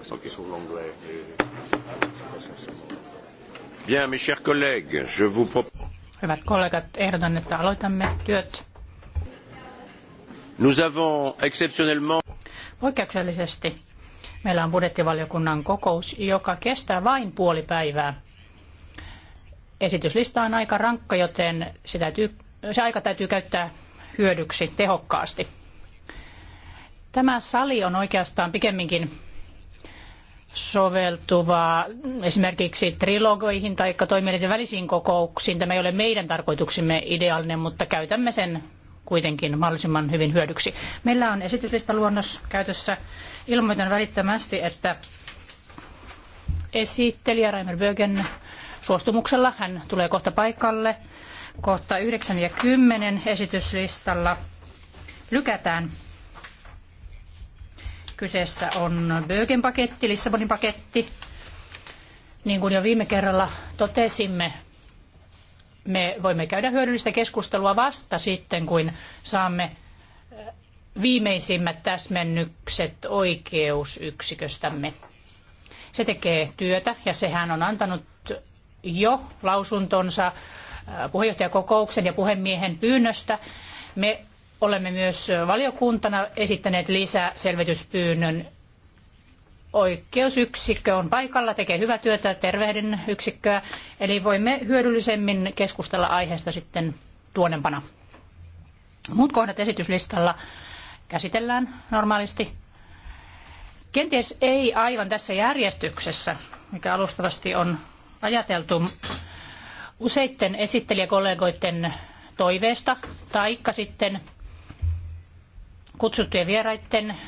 parce okay. sur euh, euh, Bien, mes chers collègues, je vous propose... Hyvät kollegat, ehdotan, että aloitamme työt. Nous avons exceptionnellement... Poikkeuksellisesti meillä on budjettivaliokunnan kokous, joka kestää vain puoli päivää. Esityslista on aika rankka, joten se, täytyy, se aika täytyy käyttää hyödyksi tehokkaasti. Tämä sali on oikeastaan pikemminkin soveltuvaa esimerkiksi trilogoihin tai toimijoiden välisiin kokouksiin. Tämä ei ole meidän tarkoituksimme ideaalinen, mutta käytämme sen kuitenkin mahdollisimman hyvin hyödyksi. Meillä on esityslistaluonnos käytössä. Ilmoitan välittömästi, että esittelijä Raimer Bögen suostumuksella hän tulee kohta paikalle. Kohta 9 ja 10 esityslistalla lykätään Kyseessä on Bögen paketti, Lissabonin paketti. Niin kuin jo viime kerralla totesimme, me voimme käydä hyödyllistä keskustelua vasta sitten, kun saamme eh, viimeisimmät täsmennykset oikeusyksiköstämme. Se tekee työtä ja sehän on antanut jo lausuntonsa eh, puheenjohtajakokouksen ja puhemiehen pyynnöstä. Me Olemme myös valiokuntana esittäneet lisäselvityspyynnön. Oikeusyksikkö on paikalla, tekee hyvää työtä, tervehdin yksikköä, eli voimme hyödyllisemmin keskustella aiheesta sitten tuonempana. Muut kohdat esityslistalla käsitellään normaalisti. Kenties ei aivan tässä järjestyksessä, mikä alustavasti on ajateltu useitten esittelijäkollegoiden toiveesta, taikka sitten kutsuttujen vieraiden äh,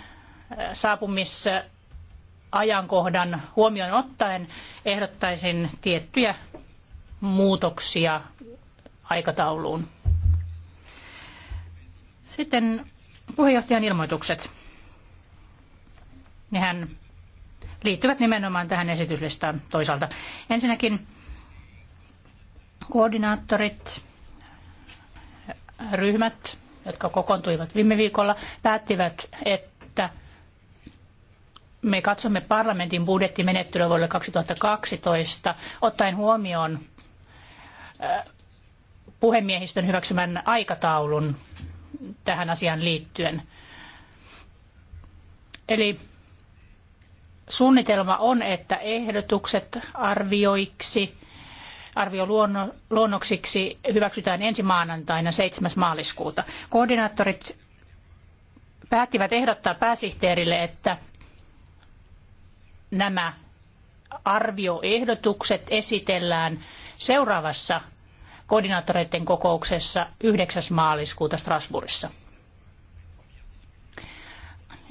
saapumisajankohdan huomioon ottaen ehdottaisin tiettyjä muutoksia aikatauluun. Sitten puheenjohtajan ilmoitukset. Nehän liittyvät nimenomaan tähän esityslistaan toisaalta. Ensinnäkin koordinaattorit, ryhmät jotka kokoontuivat viime viikolla, päättivät, että me katsomme parlamentin budjettimenettelyä vuodelle 2012 ottaen huomioon äh, puhemiehistön hyväksymän aikataulun tähän asiaan liittyen. Eli suunnitelma on, että ehdotukset arvioiksi arvioluonnoksiksi hyväksytään ensi maanantaina 7. maaliskuuta. Koordinaattorit päättivät ehdottaa pääsihteerille, että nämä arvioehdotukset esitellään seuraavassa koordinaattoreiden kokouksessa 9. maaliskuuta Strasbourgissa.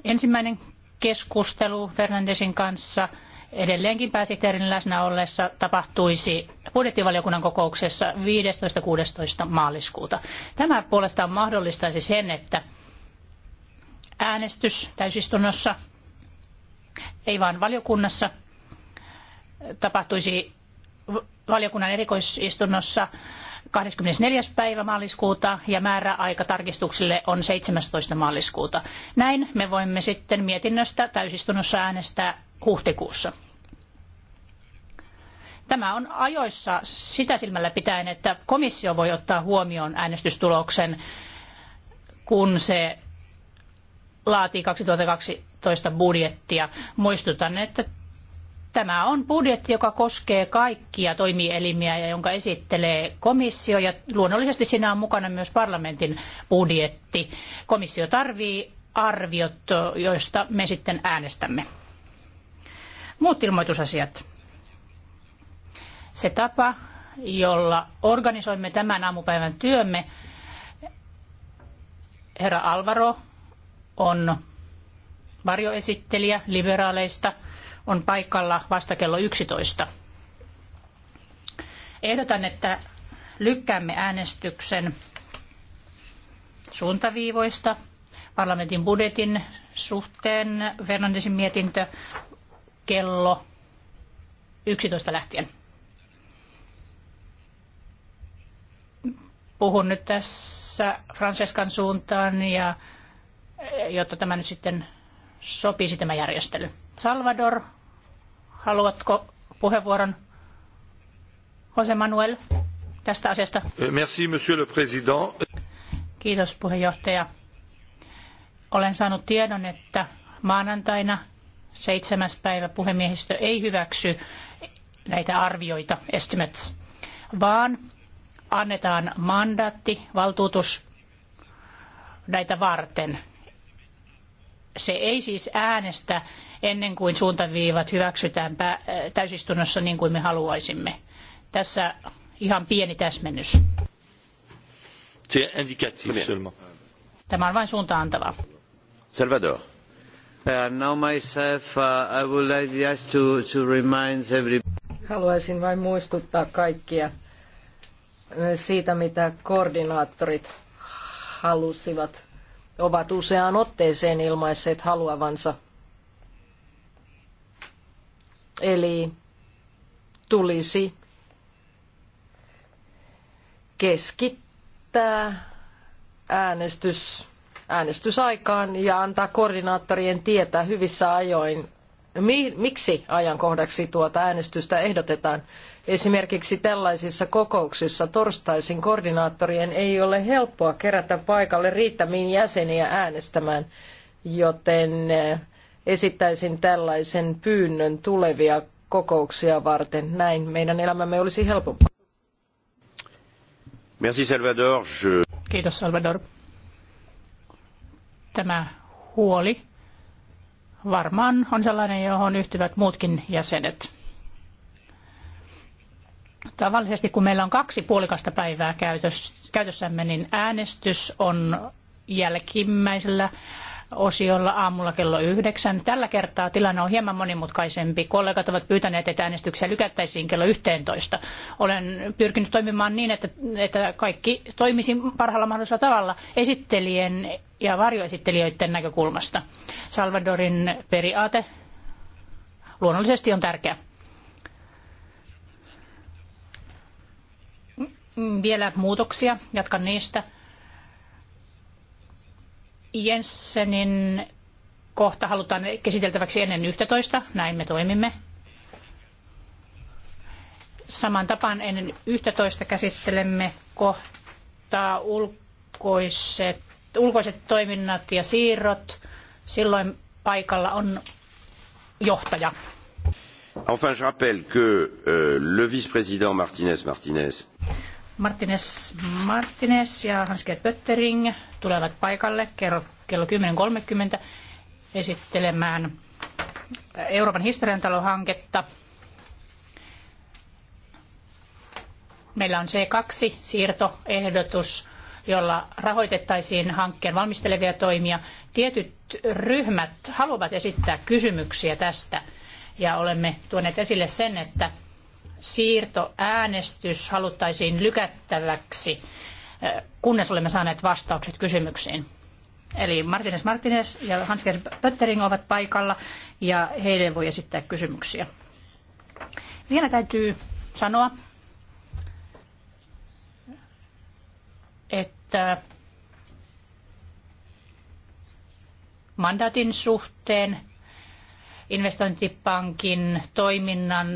Ensimmäinen keskustelu Fernandesin kanssa – edelleenkin pääsihteerin läsnä ollessa tapahtuisi budjettivaliokunnan kokouksessa 15.16. maaliskuuta. Tämä puolestaan mahdollistaisi sen, että äänestys täysistunnossa, ei vaan valiokunnassa, tapahtuisi valiokunnan erikoisistunnossa 24. päivä maaliskuuta ja määräaika tarkistuksille on 17. maaliskuuta. Näin me voimme sitten mietinnöstä täysistunnossa äänestää huhtikuussa. Tämä on ajoissa sitä silmällä pitäen, että komissio voi ottaa huomioon äänestystuloksen, kun se laatii 2012 budjettia. Muistutan, että tämä on budjetti, joka koskee kaikkia toimielimiä ja jonka esittelee komissio ja luonnollisesti siinä on mukana myös parlamentin budjetti. Komissio tarvii arviot, joista me sitten äänestämme muut ilmoitusasiat. Se tapa, jolla organisoimme tämän aamupäivän työmme, herra Alvaro on varjoesittelijä liberaaleista, on paikalla vasta kello 11. Ehdotan, että lykkäämme äänestyksen suuntaviivoista parlamentin budjetin suhteen. Fernandesin mietintö kello 11 lähtien. Puhun nyt tässä franseskan suuntaan, ja, jotta tämä nyt sitten sopisi tämä järjestely. Salvador, haluatko puheenvuoron? Jose Manuel tästä asiasta. Eh, merci, monsieur le président. Kiitos puheenjohtaja. Olen saanut tiedon, että maanantaina Seitsemäs päivä puhemiehistö ei hyväksy näitä arvioita, estimates, vaan annetaan mandaatti, valtuutus näitä varten. Se ei siis äänestä ennen kuin suuntaviivat hyväksytään täysistunnossa niin kuin me haluaisimme. Tässä ihan pieni täsmennys. Tämä on vain suuntaantava. Salvador. Haluaisin vain muistuttaa kaikkia uh, siitä, mitä koordinaattorit halusivat, ovat useaan otteeseen ilmaisseet haluavansa. Eli tulisi keskittää äänestys äänestysaikaan ja antaa koordinaattorien tietää hyvissä ajoin, miksi ajankohdaksi tuota äänestystä ehdotetaan. Esimerkiksi tällaisissa kokouksissa torstaisin koordinaattorien ei ole helppoa kerätä paikalle riittämiin jäseniä äänestämään, joten eh, esittäisin tällaisen pyynnön tulevia kokouksia varten. Näin meidän elämämme olisi helpompaa. Merci Salvador. Je... Kiitos Salvador. Tämä huoli varmaan on sellainen, johon yhtyvät muutkin jäsenet. Tavallisesti kun meillä on kaksi puolikasta päivää käytössämme, niin äänestys on jälkimmäisellä osiolla aamulla kello yhdeksän. Tällä kertaa tilanne on hieman monimutkaisempi. Kollegat ovat pyytäneet, että äänestyksiä lykättäisiin kello yhteentoista. Olen pyrkinyt toimimaan niin, että, että kaikki toimisi parhaalla mahdollisella tavalla esittelijien ja varjoesittelijöiden näkökulmasta. Salvadorin periaate luonnollisesti on tärkeä. Vielä muutoksia, jatkan niistä. Jensenin kohta halutaan käsiteltäväksi ennen 11. Näin me toimimme. Saman tapaan ennen 11 käsittelemme kohtaa ulkoiset, ulkoiset toiminnat ja siirrot. Silloin paikalla on johtaja. Enfin, je rappelle que euh, le vice-président Martinez Martinez Martinez Martinez ja Hansker Pöttering tulevat paikalle kello 10.30 esittelemään Euroopan historiantalohanketta. Meillä on C2-siirtoehdotus, jolla rahoitettaisiin hankkeen valmistelevia toimia. Tietyt ryhmät haluavat esittää kysymyksiä tästä ja olemme tuoneet esille sen, että siirtoäänestys haluttaisiin lykättäväksi, eh, kunnes olemme saaneet vastaukset kysymyksiin. Eli Martinez Martinez ja Hansker Pöttering ovat paikalla ja heille voi esittää kysymyksiä. Vielä täytyy sanoa, että mandaatin suhteen investointipankin toiminnan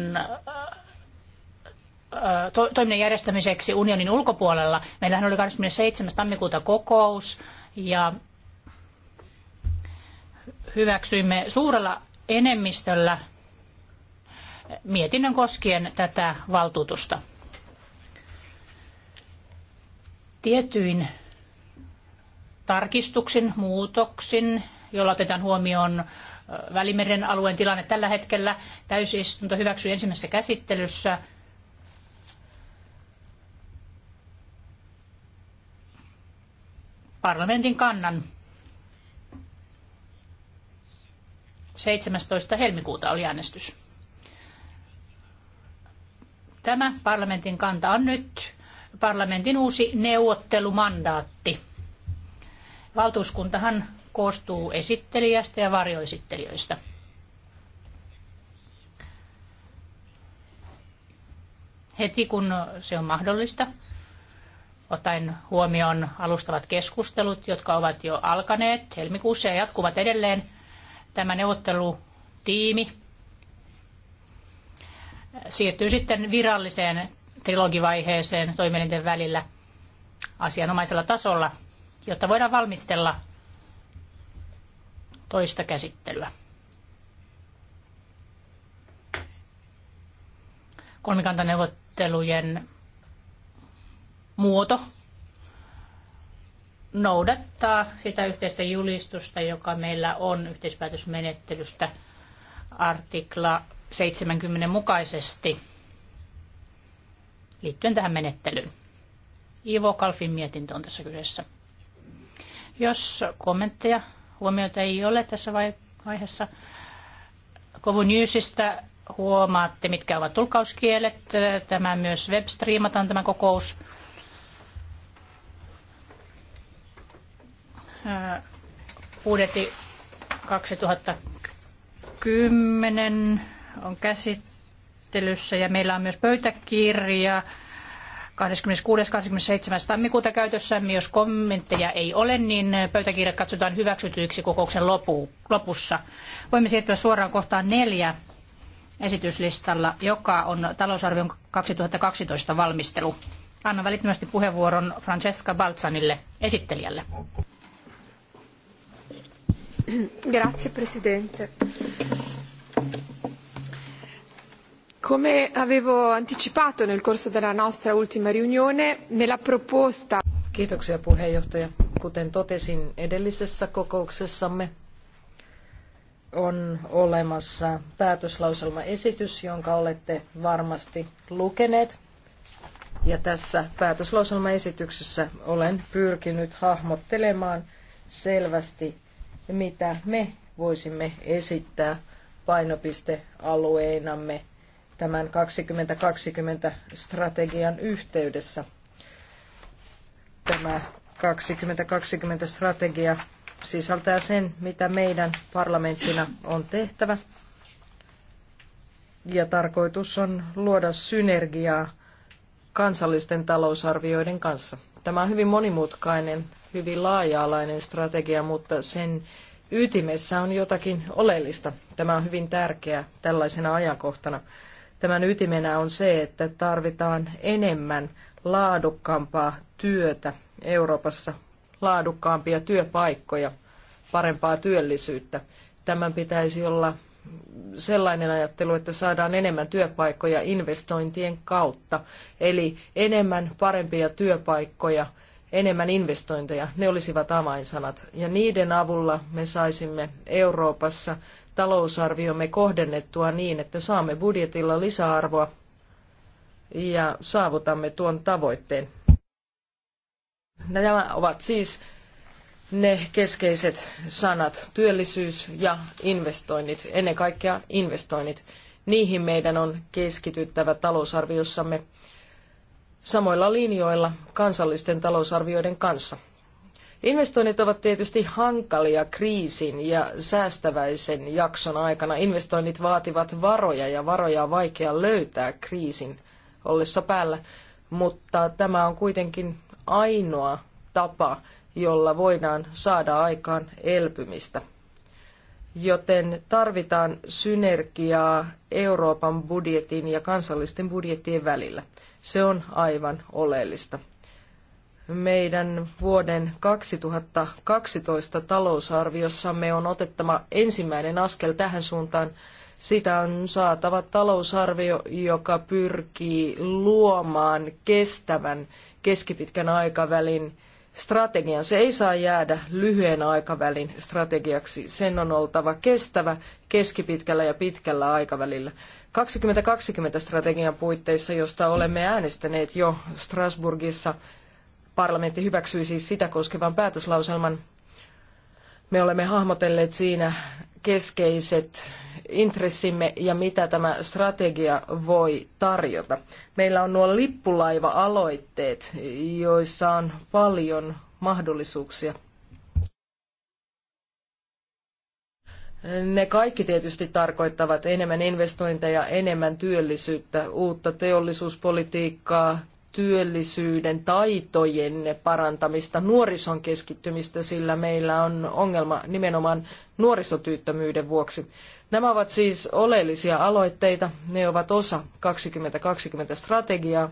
Äh, to, toiminnan järjestämiseksi unionin ulkopuolella. Meillähän oli 27. tammikuuta kokous ja hyväksyimme suurella enemmistöllä mietinnön koskien tätä valtuutusta. Tietyin tarkistuksin, muutoksin, jolla otetaan huomioon äh, Välimeren alueen tilanne tällä hetkellä. Täysistunto hyväksyi ensimmäisessä käsittelyssä parlamentin kannan 17. helmikuuta oli äänestys. Tämä parlamentin kanta on nyt parlamentin uusi neuvottelumandaatti. Valtuuskuntahan koostuu esittelijästä ja varjoesittelijöistä. Heti kun se on mahdollista, ottaen huomioon alustavat keskustelut, jotka ovat jo alkaneet helmikuussa ja jatkuvat edelleen. Tämä neuvottelutiimi siirtyy sitten viralliseen trilogivaiheeseen toimielinten välillä asianomaisella tasolla, jotta voidaan valmistella toista käsittelyä. Kolmikantaneuvottelujen muoto noudattaa sitä yhteistä julistusta, joka meillä on yhteispäätösmenettelystä artikla 70 mukaisesti liittyen tähän menettelyyn. Ivo Kalfin mietintö on tässä kyseessä. Jos kommentteja, huomioita ei ole tässä vaiheessa, Kovun huomaatte, mitkä ovat tulkauskielet. Tämä myös webstreamataan tämä kokous. Budjetti 2010 on käsittelyssä ja meillä on myös pöytäkirja 26.–27. tammikuuta käytössä Jos kommentteja ei ole, niin pöytäkirjat katsotaan hyväksytyiksi kokouksen lopussa. Voimme siirtyä suoraan kohtaan neljä esityslistalla, joka on talousarvion 2012 valmistelu. Anna välittömästi puheenvuoron Francesca Balzanille, esittelijälle. Grazie Presidente. Come avevo anticipato nel corso della nostra ultima riunione, nella proposta... Kiitoksia puheenjohtaja. Kuten totesin edellisessä kokouksessamme, on olemassa päätöslauselmaesitys, jonka olette varmasti lukeneet. Ja tässä päätöslauselmaesityksessä olen pyrkinyt hahmottelemaan selvästi mitä me voisimme esittää painopistealueinamme tämän 2020-strategian yhteydessä. Tämä 2020-strategia sisältää sen, mitä meidän parlamenttina on tehtävä. Ja tarkoitus on luoda synergiaa kansallisten talousarvioiden kanssa. Tämä on hyvin monimutkainen, hyvin laaja-alainen strategia, mutta sen ytimessä on jotakin oleellista. Tämä on hyvin tärkeä tällaisena ajankohtana. Tämän ytimenä on se, että tarvitaan enemmän laadukkaampaa työtä Euroopassa, laadukkaampia työpaikkoja, parempaa työllisyyttä. Tämän pitäisi olla sellainen ajattelu, että saadaan enemmän työpaikkoja investointien kautta. Eli enemmän parempia työpaikkoja, enemmän investointeja, ne olisivat avainsanat. Ja niiden avulla me saisimme Euroopassa talousarviomme kohdennettua niin, että saamme budjetilla lisäarvoa ja saavutamme tuon tavoitteen. Nämä ovat siis ne keskeiset sanat, työllisyys ja investoinnit, ennen kaikkea investoinnit. Niihin meidän on keskityttävä talousarviossamme samoilla linjoilla kansallisten talousarvioiden kanssa. Investoinnit ovat tietysti hankalia kriisin ja säästäväisen jakson aikana. Investoinnit vaativat varoja ja varoja on vaikea löytää kriisin ollessa päällä, mutta tämä on kuitenkin ainoa tapa jolla voidaan saada aikaan elpymistä. Joten tarvitaan synergiaa Euroopan budjetin ja kansallisten budjettien välillä. Se on aivan oleellista. Meidän vuoden 2012 talousarviossamme on otettava ensimmäinen askel tähän suuntaan. Sitä on saatava talousarvio, joka pyrkii luomaan kestävän keskipitkän aikavälin strategian. Se ei saa jäädä lyhyen aikavälin strategiaksi. Sen on oltava kestävä keskipitkällä ja pitkällä aikavälillä. 2020 strategian puitteissa, josta olemme äänestäneet jo Strasbourgissa, parlamentti hyväksyi siis sitä koskevan päätöslauselman. Me olemme hahmotelleet siinä keskeiset intressimme ja mitä tämä strategia voi tarjota. Meillä on nuo lippulaiva-aloitteet, joissa on paljon mahdollisuuksia. Ne kaikki tietysti tarkoittavat enemmän investointeja, enemmän työllisyyttä, uutta teollisuuspolitiikkaa, työllisyyden taitojen parantamista, nuorison keskittymistä, sillä meillä on ongelma nimenomaan nuorisotyyttömyyden vuoksi. Nämä ovat siis oleellisia aloitteita, ne ovat osa 2020-strategiaa,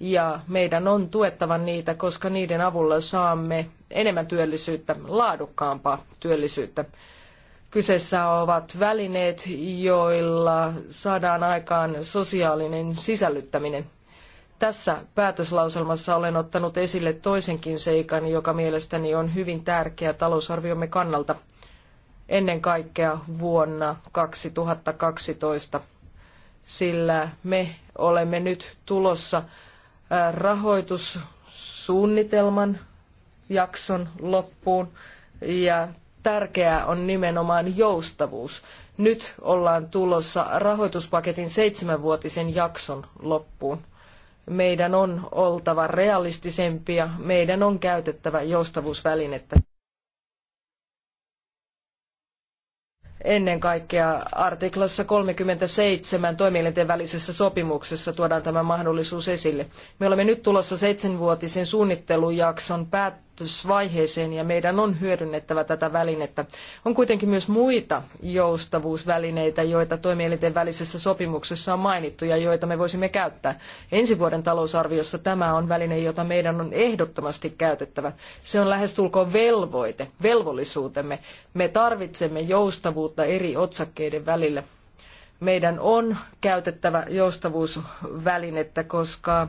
ja meidän on tuettava niitä, koska niiden avulla saamme enemmän työllisyyttä, laadukkaampaa työllisyyttä. Kyseessä ovat välineet, joilla saadaan aikaan sosiaalinen sisällyttäminen. Tässä päätöslauselmassa olen ottanut esille toisenkin seikan, joka mielestäni on hyvin tärkeä talousarviomme kannalta ennen kaikkea vuonna 2012, sillä me olemme nyt tulossa rahoitussuunnitelman jakson loppuun ja tärkeää on nimenomaan joustavuus. Nyt ollaan tulossa rahoituspaketin seitsemänvuotisen jakson loppuun meidän on oltava realistisempia, meidän on käytettävä joustavuusvälinettä. Ennen kaikkea artiklassa 37 toimielinten välisessä sopimuksessa tuodaan tämä mahdollisuus esille. Me olemme nyt tulossa seitsemänvuotisen suunnittelujakson päät- vapautusvaiheeseen ja meidän on hyödynnettävä tätä välinettä. On kuitenkin myös muita joustavuusvälineitä, joita toimielinten välisessä sopimuksessa on mainittu ja joita me voisimme käyttää. Ensi vuoden talousarviossa tämä on väline, jota meidän on ehdottomasti käytettävä. Se on lähestulkoon velvoite, velvollisuutemme. Me tarvitsemme joustavuutta eri otsakkeiden välille. meidän on käytettävä joustavuusvälinettä, koska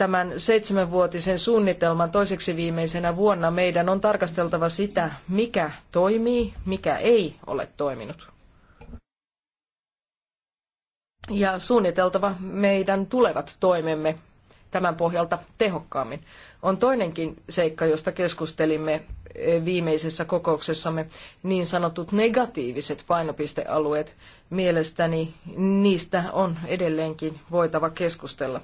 tämän seitsemänvuotisen suunnitelman toiseksi viimeisenä vuonna meidän on tarkasteltava sitä, mikä toimii, mikä ei ole toiminut. Ja suunniteltava meidän tulevat toimemme tämän pohjalta tehokkaammin. On toinenkin seikka, josta keskustelimme eh, viimeisessä kokouksessamme, niin sanotut negatiiviset painopistealueet. Mielestäni niistä on edelleenkin voitava keskustella.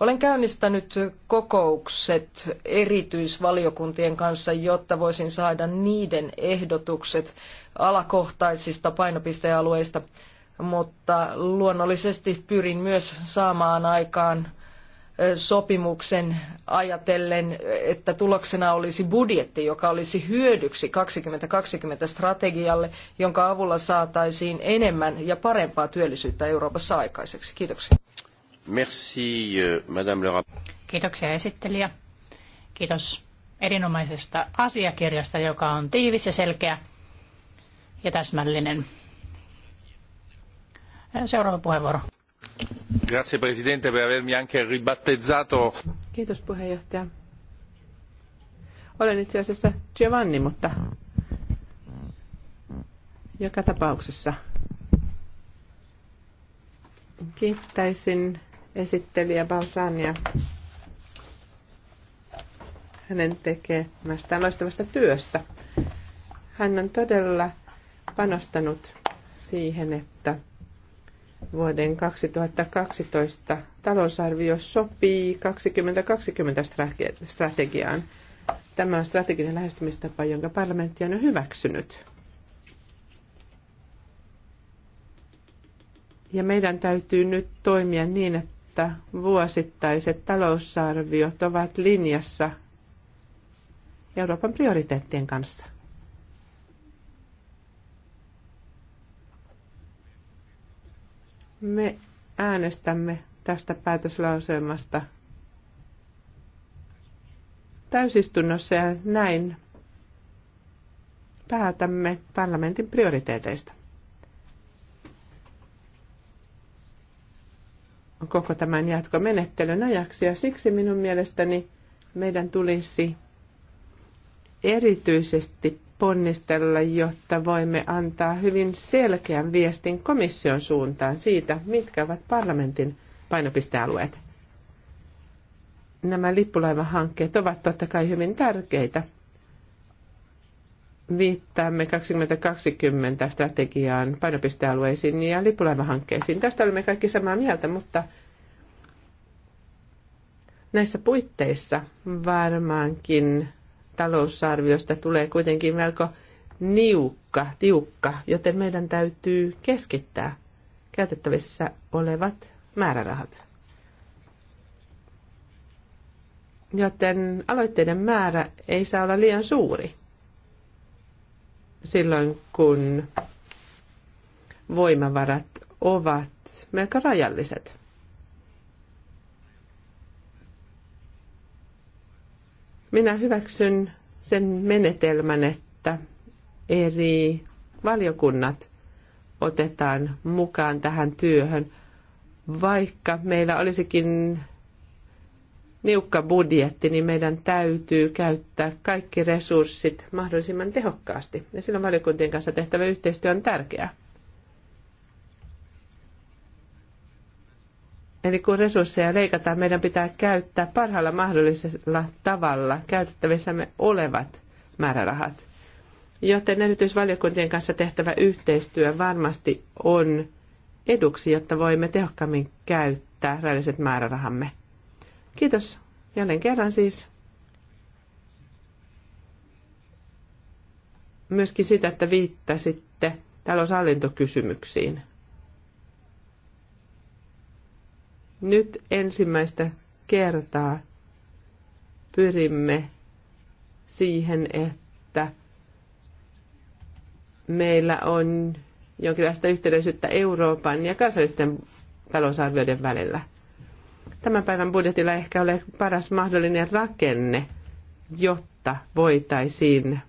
Olen käynnistänyt kokoukset erityisvaliokuntien kanssa, jotta voisin saada niiden ehdotukset alakohtaisista painopistealueista, mutta luonnollisesti pyrin myös saamaan aikaan sopimuksen ajatellen, että tuloksena olisi budjetti, joka olisi hyödyksi 2020 strategialle, jonka avulla saataisiin enemmän ja parempaa työllisyyttä Euroopassa aikaiseksi. Kiitoksia. Merci, euh, Madame le Kiitoksia esittelijä. Kiitos erinomaisesta asiakirjasta, joka on tiivis ja selkeä ja täsmällinen. Seuraava puheenvuoro. Grazie Presidente per avermi anche ribattezzato. Kiitos puheenjohtaja. Olen itse asiassa Giovanni, mutta joka tapauksessa kiittäisin esittelijä Balsania hänen tekemästään loistavasta työstä. Hän on todella panostanut siihen, että vuoden 2012 talousarvio sopii 2020 strategiaan. Tämä on strateginen lähestymistapa, jonka parlamentti on jo hyväksynyt. Ja meidän täytyy nyt toimia niin, että että vuosittaiset talousarviot ovat linjassa Euroopan prioriteettien kanssa. Me äänestämme tästä päätöslauselmasta täysistunnossa ja näin päätämme parlamentin prioriteeteista. koko tämän jatkomenettelyn ajaksi. Ja siksi minun mielestäni meidän tulisi erityisesti ponnistella, jotta voimme antaa hyvin selkeän viestin komission suuntaan siitä, mitkä ovat parlamentin painopistealueet. Nämä lippulaivahankkeet ovat totta kai hyvin tärkeitä – viittaamme 2020 strategiaan, painopistealueisiin ja lipulaivahankkeisiin. Tästä olemme kaikki samaa mieltä, mutta näissä puitteissa varmaankin talousarviosta tulee kuitenkin melko niukka, tiukka, joten meidän täytyy keskittää käytettävissä olevat määrärahat. Joten aloitteiden määrä ei saa olla liian suuri silloin, kun voimavarat ovat melko rajalliset. Minä hyväksyn sen menetelmän, että eri valiokunnat otetaan mukaan tähän työhön, vaikka meillä olisikin niukka budjetti, niin meidän täytyy käyttää kaikki resurssit mahdollisimman tehokkaasti. Ja silloin valiokuntien kanssa tehtävä yhteistyö on tärkeää. Eli kun resursseja leikataan, meidän pitää käyttää parhaalla mahdollisella tavalla käytettävissämme olevat määrärahat. Joten erityisvaliokuntien kanssa tehtävä yhteistyö varmasti on eduksi, jotta voimme tehokkaammin käyttää rajalliset määrärahamme. Kiitos jälleen kerran siis myöskin sitä, että viittasitte taloushallintokysymyksiin. Nyt ensimmäistä kertaa pyrimme siihen, että meillä on jonkinlaista yhtenäisyyttä Euroopan ja kansallisten talousarvioiden välillä – tämän päivän budjetilla ehkä ole paras mahdollinen rakenne, jotta voitaisiin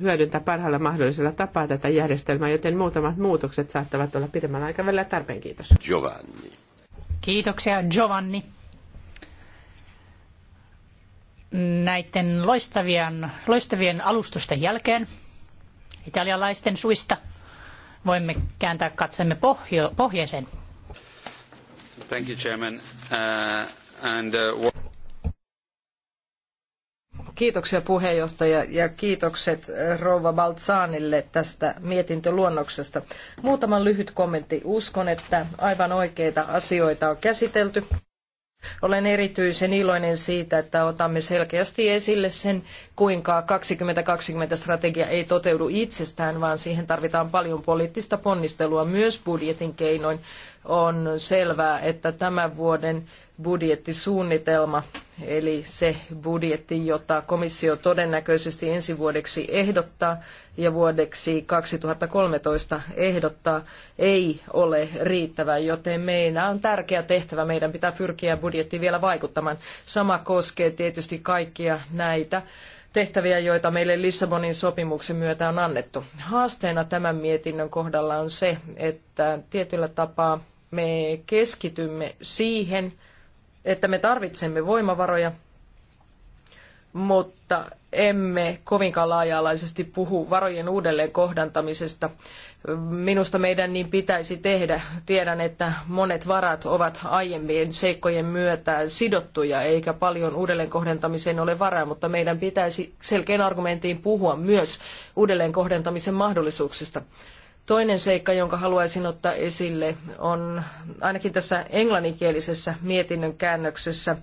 hyödyntää parhaalla mahdollisella tapaa tätä järjestelmää, joten muutamat muutokset saattavat olla pidemmällä aikavälillä tarpeen. Kiitos. Giovanni. Kiitoksia Giovanni. Näiden loistavien, loistavien alustusten jälkeen italialaisten suista voimme kääntää katsemme pohjo, pohjoiseen. Thank you, Chairman. Uh, and, uh, Kiitoksia puheenjohtaja ja kiitokset uh, rouva Baltsaanille tästä mietintöluonnoksesta. Muutama lyhyt kommentti. Uskon, että aivan oikeita asioita on käsitelty. Olen erityisen iloinen siitä, että otamme selkeästi esille sen, kuinka 2020-strategia ei toteudu itsestään, vaan siihen tarvitaan paljon poliittista ponnistelua myös budjetin keinoin. On selvää, että tämän vuoden budjettisuunnitelma, eli se budjetti, jota komissio todennäköisesti ensi vuodeksi ehdottaa ja vuodeksi 2013 ehdottaa, ei ole riittävä, joten meidän on tärkeä tehtävä. Meidän pitää pyrkiä budjetti vielä vaikuttamaan. Sama koskee tietysti kaikkia näitä tehtäviä, joita meille Lissabonin sopimuksen myötä on annettu. Haasteena tämän mietinnön kohdalla on se, että tietyllä tapaa me keskitymme siihen, että me tarvitsemme voimavaroja, mutta emme kovinkaan laaja-alaisesti puhu varojen uudelleen kohdantamisesta. Minusta meidän niin pitäisi tehdä. Tiedän, että monet varat ovat aiempien seikkojen myötä sidottuja, eikä paljon uudelleen kohdentamiseen ole varaa, mutta meidän pitäisi selkeän argumentiin puhua myös uudelleen kohdentamisen mahdollisuuksista. Toinen seikka, jonka haluaisin ottaa esille, on ainakin tässä englanninkielisessä mietinnön käännöksessä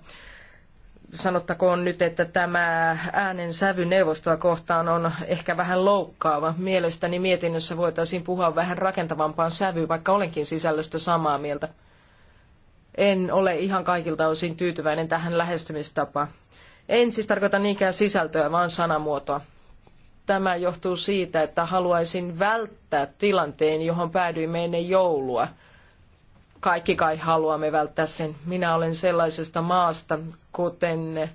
sanottakoon nyt, että tämä äänen sävy neuvostoa kohtaan on ehkä vähän loukkaava. Mielestäni mietinnössä voitaisiin puhua vähän rakentavampaan sävyyn, vaikka olenkin sisällöstä samaa mieltä. En ole ihan kaikilta osin tyytyväinen tähän lähestymistapaan. En siis tarkoita niinkään sisältöä, vaan sanamuotoa. Tämä johtuu siitä, että haluaisin välttää tilanteen, johon päädyimme ennen joulua. Kaikki kai haluamme välttää sen. Minä olen sellaisesta maasta, kuten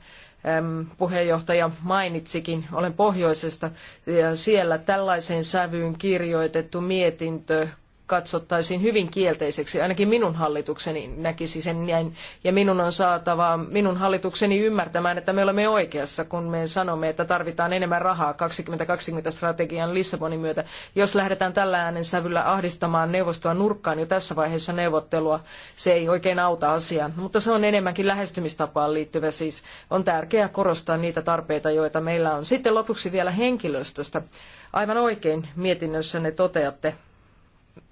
puheenjohtaja mainitsikin, olen pohjoisesta ja siellä tällaiseen sävyyn kirjoitettu mietintö katsottaisiin hyvin kielteiseksi. Ainakin minun hallitukseni näkisi sen näin. Ja minun on saatava minun hallitukseni ymmärtämään, että me olemme oikeassa, kun me sanomme, että tarvitaan enemmän rahaa 2020-strategian Lissabonin myötä. Jos lähdetään tällä äänensävyllä ahdistamaan neuvostoa nurkkaan jo tässä vaiheessa neuvottelua, se ei oikein auta asiaa. Mutta se on enemmänkin lähestymistapaan liittyvä siis. On tärkeää korostaa niitä tarpeita, joita meillä on. Sitten lopuksi vielä henkilöstöstä. Aivan oikein mietinnössänne toteatte,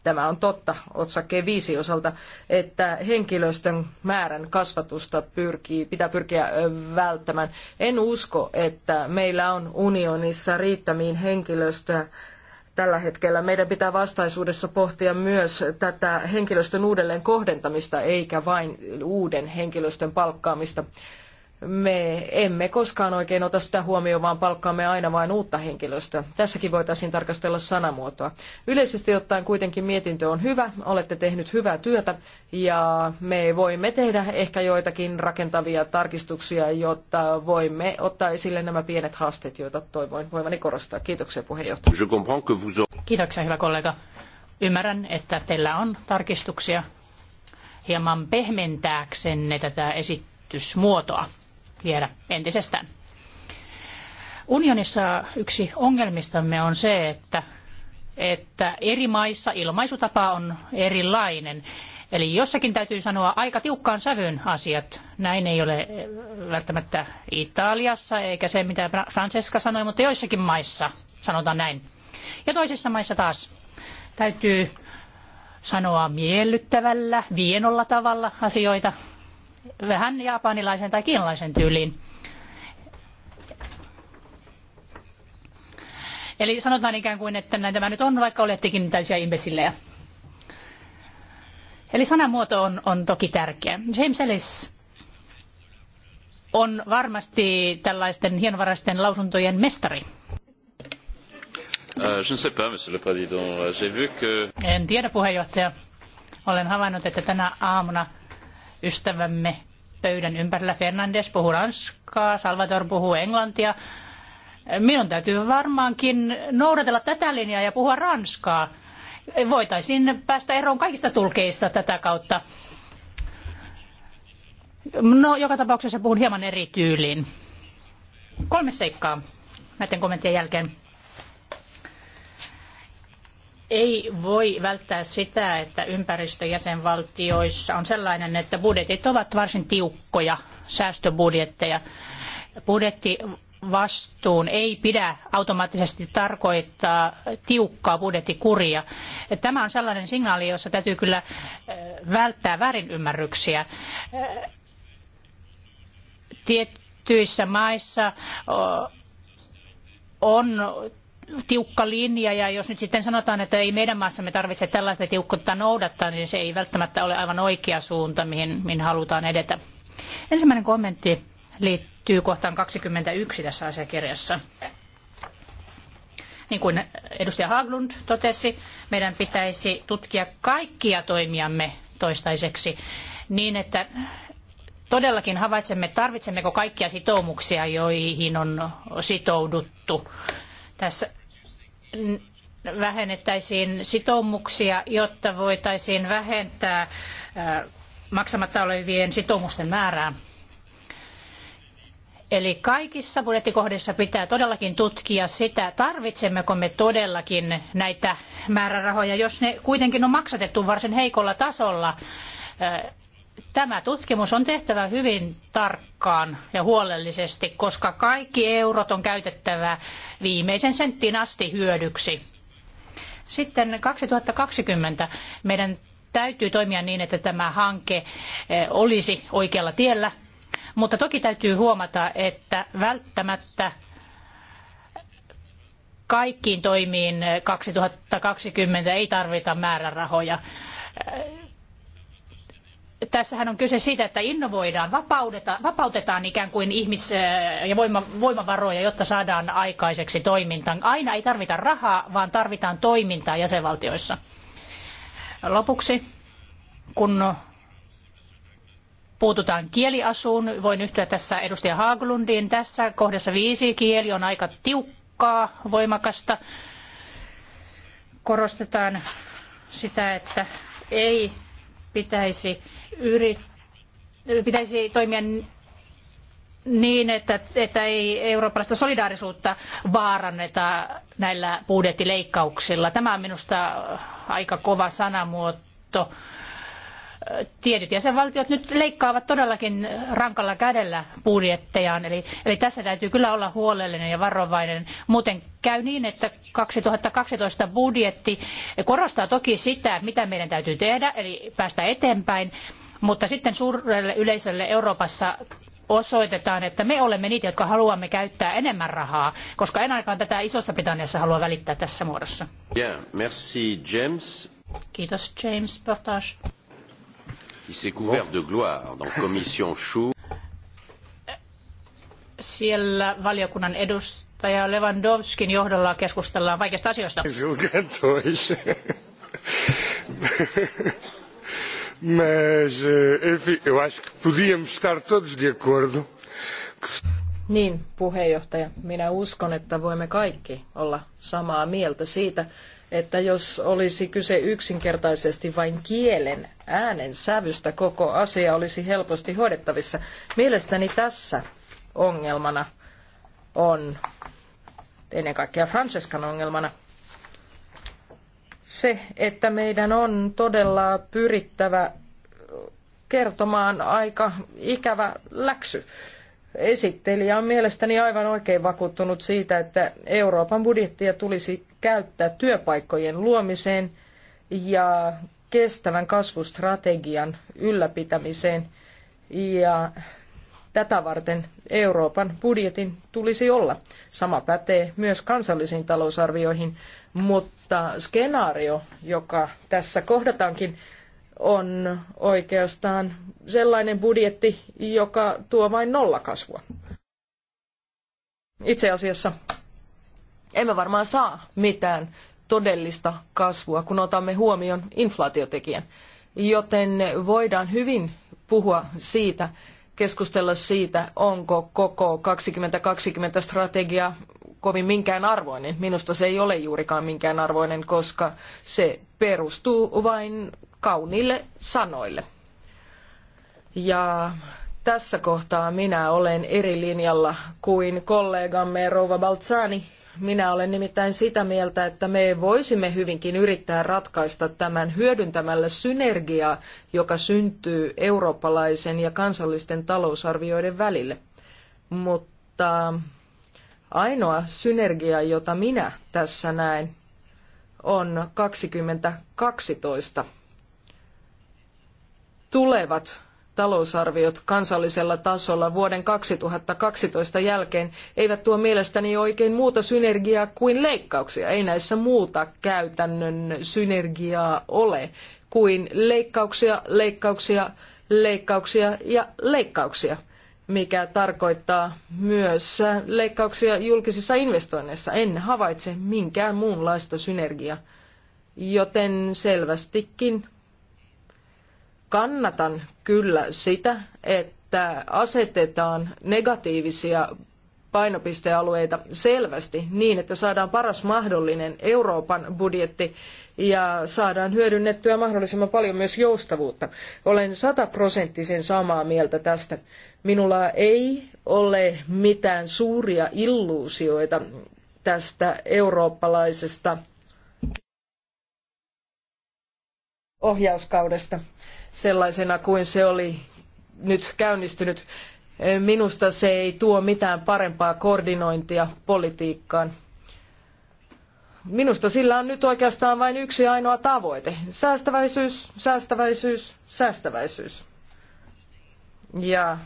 tämä on totta otsakkeen viisi osalta, että henkilöstön määrän kasvatusta pyrkii, pitää pyrkiä välttämään. En usko, että meillä on unionissa riittämiin henkilöstöä tällä hetkellä. Meidän pitää vastaisuudessa pohtia myös tätä henkilöstön uudelleen kohdentamista, eikä vain uuden henkilöstön palkkaamista me emme koskaan oikein ota sitä huomioon, vaan palkkaamme aina vain uutta henkilöstöä. Tässäkin voitaisiin tarkastella sanamuotoa. Yleisesti ottaen kuitenkin mietintö on hyvä, olette tehnyt hyvää työtä ja me voimme tehdä ehkä joitakin rakentavia tarkistuksia, jotta voimme ottaa esille nämä pienet haasteet, joita toivoin voimani korostaa. Kiitoksia puheenjohtaja. Kiitoksia hyvä kollega. Ymmärrän, että teillä on tarkistuksia hieman pehmentääksenne tätä esitysmuotoa viedä entisestään. Unionissa yksi ongelmistamme on se, että, että eri maissa ilmaisutapa on erilainen. Eli jossakin täytyy sanoa aika tiukkaan sävyyn asiat. Näin ei ole välttämättä Italiassa eikä se, mitä Francesca sanoi, mutta joissakin maissa sanotaan näin. Ja toisissa maissa taas täytyy sanoa miellyttävällä, vienolla tavalla asioita vähän japanilaisen tai kiinalaisen tyyliin. Eli sanotaan ikään kuin, että näin tämä nyt on, vaikka olettekin täysiä imbesillejä. Eli sanamuoto on, on toki tärkeä. James Ellis on varmasti tällaisten hienovaraisten lausuntojen mestari. Euh, en tiedä, puheenjohtaja. Olen havainnut, että tänä aamuna ystävämme pöydän ympärillä. Fernandes puhuu ranskaa, Salvador puhuu englantia. Minun täytyy varmaankin noudatella tätä linjaa ja puhua ranskaa. Voitaisiin päästä eroon kaikista tulkeista tätä kautta. No, joka tapauksessa puhun hieman eri tyyliin. Kolme seikkaa näiden kommenttien jälkeen ei voi välttää sitä, että ympäristöjäsenvaltioissa on sellainen, että budjetit ovat varsin tiukkoja, säästöbudjetteja. Budjettivastuun ei pidä automaattisesti tarkoittaa tiukkaa budjettikuria. Tämä on sellainen signaali, jossa täytyy kyllä äh, välttää väärinymmärryksiä. Äh, tiettyissä maissa on tiukka linja ja jos nyt sitten sanotaan, että ei meidän maassamme tarvitse tällaista tiukkuutta noudattaa, niin se ei välttämättä ole aivan oikea suunta, mihin, mihin halutaan edetä. Ensimmäinen kommentti liittyy kohtaan 21 tässä asiakirjassa. Niin kuin edustaja Haglund totesi, meidän pitäisi tutkia kaikkia toimiamme toistaiseksi niin, että todellakin havaitsemme, tarvitsemmeko kaikkia sitoumuksia, joihin on sitouduttu. Tässä vähennettäisiin sitoumuksia, jotta voitaisiin vähentää maksamatta olevien sitoumusten määrää. Eli kaikissa budjettikohdissa pitää todellakin tutkia sitä, tarvitsemmeko me todellakin näitä määrärahoja, jos ne kuitenkin on maksatettu varsin heikolla tasolla Tämä tutkimus on tehtävä hyvin tarkkaan ja huolellisesti, koska kaikki eurot on käytettävä viimeisen senttiin asti hyödyksi. Sitten 2020 meidän täytyy toimia niin, että tämä hanke eh, olisi oikealla tiellä, mutta toki täytyy huomata, että välttämättä kaikkiin toimiin 2020 ei tarvita määrärahoja tässähän on kyse siitä, että innovoidaan, vapautetaan ikään kuin ihmis- äh, ja voimavaroja, jotta saadaan aikaiseksi toimintaa. Aina ei tarvita rahaa, vaan tarvitaan toimintaa jäsenvaltioissa. Lopuksi, kun puututaan kieliasuun, voin yhtyä tässä edustaja Haaglundiin. Tässä kohdassa viisi kieli on aika tiukkaa, voimakasta. Korostetaan sitä, että ei pitäisi, yrit, pitäisi toimia niin, että, että ei eurooppalaista solidaarisuutta vaaranneta näillä budjettileikkauksilla. Tämä on minusta aika kova sanamuoto tietyt jäsenvaltiot nyt leikkaavat todellakin rankalla kädellä budjettejaan, eli, eli tässä täytyy kyllä olla huolellinen ja varovainen. Muuten käy niin, että 2012 budjetti korostaa toki sitä, mitä meidän täytyy tehdä, eli päästä eteenpäin, mutta sitten suurelle yleisölle Euroopassa osoitetaan, että me olemme niitä, jotka haluamme käyttää enemmän rahaa, koska en ainakaan tätä Isossa Britanniassa halua välittää tässä muodossa. merci James. Kiitos James Portage qui s'est couvert de gloire dans Commission Chou. Siellä valiokunnan edustaja Lewandowskin johdolla keskustellaan vaikeista asioista. Mas, eh, enfim, eu acho que podíamos estar todos de acordo. Niin, puheenjohtaja, minä uskon, että voimme kaikki olla samaa mieltä siitä, että jos olisi kyse yksinkertaisesti vain kielen äänen sävystä, koko asia olisi helposti hoidettavissa. Mielestäni tässä ongelmana on ennen kaikkea Francescan ongelmana se, että meidän on todella pyrittävä kertomaan aika ikävä läksy Esittelijä on mielestäni aivan oikein vakuuttunut siitä, että Euroopan budjettia tulisi käyttää työpaikkojen luomiseen ja kestävän kasvustrategian ylläpitämiseen. Ja tätä varten Euroopan budjetin tulisi olla. Sama pätee myös kansallisiin talousarvioihin, mutta skenaario, joka tässä kohdataankin, on oikeastaan sellainen budjetti, joka tuo vain nollakasvua. Itse asiassa emme varmaan saa mitään todellista kasvua, kun otamme huomioon inflaatiotekijän. Joten voidaan hyvin puhua siitä, keskustella siitä, onko koko 2020 strategia kovin minkään arvoinen. Minusta se ei ole juurikaan minkään arvoinen, koska se perustuu vain kauniille sanoille. Ja tässä kohtaa minä olen eri linjalla kuin kollegamme Rova Baltsani. Minä olen nimittäin sitä mieltä, että me voisimme hyvinkin yrittää ratkaista tämän hyödyntämällä synergiaa, joka syntyy eurooppalaisen ja kansallisten talousarvioiden välille. Mutta ainoa synergia, jota minä tässä näen, on 2012 tulevat talousarviot kansallisella tasolla vuoden 2012 jälkeen eivät tuo mielestäni oikein muuta synergiaa kuin leikkauksia. Ei näissä muuta käytännön synergiaa ole kuin leikkauksia, leikkauksia, leikkauksia ja leikkauksia mikä tarkoittaa myös leikkauksia julkisissa investoinneissa. En havaitse minkään muunlaista synergiaa, joten selvästikin kannatan kyllä sitä, että asetetaan negatiivisia painopistealueita selvästi niin, että saadaan paras mahdollinen Euroopan budjetti ja saadaan hyödynnettyä mahdollisimman paljon myös joustavuutta. Olen sataprosenttisen samaa mieltä tästä. Minulla ei ole mitään suuria illuusioita tästä eurooppalaisesta ohjauskaudesta sellaisena kuin se oli nyt käynnistynyt. Minusta se ei tuo mitään parempaa koordinointia politiikkaan. Minusta sillä on nyt oikeastaan vain yksi ainoa tavoite. Säästäväisyys, säästäväisyys, säästäväisyys. Ja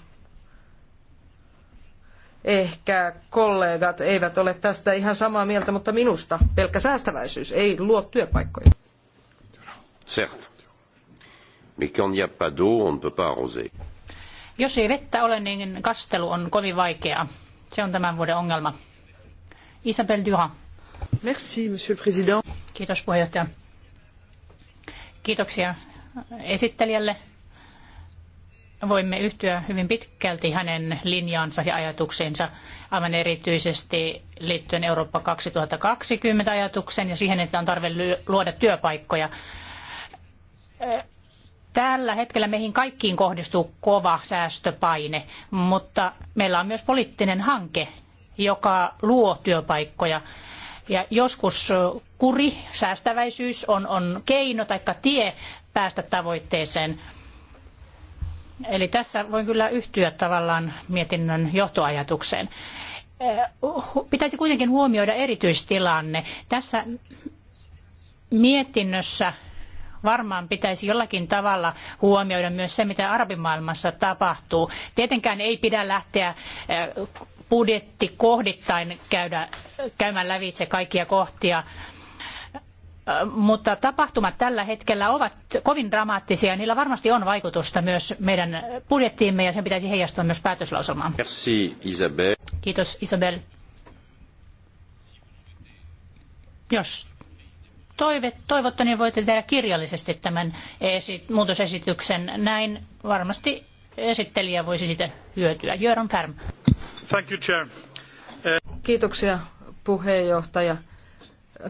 ehkä kollegat eivät ole tästä ihan samaa mieltä, mutta minusta pelkkä säästäväisyys ei luo työpaikkoja. Certo. Mais quand il n'y a pas d'eau, on ne peut pas arroser. Jos ei vettä ole, niin kastelu on kovin vaikeaa. Se on tämän vuoden ongelma. Isabelle Durand. Merci, monsieur le président. Kiitos puheenjohtaja. Kiitoksia esittelijälle. Voimme yhtyä hyvin pitkälti hänen linjaansa ja ajatuksiinsa, aivan erityisesti liittyen Eurooppa 2020 ajatukseen ja siihen, että on tarve luoda työpaikkoja Tällä hetkellä meihin kaikkiin kohdistuu kova säästöpaine, mutta meillä on myös poliittinen hanke, joka luo työpaikkoja. Ja joskus kuri, säästäväisyys on, on keino tai tie päästä tavoitteeseen. Eli tässä voin kyllä yhtyä tavallaan mietinnön johtoajatukseen. Eh, pitäisi kuitenkin huomioida erityistilanne. Tässä mietinnössä varmaan pitäisi jollakin tavalla huomioida myös se, mitä arabimaailmassa tapahtuu. Tietenkään ei pidä lähteä eh, budjettikohdittain käydä, käymään lävitse kaikkia kohtia, eh, mutta tapahtumat tällä hetkellä ovat kovin dramaattisia ja niillä varmasti on vaikutusta myös meidän budjettiimme ja sen pitäisi heijastua myös päätöslauselmaan. Merci, Isabel. Kiitos Isabel. Jos toivottani niin toivotte, voitte tehdä kirjallisesti tämän muutosesityksen. Näin varmasti esittelijä voisi siitä hyötyä. Jöran Färm. Thank you, Chair. Kiitoksia puheenjohtaja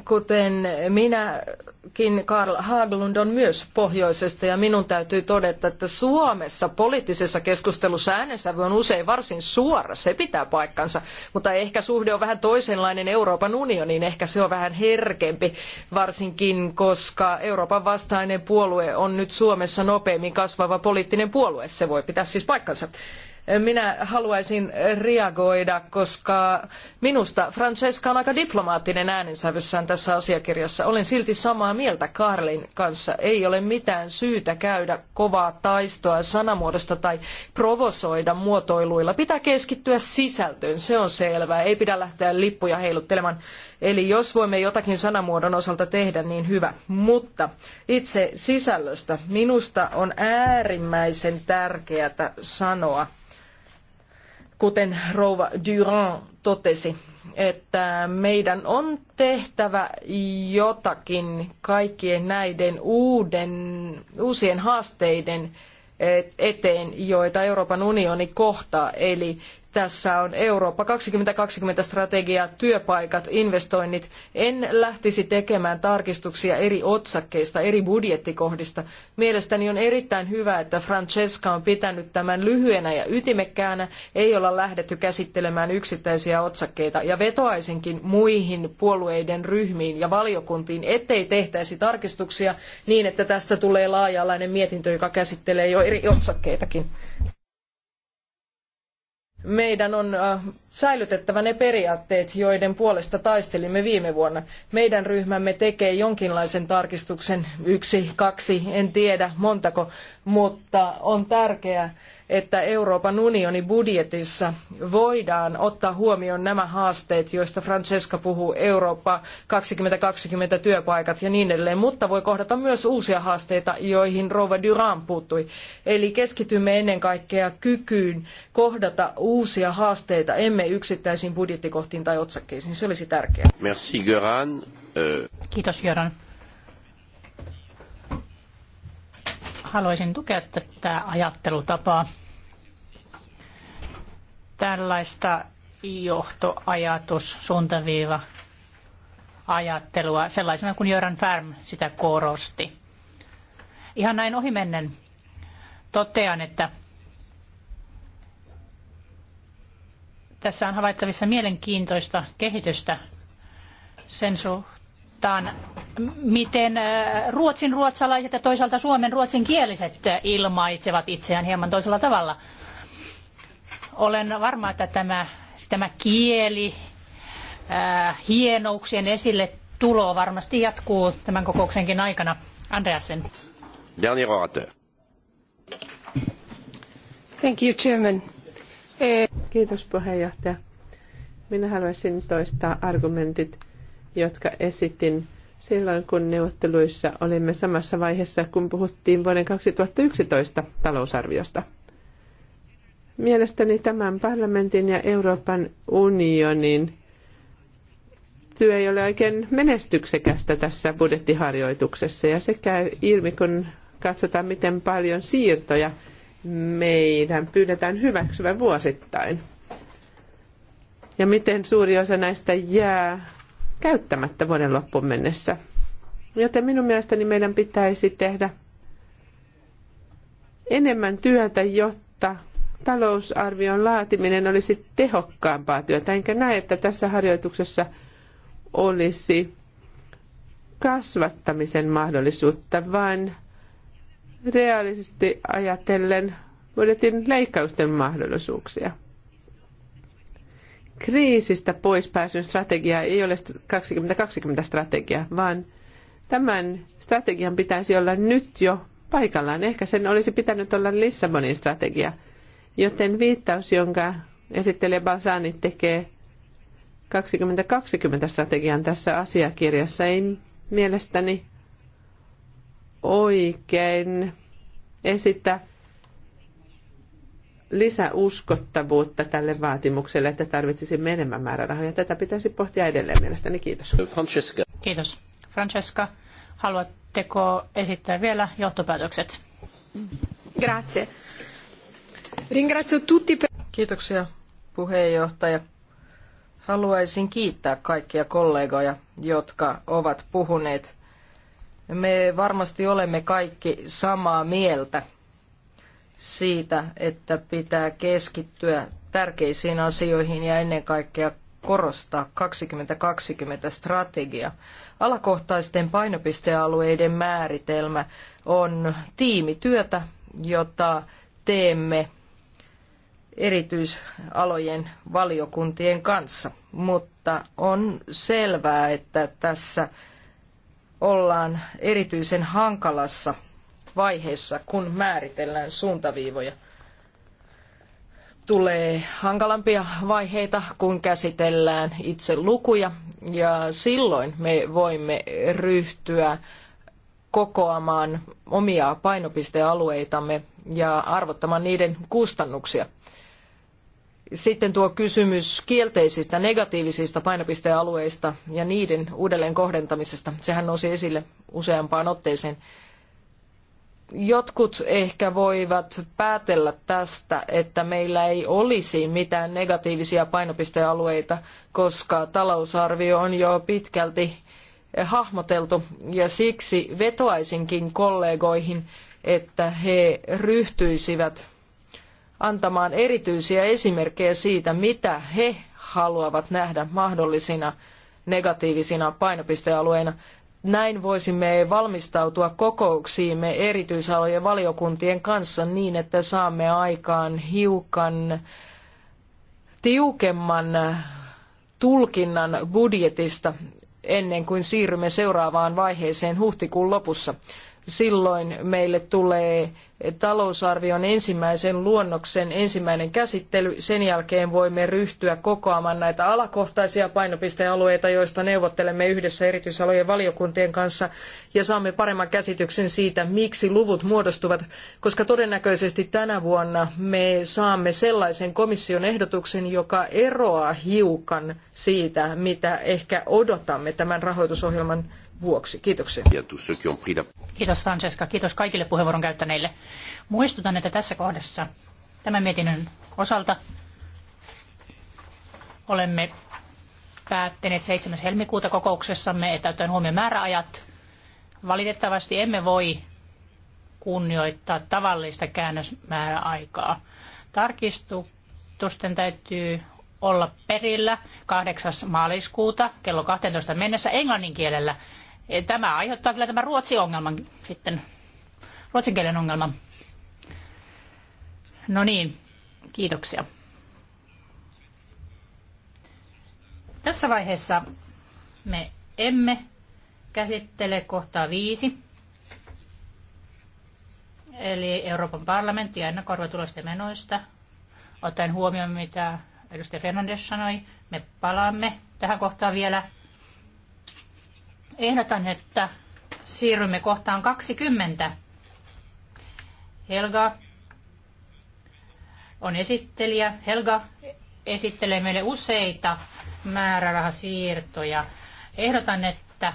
kuten minäkin, Karl Haglund on myös pohjoisesta ja minun täytyy todeta, että Suomessa poliittisessa keskustelussa äänensävy on usein varsin suora, se pitää paikkansa, mutta ehkä suhde on vähän toisenlainen Euroopan unioniin, ehkä se on vähän herkempi, varsinkin koska Euroopan vastainen puolue on nyt Suomessa nopeammin kasvava poliittinen puolue, se voi pitää siis paikkansa. Minä haluaisin reagoida, koska minusta Francesca on aika diplomaattinen äänensävyssään tässä asiakirjassa. Olen silti samaa mieltä Karlin kanssa. Ei ole mitään syytä käydä kovaa taistoa sanamuodosta tai provosoida muotoiluilla. Pitää keskittyä sisältöön, se on selvää. Ei pidä lähteä lippuja heiluttelemaan. Eli jos voimme jotakin sanamuodon osalta tehdä, niin hyvä. Mutta itse sisällöstä minusta on äärimmäisen tärkeää sanoa, kuten rouva Durand totesi, että meidän on tehtävä jotakin kaikkien näiden uuden, uusien haasteiden eteen, joita Euroopan unioni kohtaa, eli tässä on Eurooppa 2020 strategia, työpaikat, investoinnit. En lähtisi tekemään tarkistuksia eri otsakkeista, eri budjettikohdista. Mielestäni on erittäin hyvä, että Francesca on pitänyt tämän lyhyenä ja ytimekkäänä. Ei olla lähdetty käsittelemään yksittäisiä otsakkeita ja vetoaisinkin muihin puolueiden ryhmiin ja valiokuntiin, ettei tehtäisi tarkistuksia niin, että tästä tulee laaja-alainen mietintö, joka käsittelee jo eri otsakkeitakin meidän on äh, säilytettävä ne periaatteet, joiden puolesta taistelimme viime vuonna. Meidän ryhmämme tekee jonkinlaisen tarkistuksen, yksi, kaksi, en tiedä montako, mutta on tärkeää, että Euroopan unionin budjetissa voidaan ottaa huomioon nämä haasteet, joista Francesca puhuu, Eurooppa 2020 työpaikat ja niin edelleen, mutta voi kohdata myös uusia haasteita, joihin Rova Durant puuttui. Eli keskitymme ennen kaikkea kykyyn kohdata uusia haasteita, emme mene yksittäisiin budjettikohtiin tai otsakkeisiin. Se olisi tärkeää. Merci, Göran. Kiitos, Göran. Haluaisin tukea tätä ajattelutapaa. Tällaista johtoajatus, suuntaviiva, ajattelua sellaisena kuin Jöran Färm sitä korosti. Ihan näin ohimennen totean, että Tässä on havaittavissa mielenkiintoista kehitystä sen suhtaan, miten äh, ruotsin ruotsalaiset ja toisaalta suomen ruotsinkieliset ilmaitsevat itseään hieman toisella tavalla. Olen varma, että tämä, tämä kieli, ää, äh, hienouksien esille tulo varmasti jatkuu tämän kokouksenkin aikana. Andreasen. Dernier orateur. Thank you, Chairman. Kiitos puheenjohtaja. Minä haluaisin toistaa argumentit, jotka esitin silloin, kun neuvotteluissa olimme samassa vaiheessa, kun puhuttiin vuoden 2011 talousarviosta. Mielestäni tämän parlamentin ja Euroopan unionin työ ei ole oikein menestyksekästä tässä budjettiharjoituksessa ja se käy ilmi, kun katsotaan, miten paljon siirtoja meidän pyydetään hyväksyvän vuosittain. Ja miten suuri osa näistä jää käyttämättä vuoden loppuun mennessä. Joten minun mielestäni meidän pitäisi tehdä enemmän työtä, jotta talousarvion laatiminen olisi tehokkaampaa työtä. Enkä näe, että tässä harjoituksessa olisi kasvattamisen mahdollisuutta, vaan reaalisesti ajatellen budjetin leikkausten mahdollisuuksia. Kriisistä poispääsyn strategia ei ole 2020-strategia, vaan tämän strategian pitäisi olla nyt jo paikallaan. Ehkä sen olisi pitänyt olla Lissabonin strategia, joten viittaus, jonka esittelijä Balsani tekee 2020-strategian tässä asiakirjassa, ei mielestäni oikein esittää lisäuskottavuutta tälle vaatimukselle, että tarvitsisi enemmän määrärahoja. Tätä pitäisi pohtia edelleen mielestäni. Kiitos. Francesca. Kiitos. Francesca, haluatteko esittää vielä johtopäätökset? Grazie. Ringrazio tutti per... Kiitoksia puheenjohtaja. Haluaisin kiittää kaikkia kollegoja, jotka ovat puhuneet me varmasti olemme kaikki samaa mieltä siitä, että pitää keskittyä tärkeisiin asioihin ja ennen kaikkea korostaa 2020 strategia. Alakohtaisten painopistealueiden määritelmä on tiimityötä, jota teemme erityisalojen valiokuntien kanssa, mutta on selvää, että tässä ollaan erityisen hankalassa vaiheessa, kun määritellään suuntaviivoja. Tulee hankalampia vaiheita, kun käsitellään itse lukuja, ja silloin me voimme ryhtyä kokoamaan omia painopistealueitamme ja arvottamaan niiden kustannuksia. Sitten tuo kysymys kielteisistä, negatiivisista painopistealueista ja niiden uudelleen kohdentamisesta. Sehän nousi esille useampaan otteeseen. Jotkut ehkä voivat päätellä tästä, että meillä ei olisi mitään negatiivisia painopistealueita, koska talousarvio on jo pitkälti hahmoteltu ja siksi vetoaisinkin kollegoihin, että he ryhtyisivät antamaan erityisiä esimerkkejä siitä, mitä he haluavat nähdä mahdollisina negatiivisina painopistealueina. Näin voisimme valmistautua kokouksiimme erityisalojen valiokuntien kanssa niin, että saamme aikaan hiukan tiukemman tulkinnan budjetista ennen kuin siirrymme seuraavaan vaiheeseen huhtikuun lopussa. Silloin meille tulee talousarvion ensimmäisen luonnoksen ensimmäinen käsittely. Sen jälkeen voimme ryhtyä kokoamaan näitä alakohtaisia painopistealueita, joista neuvottelemme yhdessä erityisalojen valiokuntien kanssa ja saamme paremman käsityksen siitä, miksi luvut muodostuvat, koska todennäköisesti tänä vuonna me saamme sellaisen komission ehdotuksen, joka eroaa hiukan siitä, mitä ehkä odotamme tämän rahoitusohjelman vuoksi. Kiitoksia. Kiitos Francesca, kiitos kaikille puheenvuoron käyttäneille. Muistutan, että tässä kohdassa tämän mietinnön osalta olemme päättäneet 7. helmikuuta kokouksessamme, että ottaen huomioon määräajat, valitettavasti emme voi kunnioittaa tavallista käännösmääräaikaa. Tarkistusten täytyy olla perillä 8. maaliskuuta kello 12 mennessä englannin kielellä. Tämä aiheuttaa kyllä tämän ruotsin ongelman sitten, ruotsin kielen ongelman. No niin, kiitoksia. Tässä vaiheessa me emme käsittele kohtaa viisi, eli Euroopan parlamentti ja ennakkoarvotulosten menoista. Ottaen huomioon, mitä edustaja Fernandes sanoi, me palaamme tähän kohtaan vielä Ehdotan, että siirrymme kohtaan 20. Helga on esittelijä. Helga esittelee meille useita määrärahasiirtoja. Ehdotan, että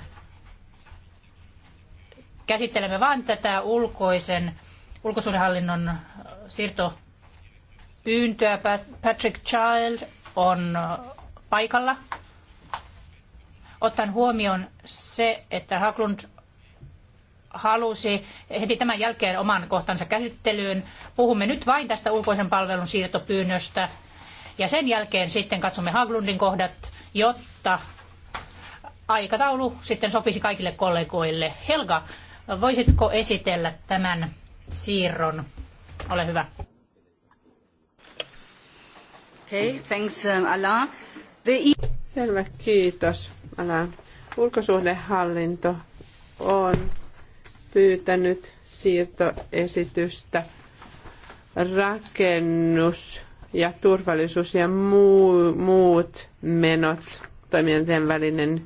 käsittelemme vain tätä ulkoisen ulkosuudenhallinnon siirtopyyntöä. Patrick Child on paikalla ottaen huomioon se, että Haglund halusi heti tämän jälkeen oman kohtansa käsittelyyn. Puhumme nyt vain tästä ulkoisen palvelun siirtopyynnöstä ja sen jälkeen sitten katsomme Haglundin kohdat, jotta aikataulu sitten sopisi kaikille kollegoille. Helga, voisitko esitellä tämän siirron? Ole hyvä. Okay, thanks, um, Alain. The... E- Selvä, kiitos alaan. Ulkosuhdehallinto on pyytänyt siirtoesitystä rakennus- ja turvallisuus- ja muu, muut menot, toimijoiden välinen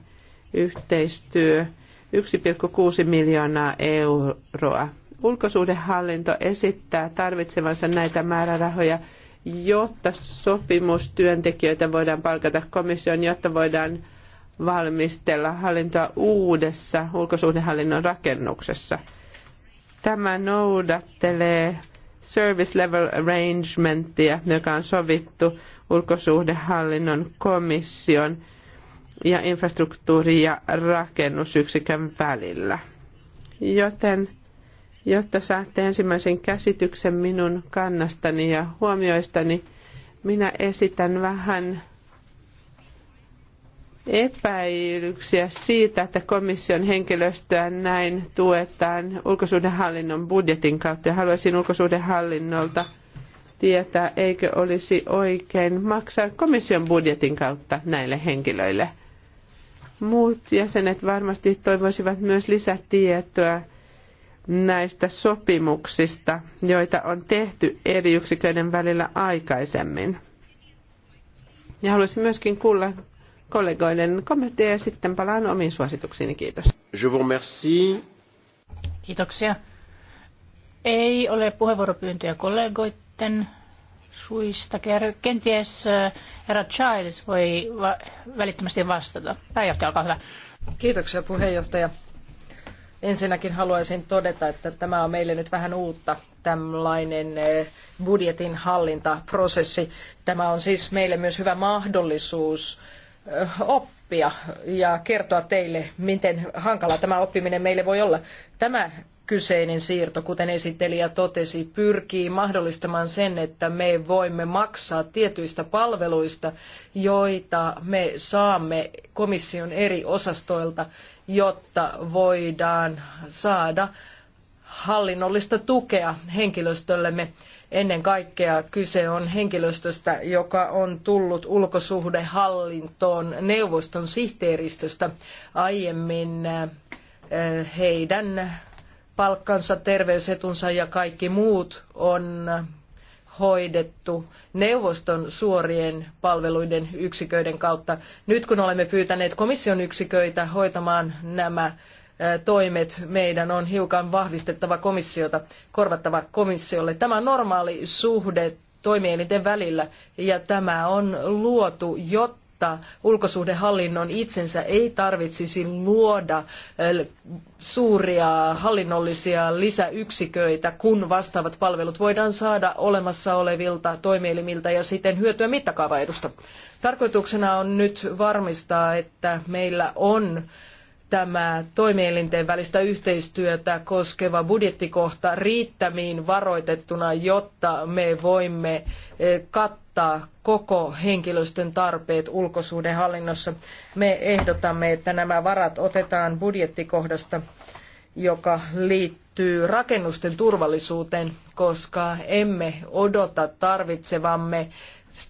yhteistyö, 1,6 miljoonaa euroa. Ulkosuhdehallinto esittää tarvitsevansa näitä määrärahoja, jotta sopimustyöntekijöitä voidaan palkata komission, jotta voidaan valmistella hallintoa uudessa ulkosuhdehallinnon rakennuksessa. Tämä noudattelee service level arrangementia, joka on sovittu ulkosuhdehallinnon komission ja infrastruktuuri- ja rakennusyksikön välillä. Joten jotta saatte ensimmäisen käsityksen minun kannastani ja huomioistani, minä esitän vähän epäilyksiä siitä, että komission henkilöstöä näin tuetaan ulkosuhdehallinnon budjetin kautta. Ja haluaisin ulkosuhdehallinnolta tietää, eikö olisi oikein maksaa komission budjetin kautta näille henkilöille. Muut jäsenet varmasti toivoisivat myös lisätietoa näistä sopimuksista, joita on tehty eri yksiköiden välillä aikaisemmin. Ja haluaisin myöskin kuulla kollegoiden kommentteja ja sitten palaan omiin suosituksiini. Kiitos. Je vous remercie. Kiitoksia. Ei ole puheenvuoropyyntöjä kollegoiden suista. Kenties eh, herra Charles voi välittömästi vastata. Pääjohtaja, olkaa hyvä. Kiitoksia puheenjohtaja. Ensinnäkin haluaisin todeta, että tämä on meille nyt vähän uutta, tällainen eh, budjetin hallintaprosessi. Tämä on siis meille myös hyvä mahdollisuus oppia ja kertoa teille, miten hankala tämä oppiminen meille voi olla. Tämä kyseinen siirto, kuten esittelijä totesi, pyrkii mahdollistamaan sen, että me voimme maksaa tietyistä palveluista, joita me saamme komission eri osastoilta, jotta voidaan saada hallinnollista tukea henkilöstöllemme. Ennen kaikkea kyse on henkilöstöstä, joka on tullut ulkosuhdehallintoon neuvoston sihteeristöstä aiemmin eh, heidän palkkansa, terveysetunsa ja kaikki muut on hoidettu neuvoston suorien palveluiden yksiköiden kautta. Nyt kun olemme pyytäneet komission yksiköitä hoitamaan nämä toimet meidän on hiukan vahvistettava komissiota, korvattava komissiolle. Tämä on normaali suhde toimielinten välillä ja tämä on luotu, jotta ulkosuhdehallinnon itsensä ei tarvitsisi luoda suuria hallinnollisia lisäyksiköitä, kun vastaavat palvelut voidaan saada olemassa olevilta toimielimiltä ja siten hyötyä mittakaavaedusta. Tarkoituksena on nyt varmistaa, että meillä on tämä toimielinten välistä yhteistyötä koskeva budjettikohta riittämiin varoitettuna, jotta me voimme eh, kattaa koko henkilöstön tarpeet ulkosuhdehallinnossa. Me ehdotamme, että nämä varat otetaan budjettikohdasta, joka liittyy rakennusten turvallisuuteen, koska emme odota tarvitsevamme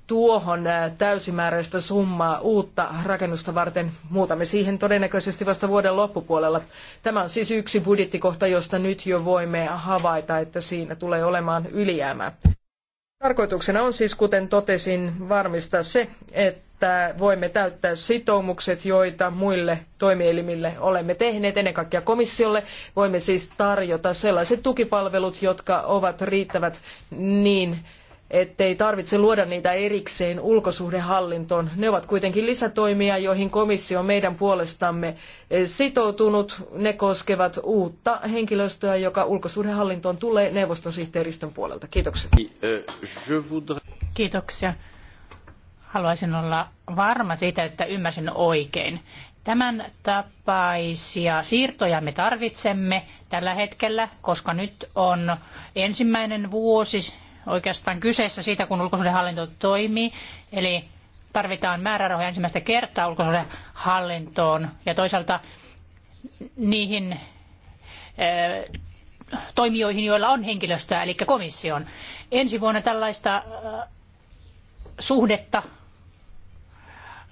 tuohon täysimääräistä summaa uutta rakennusta varten. Muutamme siihen todennäköisesti vasta vuoden loppupuolella. Tämä on siis yksi budjettikohta, josta nyt jo voimme havaita, että siinä tulee olemaan ylijäämää. Tarkoituksena on siis, kuten totesin, varmistaa se, että voimme täyttää sitoumukset, joita muille toimielimille olemme tehneet, ennen kaikkea komissiolle. Voimme siis tarjota sellaiset tukipalvelut, jotka ovat riittävät niin ettei tarvitse luoda niitä erikseen ulkosuhdehallintoon. Ne ovat kuitenkin lisätoimia, joihin komissio on meidän puolestamme eh, sitoutunut. Ne koskevat uutta henkilöstöä, joka ulkosuhdehallintoon tulee neuvoston sihteeristön puolelta. Eh, Kiitoksia. Haluaisin olla varma siitä, että ymmärsin oikein. Tämän tapaisia siirtoja me tarvitsemme tällä hetkellä, koska nyt on ensimmäinen vuosi oikeastaan kyseessä siitä, kun ulkosuhdehallinto toimii. Eli tarvitaan määrärahoja ensimmäistä kertaa ulkosuhdehallintoon ja toisaalta niihin eh, toimijoihin, joilla on henkilöstöä, eli komission. Ensi vuonna tällaista eh, suhdetta,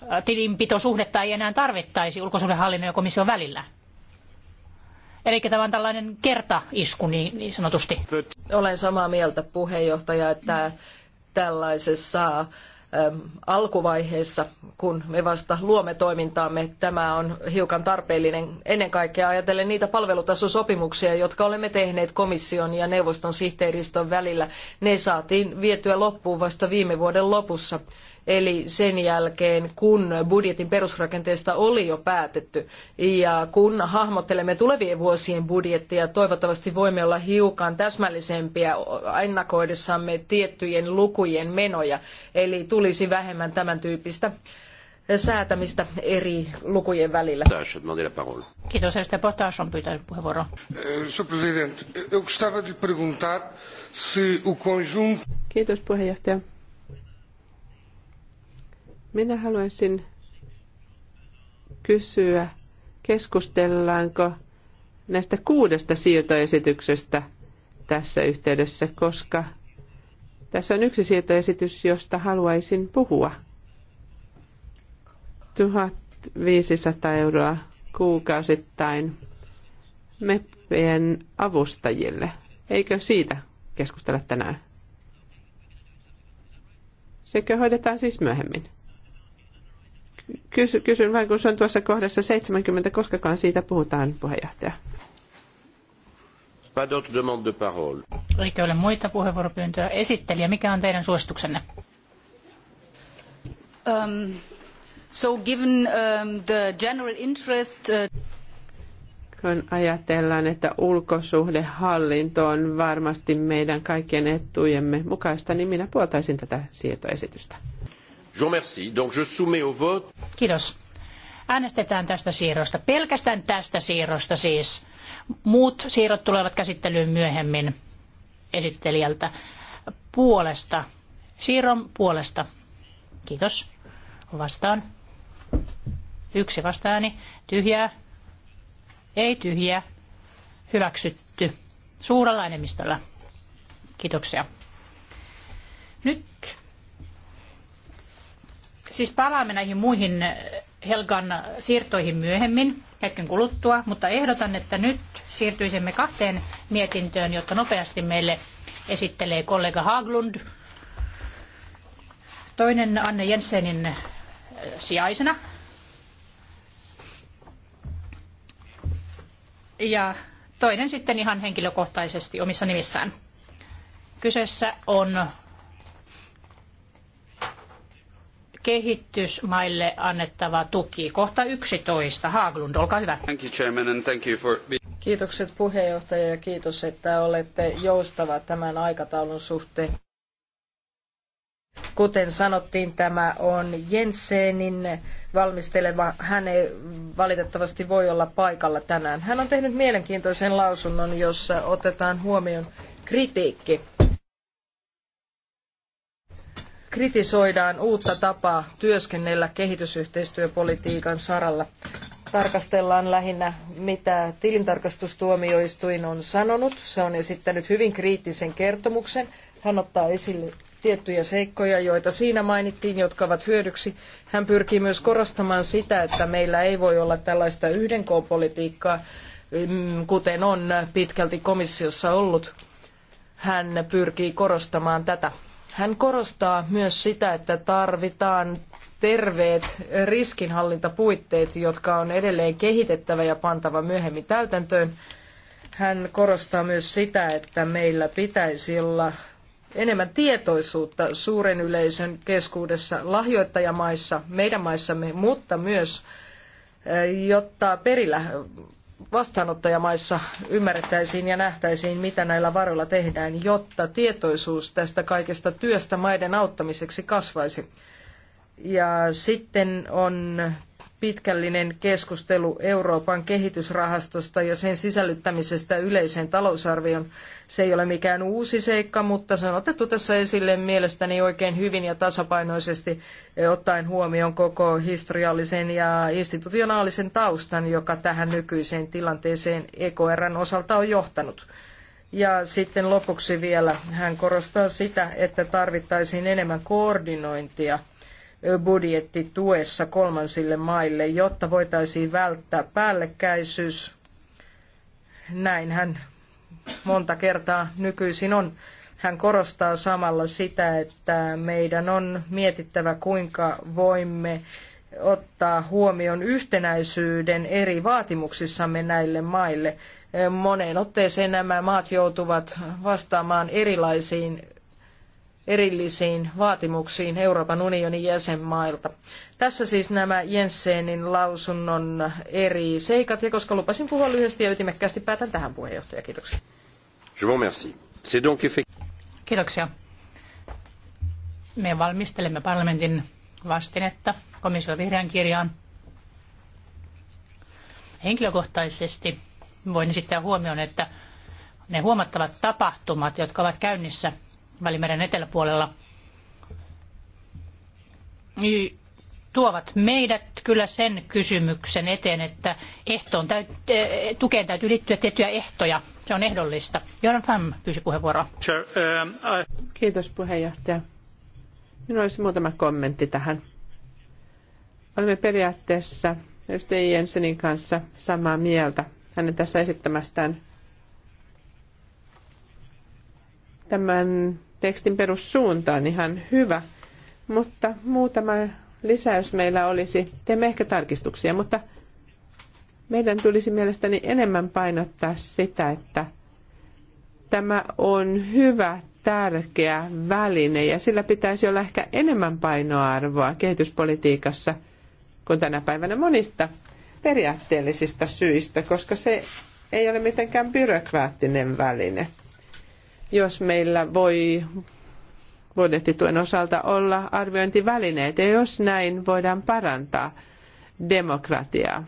eh, tilinpitosuhdetta ei enää tarvittaisi ulkosuhdehallinnon ja komission välillä. Eli tämä on tällainen kertaisku niin, niin sanotusti. Olen samaa mieltä puheenjohtaja, että tällaisessa alkuvaiheessa, kun me vasta luomme toimintaamme, tämä on hiukan tarpeellinen ennen kaikkea ajatellen niitä palvelutasosopimuksia, jotka olemme tehneet komission ja neuvoston sihteeristön välillä. Ne saatiin vietyä loppuun vasta viime vuoden lopussa eli sen jälkeen, kun budjetin perusrakenteesta oli jo päätetty. Ja kun hahmottelemme tulevien vuosien budjettia, toivottavasti voimme olla hiukan täsmällisempiä ennakoidessamme tiettyjen lukujen menoja, eli tulisi vähemmän tämän tyyppistä säätämistä eri lukujen välillä. Kiitos, edustaja Potash on pyytänyt puheenvuoron. Kiitos puheenjohtaja. Minä haluaisin kysyä, keskustellaanko näistä kuudesta siirtoesityksestä tässä yhteydessä, koska tässä on yksi siirtoesitys, josta haluaisin puhua. 1500 euroa kuukausittain meppien avustajille. Eikö siitä keskustella tänään? Sekö hoidetaan siis myöhemmin? Kysy, kysyn vain, kun se on tuossa kohdassa 70, koskakaan siitä puhutaan, puheenjohtaja. Pas d'autres demandes de parole. Eikä ole muita puheenvuoropyyntöjä. Esittelijä, mikä on teidän suosituksenne? Um, so given um, the general interest... Uh... Kun ajatellaan, että ulkosuhdehallinto on varmasti meidän kaikkien etujemme mukaista, niin minä puoltaisin tätä siirtoesitystä. Je remercie. Donc je soumets au vote. Kiitos. Äänestetään tästä siirrosta. Pelkästään tästä siirrosta siis. Muut siirrot tulevat käsittelyyn myöhemmin esittelijältä. Puolesta. Siirron puolesta. Kiitos. Vastaan. Yksi vastaani. Tyhjää. Ei tyhjää. Hyväksytty. Suurella enemmistöllä. Kiitoksia. Nyt Siis palaamme näihin muihin eh, Helgan siirtoihin myöhemmin hetken kuluttua, mutta ehdotan, että nyt siirtyisimme kahteen mietintöön, jotta nopeasti meille esittelee kollega Haglund. Toinen Anne Jensenin eh, sijaisena. Ja toinen sitten ihan henkilökohtaisesti omissa nimissään. Kyseessä on kehitysmaille annettava tuki. Kohta 11. Haaglund, olkaa hyvä. Thank you, Chairman, and thank you for... Kiitokset puheenjohtaja ja kiitos, että olette joustava tämän aikataulun suhteen. Kuten sanottiin, tämä on Jensenin valmisteleva. Hän ei valitettavasti voi olla paikalla tänään. Hän on tehnyt mielenkiintoisen lausunnon, jossa otetaan huomioon kritiikki kritisoidaan uutta tapaa työskennellä kehitysyhteistyöpolitiikan saralla. Tarkastellaan lähinnä, mitä tilintarkastustuomioistuin on sanonut. Se on esittänyt hyvin kriittisen kertomuksen. Hän ottaa esille tiettyjä seikkoja, joita siinä mainittiin, jotka ovat hyödyksi. Hän pyrkii myös korostamaan sitä, että meillä ei voi olla tällaista yhden politiikkaa mm, kuten on pitkälti komissiossa ollut. Hän pyrkii korostamaan tätä hän korostaa myös sitä, että tarvitaan terveet riskinhallintapuitteet, jotka on edelleen kehitettävä ja pantava myöhemmin täytäntöön. Hän korostaa myös sitä, että meillä pitäisi olla enemmän tietoisuutta suuren yleisön keskuudessa lahjoittajamaissa, meidän maissamme, mutta myös eh, jotta perillä vastaanottajamaissa ymmärrettäisiin ja nähtäisiin, mitä näillä varoilla tehdään, jotta tietoisuus tästä kaikesta työstä maiden auttamiseksi kasvaisi. Ja sitten on pitkällinen keskustelu Euroopan kehitysrahastosta ja sen sisällyttämisestä yleiseen talousarvioon. Se ei ole mikään uusi seikka, mutta se on otettu tässä esille mielestäni oikein hyvin ja tasapainoisesti eh, ottaen huomioon koko historiallisen ja institutionaalisen taustan, joka tähän nykyiseen tilanteeseen EKRn osalta on johtanut. Ja sitten lopuksi vielä hän korostaa sitä, että tarvittaisiin enemmän koordinointia – budjettituessa kolmansille maille, jotta voitaisiin välttää päällekkäisyys. Näinhän monta kertaa nykyisin on. Hän korostaa samalla sitä, että meidän on mietittävä, kuinka voimme ottaa huomioon yhtenäisyyden eri vaatimuksissamme näille maille. Moneen otteeseen nämä maat joutuvat vastaamaan erilaisiin erillisiin vaatimuksiin Euroopan unionin jäsenmailta. Tässä siis nämä Jensenin lausunnon eri seikat, ja koska lupasin puhua lyhyesti ja ytimekkäästi, päätän tähän puheenjohtaja. Kiitoksia. Je vous C'est donc Kiitoksia. Me valmistelemme parlamentin vastinetta komission vihreän kirjaan. Henkilökohtaisesti voin esittää huomioon, että ne huomattavat tapahtumat, jotka ovat käynnissä Välimeren eteläpuolella, niin tuovat meidät kyllä sen kysymyksen eteen, että ehtoon täyt, eh, tukeen täytyy liittyä tiettyjä ehtoja. Se on ehdollista. Jörn Fam pyysi puheenvuoroa. Um, Kiitos puheenjohtaja. Minulla olisi muutama kommentti tähän. Olemme periaatteessa edustaja Jensenin kanssa samaa mieltä hänen tässä esittämästään tämän tekstin perussuunta on niin ihan hyvä, mutta muutama lisäys meillä olisi. Teemme ehkä tarkistuksia, mutta meidän tulisi mielestäni enemmän painottaa sitä, että tämä on hyvä, tärkeä väline ja sillä pitäisi olla ehkä enemmän painoarvoa kehityspolitiikassa kuin tänä päivänä monista periaatteellisista syistä, koska se ei ole mitenkään byrokraattinen väline – jos meillä voi budjettituen osalta olla arviointivälineet ja jos näin voidaan parantaa demokratiaa.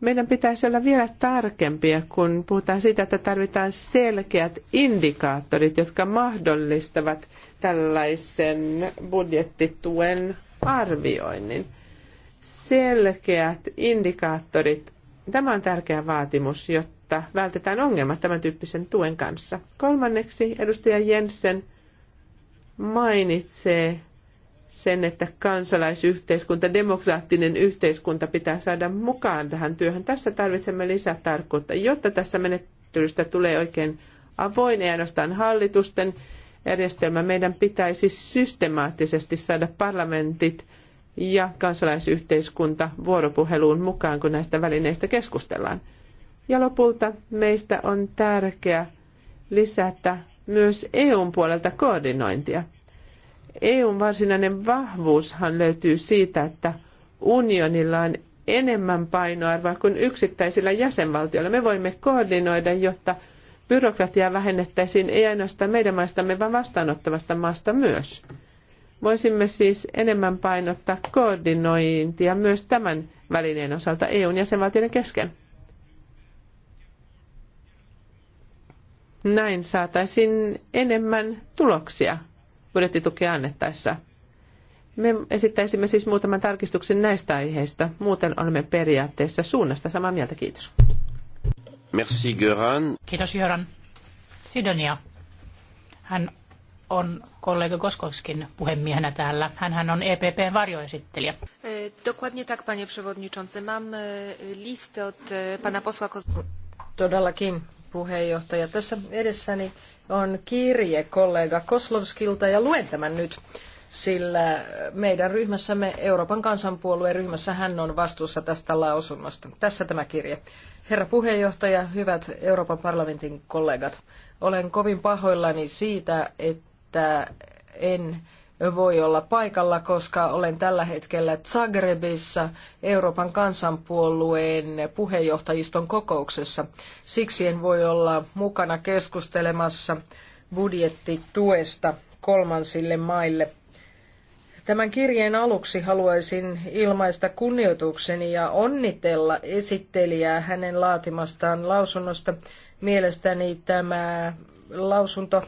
Meidän pitäisi olla vielä tarkempia, kun puhutaan siitä, että tarvitaan selkeät indikaattorit, jotka mahdollistavat tällaisen budjettituen arvioinnin. Selkeät indikaattorit, tämä on tärkeä vaatimus, jotta jotta vältetään ongelmat tämän tyyppisen tuen kanssa. Kolmanneksi edustaja Jensen mainitsee sen, että kansalaisyhteiskunta, demokraattinen yhteiskunta pitää saada mukaan tähän työhön. Tässä tarvitsemme lisätarkkuutta, jotta tässä menettelystä tulee oikein avoin, ei ainoastaan hallitusten järjestelmä. Meidän pitäisi systemaattisesti saada parlamentit ja kansalaisyhteiskunta vuoropuheluun mukaan, kun näistä välineistä keskustellaan. Ja lopulta meistä on tärkeää lisätä myös EUn puolelta koordinointia. EUn varsinainen vahvuushan löytyy siitä, että unionilla on enemmän painoarvoa kuin yksittäisillä jäsenvaltioilla. Me voimme koordinoida, jotta byrokratiaa vähennettäisiin ei ainoastaan meidän maistamme, vaan vastaanottavasta maasta myös. Voisimme siis enemmän painottaa koordinointia myös tämän välineen osalta EUn jäsenvaltioiden kesken. Näin saataisiin enemmän tuloksia budjettitukea annettaessa. Me esittäisimme siis muutaman tarkistuksen näistä aiheista. Muuten olemme periaatteessa suunnasta samaa mieltä. Kiitos. Merci, Göran. Kiitos, Göran. Sidonia. Hän on kollega Koskovskin puhemiehenä täällä. Hän on EPPn varjoesittelijä. E, dokładnie tak, panie przewodniczący. Mam e, listę od e, pana posła Todellakin puheenjohtaja. Tässä edessäni on kirje kollega Koslovskilta ja luen tämän nyt, sillä meidän ryhmässämme, Euroopan kansanpuolueen ryhmässä, hän on vastuussa tästä lausunnosta. Tässä tämä kirje. Herra puheenjohtaja, hyvät Euroopan parlamentin kollegat, olen kovin pahoillani siitä, että en voi olla paikalla, koska olen tällä hetkellä Zagrebissa Euroopan kansanpuolueen puheenjohtajiston kokouksessa. Siksi en voi olla mukana keskustelemassa budjettituesta kolmansille maille. Tämän kirjeen aluksi haluaisin ilmaista kunnioitukseni ja onnitella esittelijää hänen laatimastaan lausunnosta. Mielestäni tämä lausunto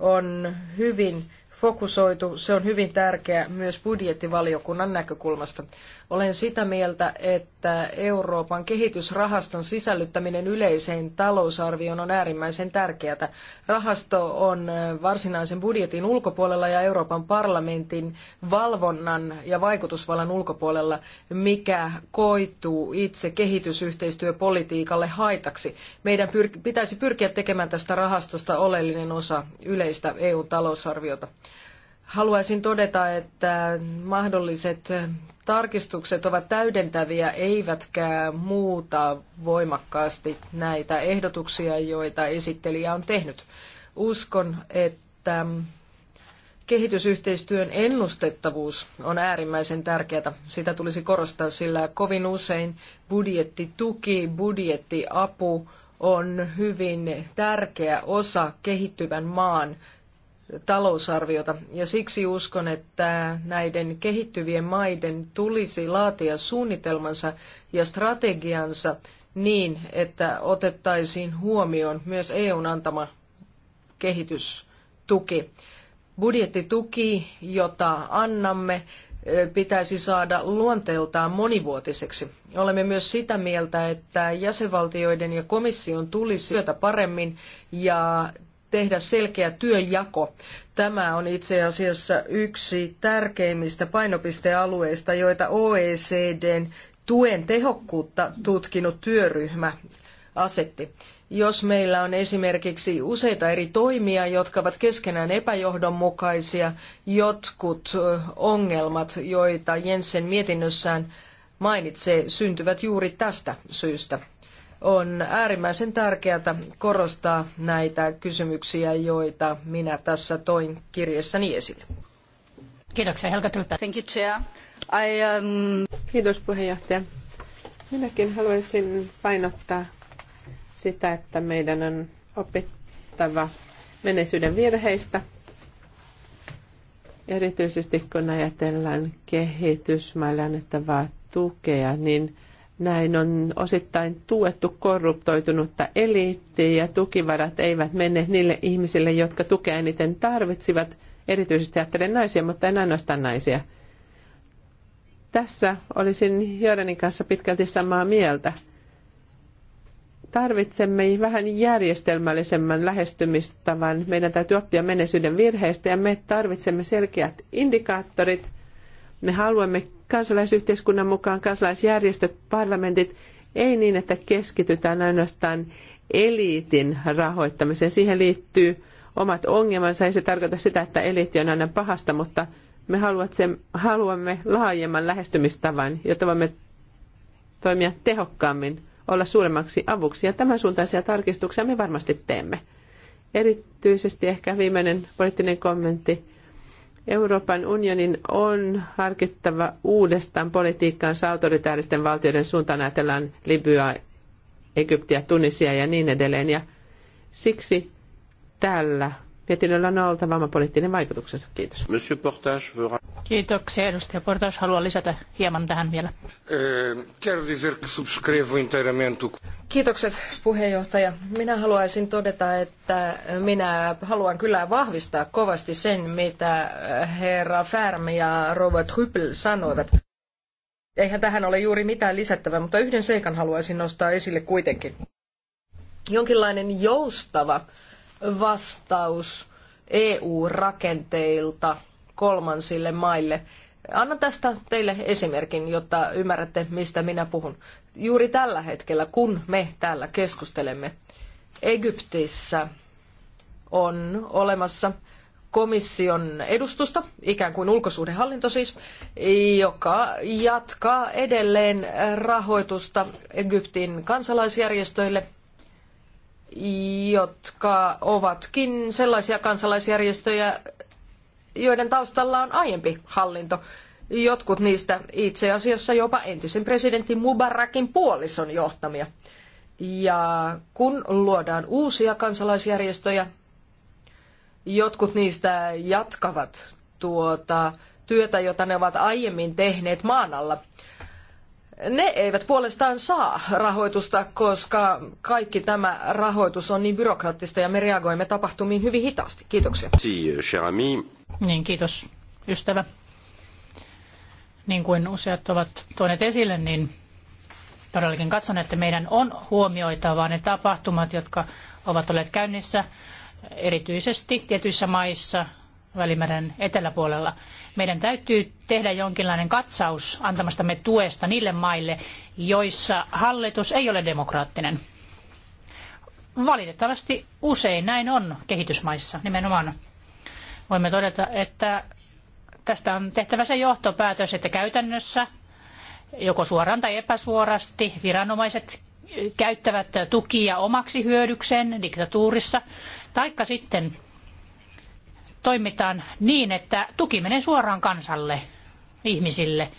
on hyvin fokusoitu. Se on hyvin tärkeää myös budjettivaliokunnan näkökulmasta. Olen sitä mieltä, että Euroopan kehitysrahaston sisällyttäminen yleiseen talousarvioon on äärimmäisen tärkeää. Rahasto on varsinaisen budjetin ulkopuolella ja Euroopan parlamentin valvonnan ja vaikutusvallan ulkopuolella, mikä koituu itse kehitysyhteistyöpolitiikalle haitaksi. Meidän pyr- pitäisi pyrkiä tekemään tästä rahastosta oleellinen osa yleistä EU-talousarviota. Haluaisin todeta, että mahdolliset tarkistukset ovat täydentäviä eivätkä muuta voimakkaasti näitä ehdotuksia, joita esittelijä on tehnyt. Uskon, että kehitysyhteistyön ennustettavuus on äärimmäisen tärkeää. Sitä tulisi korostaa, sillä kovin usein budjettituki, budjettiapu on hyvin tärkeä osa kehittyvän maan talousarviota. Ja siksi uskon, että näiden kehittyvien maiden tulisi laatia suunnitelmansa ja strategiansa niin, että otettaisiin huomioon myös EUn antama kehitystuki. Budjettituki, jota annamme, eh, pitäisi saada luonteeltaan monivuotiseksi. Olemme myös sitä mieltä, että jäsenvaltioiden ja komission tulisi työtä paremmin ja tehdä selkeä työnjako. Tämä on itse asiassa yksi tärkeimmistä painopistealueista, joita OECDn tuen tehokkuutta tutkinut työryhmä asetti. Jos meillä on esimerkiksi useita eri toimia, jotka ovat keskenään epäjohdonmukaisia, jotkut ongelmat, joita Jensen mietinnössään mainitsee, syntyvät juuri tästä syystä on äärimmäisen tärkeää korostaa näitä kysymyksiä, joita minä tässä toin kirjassani esille. Kiitoksia Helga Tylpä. Thank you, Chair. I, um... Kiitos puheenjohtaja. Minäkin haluaisin painottaa sitä, että meidän on opittava menneisyyden virheistä, erityisesti kun ajatellaan kehitysmaille annettavaa tukea, niin – näin on osittain tuettu korruptoitunutta eliittiä ja tukivarat eivät mene niille ihmisille, jotka tukea eniten tarvitsivat, erityisesti ajattelen naisia, mutta en ainoastaan naisia. Tässä olisin Jörenin kanssa pitkälti samaa mieltä. Tarvitsemme vähän järjestelmällisemmän lähestymistavan. Meidän täytyy oppia menneisyyden virheistä ja me tarvitsemme selkeät indikaattorit. Me haluamme kansalaisyhteiskunnan mukaan, kansalaisjärjestöt, parlamentit, ei niin, että keskitytään ainoastaan eliitin rahoittamiseen. Siihen liittyy omat ongelmansa. Ei se tarkoita sitä, että eliitti on aina pahasta, mutta me haluamme laajemman lähestymistavan, jotta voimme toimia tehokkaammin, olla suuremmaksi avuksi. Ja tämän suuntaisia tarkistuksia me varmasti teemme. Erityisesti ehkä viimeinen poliittinen kommentti Euroopan unionin on harkittava uudestaan politiikkaansa autoritääristen valtioiden suuntaan. Ajatellaan Libyaa, Egyptiä, Tunisia ja niin edelleen. Ja siksi tällä Mietinnöllä on oltava poliittinen vaikutuksensa. Kiitos. Monsieur Portage vera... Kiitoksia. Edustaja Portas haluaa lisätä hieman tähän vielä. Eh, Kiitokset puheenjohtaja. Minä haluaisin todeta, että minä haluan kyllä vahvistaa kovasti sen, mitä eh, herra Färm ja Robert Hyppel sanoivat. Eihän tähän ole juuri mitään lisättävää, mutta yhden seikan haluaisin nostaa esille kuitenkin. Jonkinlainen joustava vastaus EU-rakenteilta kolmansille maille. Annan tästä teille esimerkin, jotta ymmärrätte, mistä minä puhun. Juuri tällä hetkellä, kun me täällä keskustelemme, Egyptissä on olemassa komission edustusta, ikään kuin ulkosuhdehallinto siis, joka jatkaa edelleen rahoitusta Egyptin kansalaisjärjestöille – jotka ovatkin sellaisia kansalaisjärjestöjä, joiden taustalla on aiempi hallinto. Jotkut niistä itse asiassa jopa entisen presidentti Mubarakin puolison johtamia. Ja kun luodaan uusia kansalaisjärjestöjä, jotkut niistä jatkavat tuota työtä, jota ne ovat aiemmin tehneet maan alla ne eivät puolestaan saa rahoitusta, koska kaikki tämä rahoitus on niin byrokraattista ja me reagoimme tapahtumiin hyvin hitaasti. Kiitoksia. Niin, kiitos, ystävä. Niin kuin useat ovat tuoneet esille, niin todellakin katson, että meidän on huomioitava ne tapahtumat, jotka ovat olleet käynnissä erityisesti tietyissä maissa Välimeren eteläpuolella. Meidän täytyy tehdä jonkinlainen katsaus antamastamme tuesta niille maille, joissa hallitus ei ole demokraattinen. Valitettavasti usein näin on kehitysmaissa nimenomaan. Voimme todeta, että tästä on tehtävä se johtopäätös, että käytännössä joko suoraan tai epäsuorasti viranomaiset käyttävät tukia omaksi hyödykseen diktatuurissa, taikka sitten toimitaan niin, että tuki menee suoraan kansalle, ihmisille.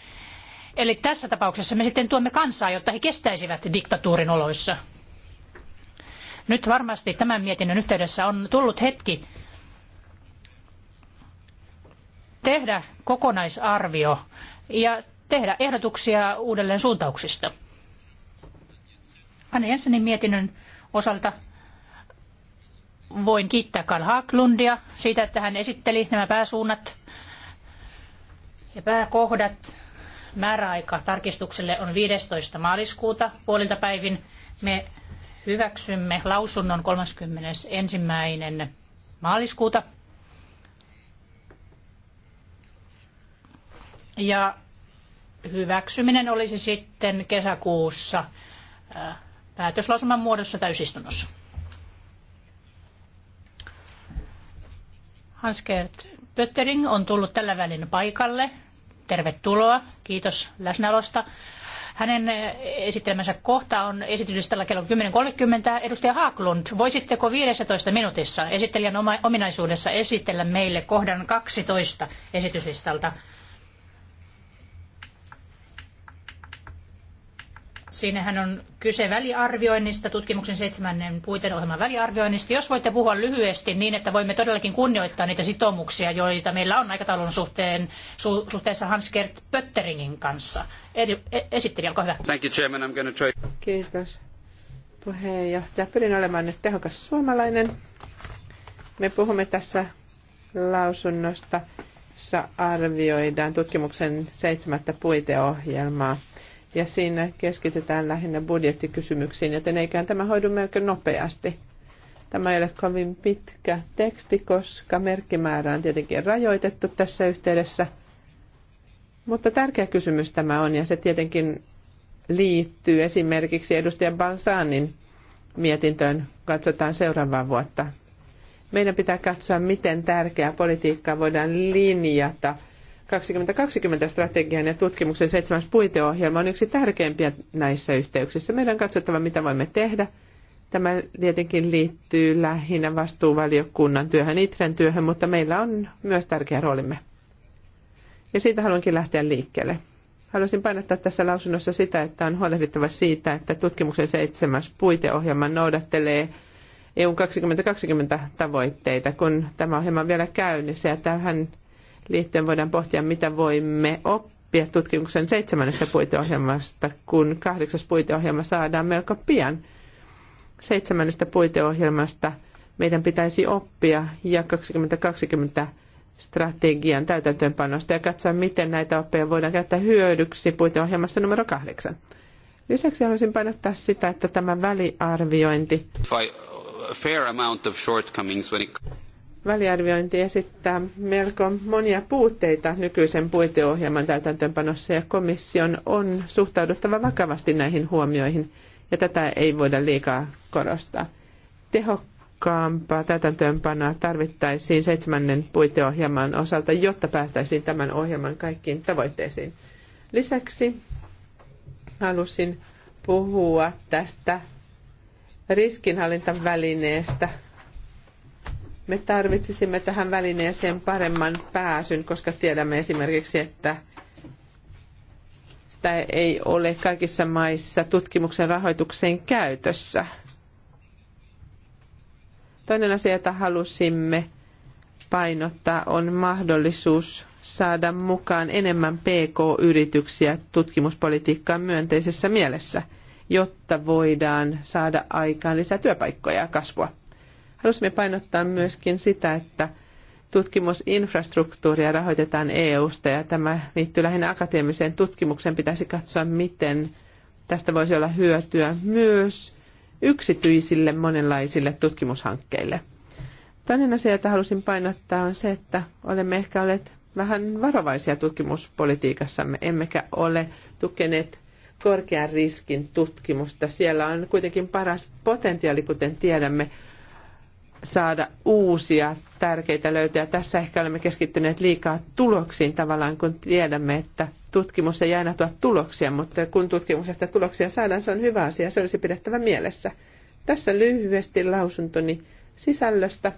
Eli tässä tapauksessa me sitten tuemme kansaa, jotta he kestäisivät diktatuurin oloissa. Nyt varmasti tämän mietinnön yhteydessä on tullut hetki tehdä kokonaisarvio ja tehdä ehdotuksia uudelleen suuntauksista. Anne Jensenin mietinnön osalta voin kiittää Karl Haglundia siitä, että hän esitteli nämä pääsuunnat ja pääkohdat. Määräaika tarkistukselle on 15. maaliskuuta puolilta päivin. Me hyväksymme lausunnon 31. maaliskuuta. Ja hyväksyminen olisi sitten kesäkuussa päätöslausuman muodossa täysistunnossa. Gert Pöttering on tullut tällä välin paikalle. Tervetuloa, kiitos läsnäolosta. Hänen eh, esittelemänsä kohta on tällä kello 10.30. Edustaja Haaklund, voisitteko 15 minuutissa esittelijän ominaisuudessa esitellä meille kohdan 12 esityslistalta? Siinähän on kyse väliarvioinnista, tutkimuksen seitsemännen puiteohjelman väliarvioinnista. Jos voitte puhua lyhyesti niin, että voimme todellakin kunnioittaa niitä sitoumuksia, joita meillä on aikataulun suhteen, su- suhteessa Hans-Gert Pötteringin kanssa. Edi- e, esitteli, olkaa hyvä. Thank you, Chairman. I'm gonna try... Kiitos. Puheenjohtaja, pyrin olemaan nyt tehokas suomalainen. Me puhumme tässä lausunnosta, jossa arvioidaan tutkimuksen seitsemättä puiteohjelmaa – ja siinä keskitytään lähinnä budjettikysymyksiin, joten eikään tämä hoidu melko nopeasti. Tämä ei ole kovin pitkä teksti, koska merkkimäärä on tietenkin rajoitettu tässä yhteydessä. Mutta tärkeä kysymys tämä on, ja se tietenkin liittyy esimerkiksi edustajan Balsanin mietintöön. Katsotaan seuraavaa vuotta. Meidän pitää katsoa, miten tärkeää politiikkaa voidaan linjata – 2020 strategian ja tutkimuksen seitsemäs puiteohjelma on yksi tärkeimpiä näissä yhteyksissä. Meidän on katsottava, mitä voimme tehdä. Tämä tietenkin liittyy lähinnä vastuuvaliokunnan työhön, ITREn työhön, mutta meillä on myös tärkeä roolimme. Ja siitä haluankin lähteä liikkeelle. Haluaisin painottaa tässä lausunnossa sitä, että on huolehdittava siitä, että tutkimuksen seitsemäs puiteohjelma noudattelee EU 2020 tavoitteita, kun tämä ohjelma on vielä käynnissä ja tähän liittyen voidaan pohtia, mitä voimme oppia tutkimuksen seitsemännestä puiteohjelmasta, kun kahdeksas puiteohjelma saadaan melko pian. Seitsemännestä puiteohjelmasta meidän pitäisi oppia ja 2020 strategian täytäntöönpanosta ja katsoa, miten näitä oppeja voidaan käyttää hyödyksi puiteohjelmassa numero kahdeksan. Lisäksi haluaisin painottaa sitä, että tämä väliarviointi väliarviointi esittää melko monia puutteita nykyisen puiteohjelman täytäntöönpanossa ja komission on suhtauduttava vakavasti näihin huomioihin ja tätä ei voida liikaa korostaa. Tehokkaampaa täytäntöönpanoa tarvittaisiin seitsemännen puiteohjelman osalta, jotta päästäisiin tämän ohjelman kaikkiin tavoitteisiin. Lisäksi halusin puhua tästä riskinhallintavälineestä – me tarvitsisimme tähän välineeseen paremman pääsyn, koska tiedämme esimerkiksi, että sitä ei ole kaikissa maissa tutkimuksen rahoitukseen käytössä. Toinen asia, jota halusimme painottaa, on mahdollisuus saada mukaan enemmän PK-yrityksiä tutkimuspolitiikkaan myönteisessä mielessä, jotta voidaan saada aikaan lisää työpaikkoja ja kasvua. Halusimme painottaa myöskin sitä, että tutkimusinfrastruktuuria rahoitetaan EU-sta ja tämä liittyy lähinnä akateemiseen tutkimukseen. Pitäisi katsoa, miten tästä voisi olla hyötyä myös yksityisille monenlaisille tutkimushankkeille. Toinen asia, jota halusin painottaa, on se, että olemme ehkä olleet vähän varovaisia tutkimuspolitiikassamme, emmekä ole tukeneet korkean riskin tutkimusta. Siellä on kuitenkin paras potentiaali, kuten tiedämme, saada uusia tärkeitä löytöjä. Tässä ehkä olemme keskittyneet liikaa tuloksiin tavallaan, kun tiedämme, että tutkimus ei aina tuo tuloksia, mutta kun tutkimuksesta tuloksia saadaan, se on hyvä asia, se olisi pidettävä mielessä. Tässä lyhyesti lausuntoni sisällöstä.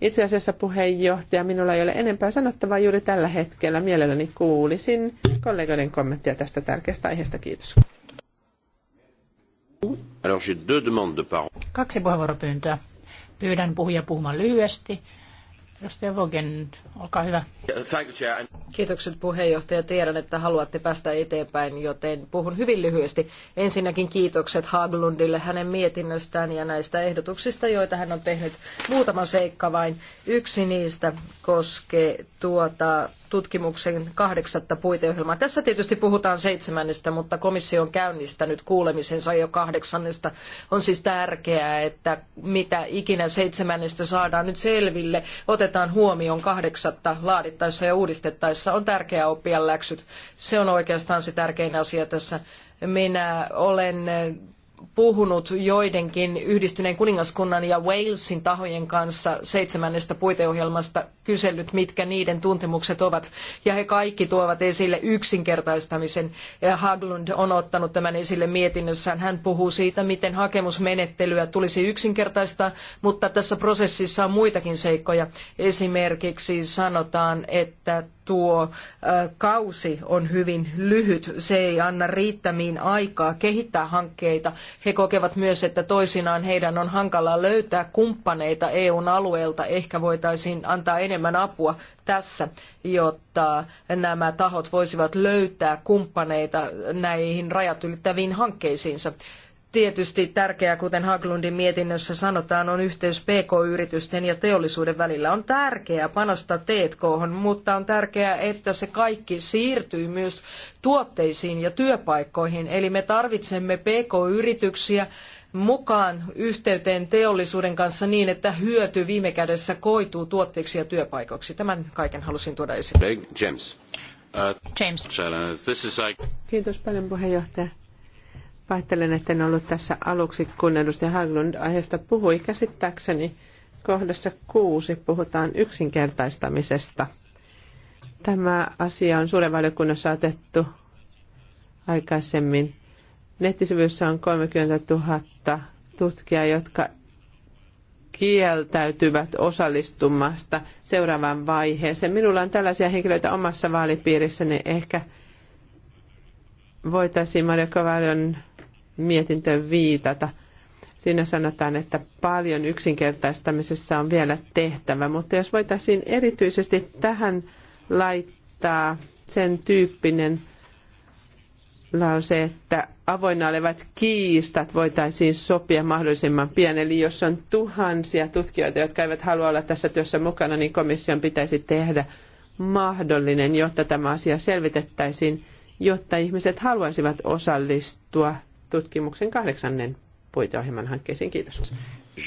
Itse asiassa puheenjohtaja, minulla ei ole enempää sanottavaa juuri tällä hetkellä. Mielelläni kuulisin kollegoiden kommenttia tästä tärkeästä aiheesta. Kiitos. Kaksi puheenvuoropyyntöä. Pyydän puhuja puhumaan lyhyesti. Edustaja Vogen, olkaa hyvä. Kiitokset puheenjohtaja. Tiedän, että haluatte päästä eteenpäin, joten puhun hyvin lyhyesti. Ensinnäkin kiitokset Haglundille hänen mietinnöstään ja näistä ehdotuksista, joita hän on tehnyt. Muutama seikka vain. Yksi niistä koskee tuota tutkimuksen kahdeksatta puiteohjelmaa. Tässä tietysti puhutaan seitsemännestä, mutta komissio on käynnistänyt kuulemisensa jo kahdeksannesta. On siis tärkeää, että mitä ikinä seitsemännestä saadaan nyt selville, otetaan huomioon kahdeksatta laadittaessa ja uudistettaessa. On tärkeää oppia läksyt. Se on oikeastaan se tärkein asia tässä minä olen puhunut joidenkin yhdistyneen kuningaskunnan ja Walesin tahojen kanssa seitsemännestä puiteohjelmasta kysellyt, mitkä niiden tuntemukset ovat. Ja he kaikki tuovat esille yksinkertaistamisen. Ja Haglund on ottanut tämän esille mietinnössään. Hän puhuu siitä, miten hakemusmenettelyä tulisi yksinkertaistaa, mutta tässä prosessissa on muitakin seikkoja. Esimerkiksi sanotaan, että tuo kausi on hyvin lyhyt. Se ei anna riittämiin aikaa kehittää hankkeita. He kokevat myös, että toisinaan heidän on hankala löytää kumppaneita EUn alueelta. Ehkä voitaisiin antaa enemmän apua tässä, jotta nämä tahot voisivat löytää kumppaneita näihin rajat ylittäviin hankkeisiinsa tietysti tärkeää, kuten Haglundin mietinnössä sanotaan, on yhteys PK-yritysten ja teollisuuden välillä. On tärkeää panostaa T&K, mutta on tärkeää, että se kaikki siirtyy myös tuotteisiin ja työpaikkoihin. Eli me tarvitsemme PK-yrityksiä mukaan yhteyteen teollisuuden kanssa niin, että hyöty viime kädessä koituu tuotteiksi ja työpaikoiksi. Tämän kaiken halusin tuoda esille. James. James. Kiitos paljon puheenjohtaja. Pahoittelen, että en ollut tässä aluksi, kun edustaja Haglund aiheesta puhui. Käsittääkseni kohdassa kuusi puhutaan yksinkertaistamisesta. Tämä asia on suuren valiokunnassa otettu aikaisemmin. Nettisivuissa on 30 000 tutkijaa, jotka kieltäytyvät osallistumasta seuraavaan vaiheeseen. Minulla on tällaisia henkilöitä omassa vaalipiirissäni. Ehkä voitaisiin Maria Kovaljon mietintöön viitata. Siinä sanotaan, että paljon yksinkertaistamisessa on vielä tehtävä, mutta jos voitaisiin erityisesti tähän laittaa sen tyyppinen lause, että avoinna olevat kiistat voitaisiin sopia mahdollisimman pian. Eli jos on tuhansia tutkijoita, jotka eivät halua olla tässä työssä mukana, niin komission pitäisi tehdä mahdollinen, jotta tämä asia selvitettäisiin, jotta ihmiset haluaisivat osallistua tutkimuksen kahdeksannen puiteohjelman hankkeisiin. Kiitos.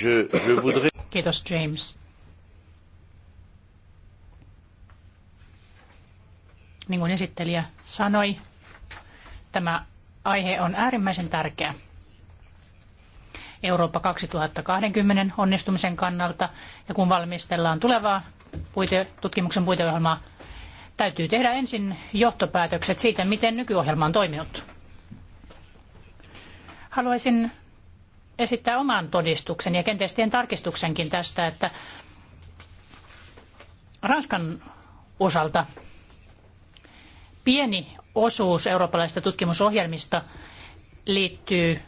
Je, je voudrais... Kiitos James. Niin kuin esittelijä sanoi, tämä aihe on äärimmäisen tärkeä. Eurooppa 2020 onnistumisen kannalta ja kun valmistellaan tulevaa puite, tutkimuksen puiteohjelmaa, täytyy tehdä ensin johtopäätökset siitä, miten nykyohjelma on toiminut haluaisin esittää oman todistuksen ja kenties tien tarkistuksenkin tästä, että Ranskan osalta pieni osuus eurooppalaisista tutkimusohjelmista liittyy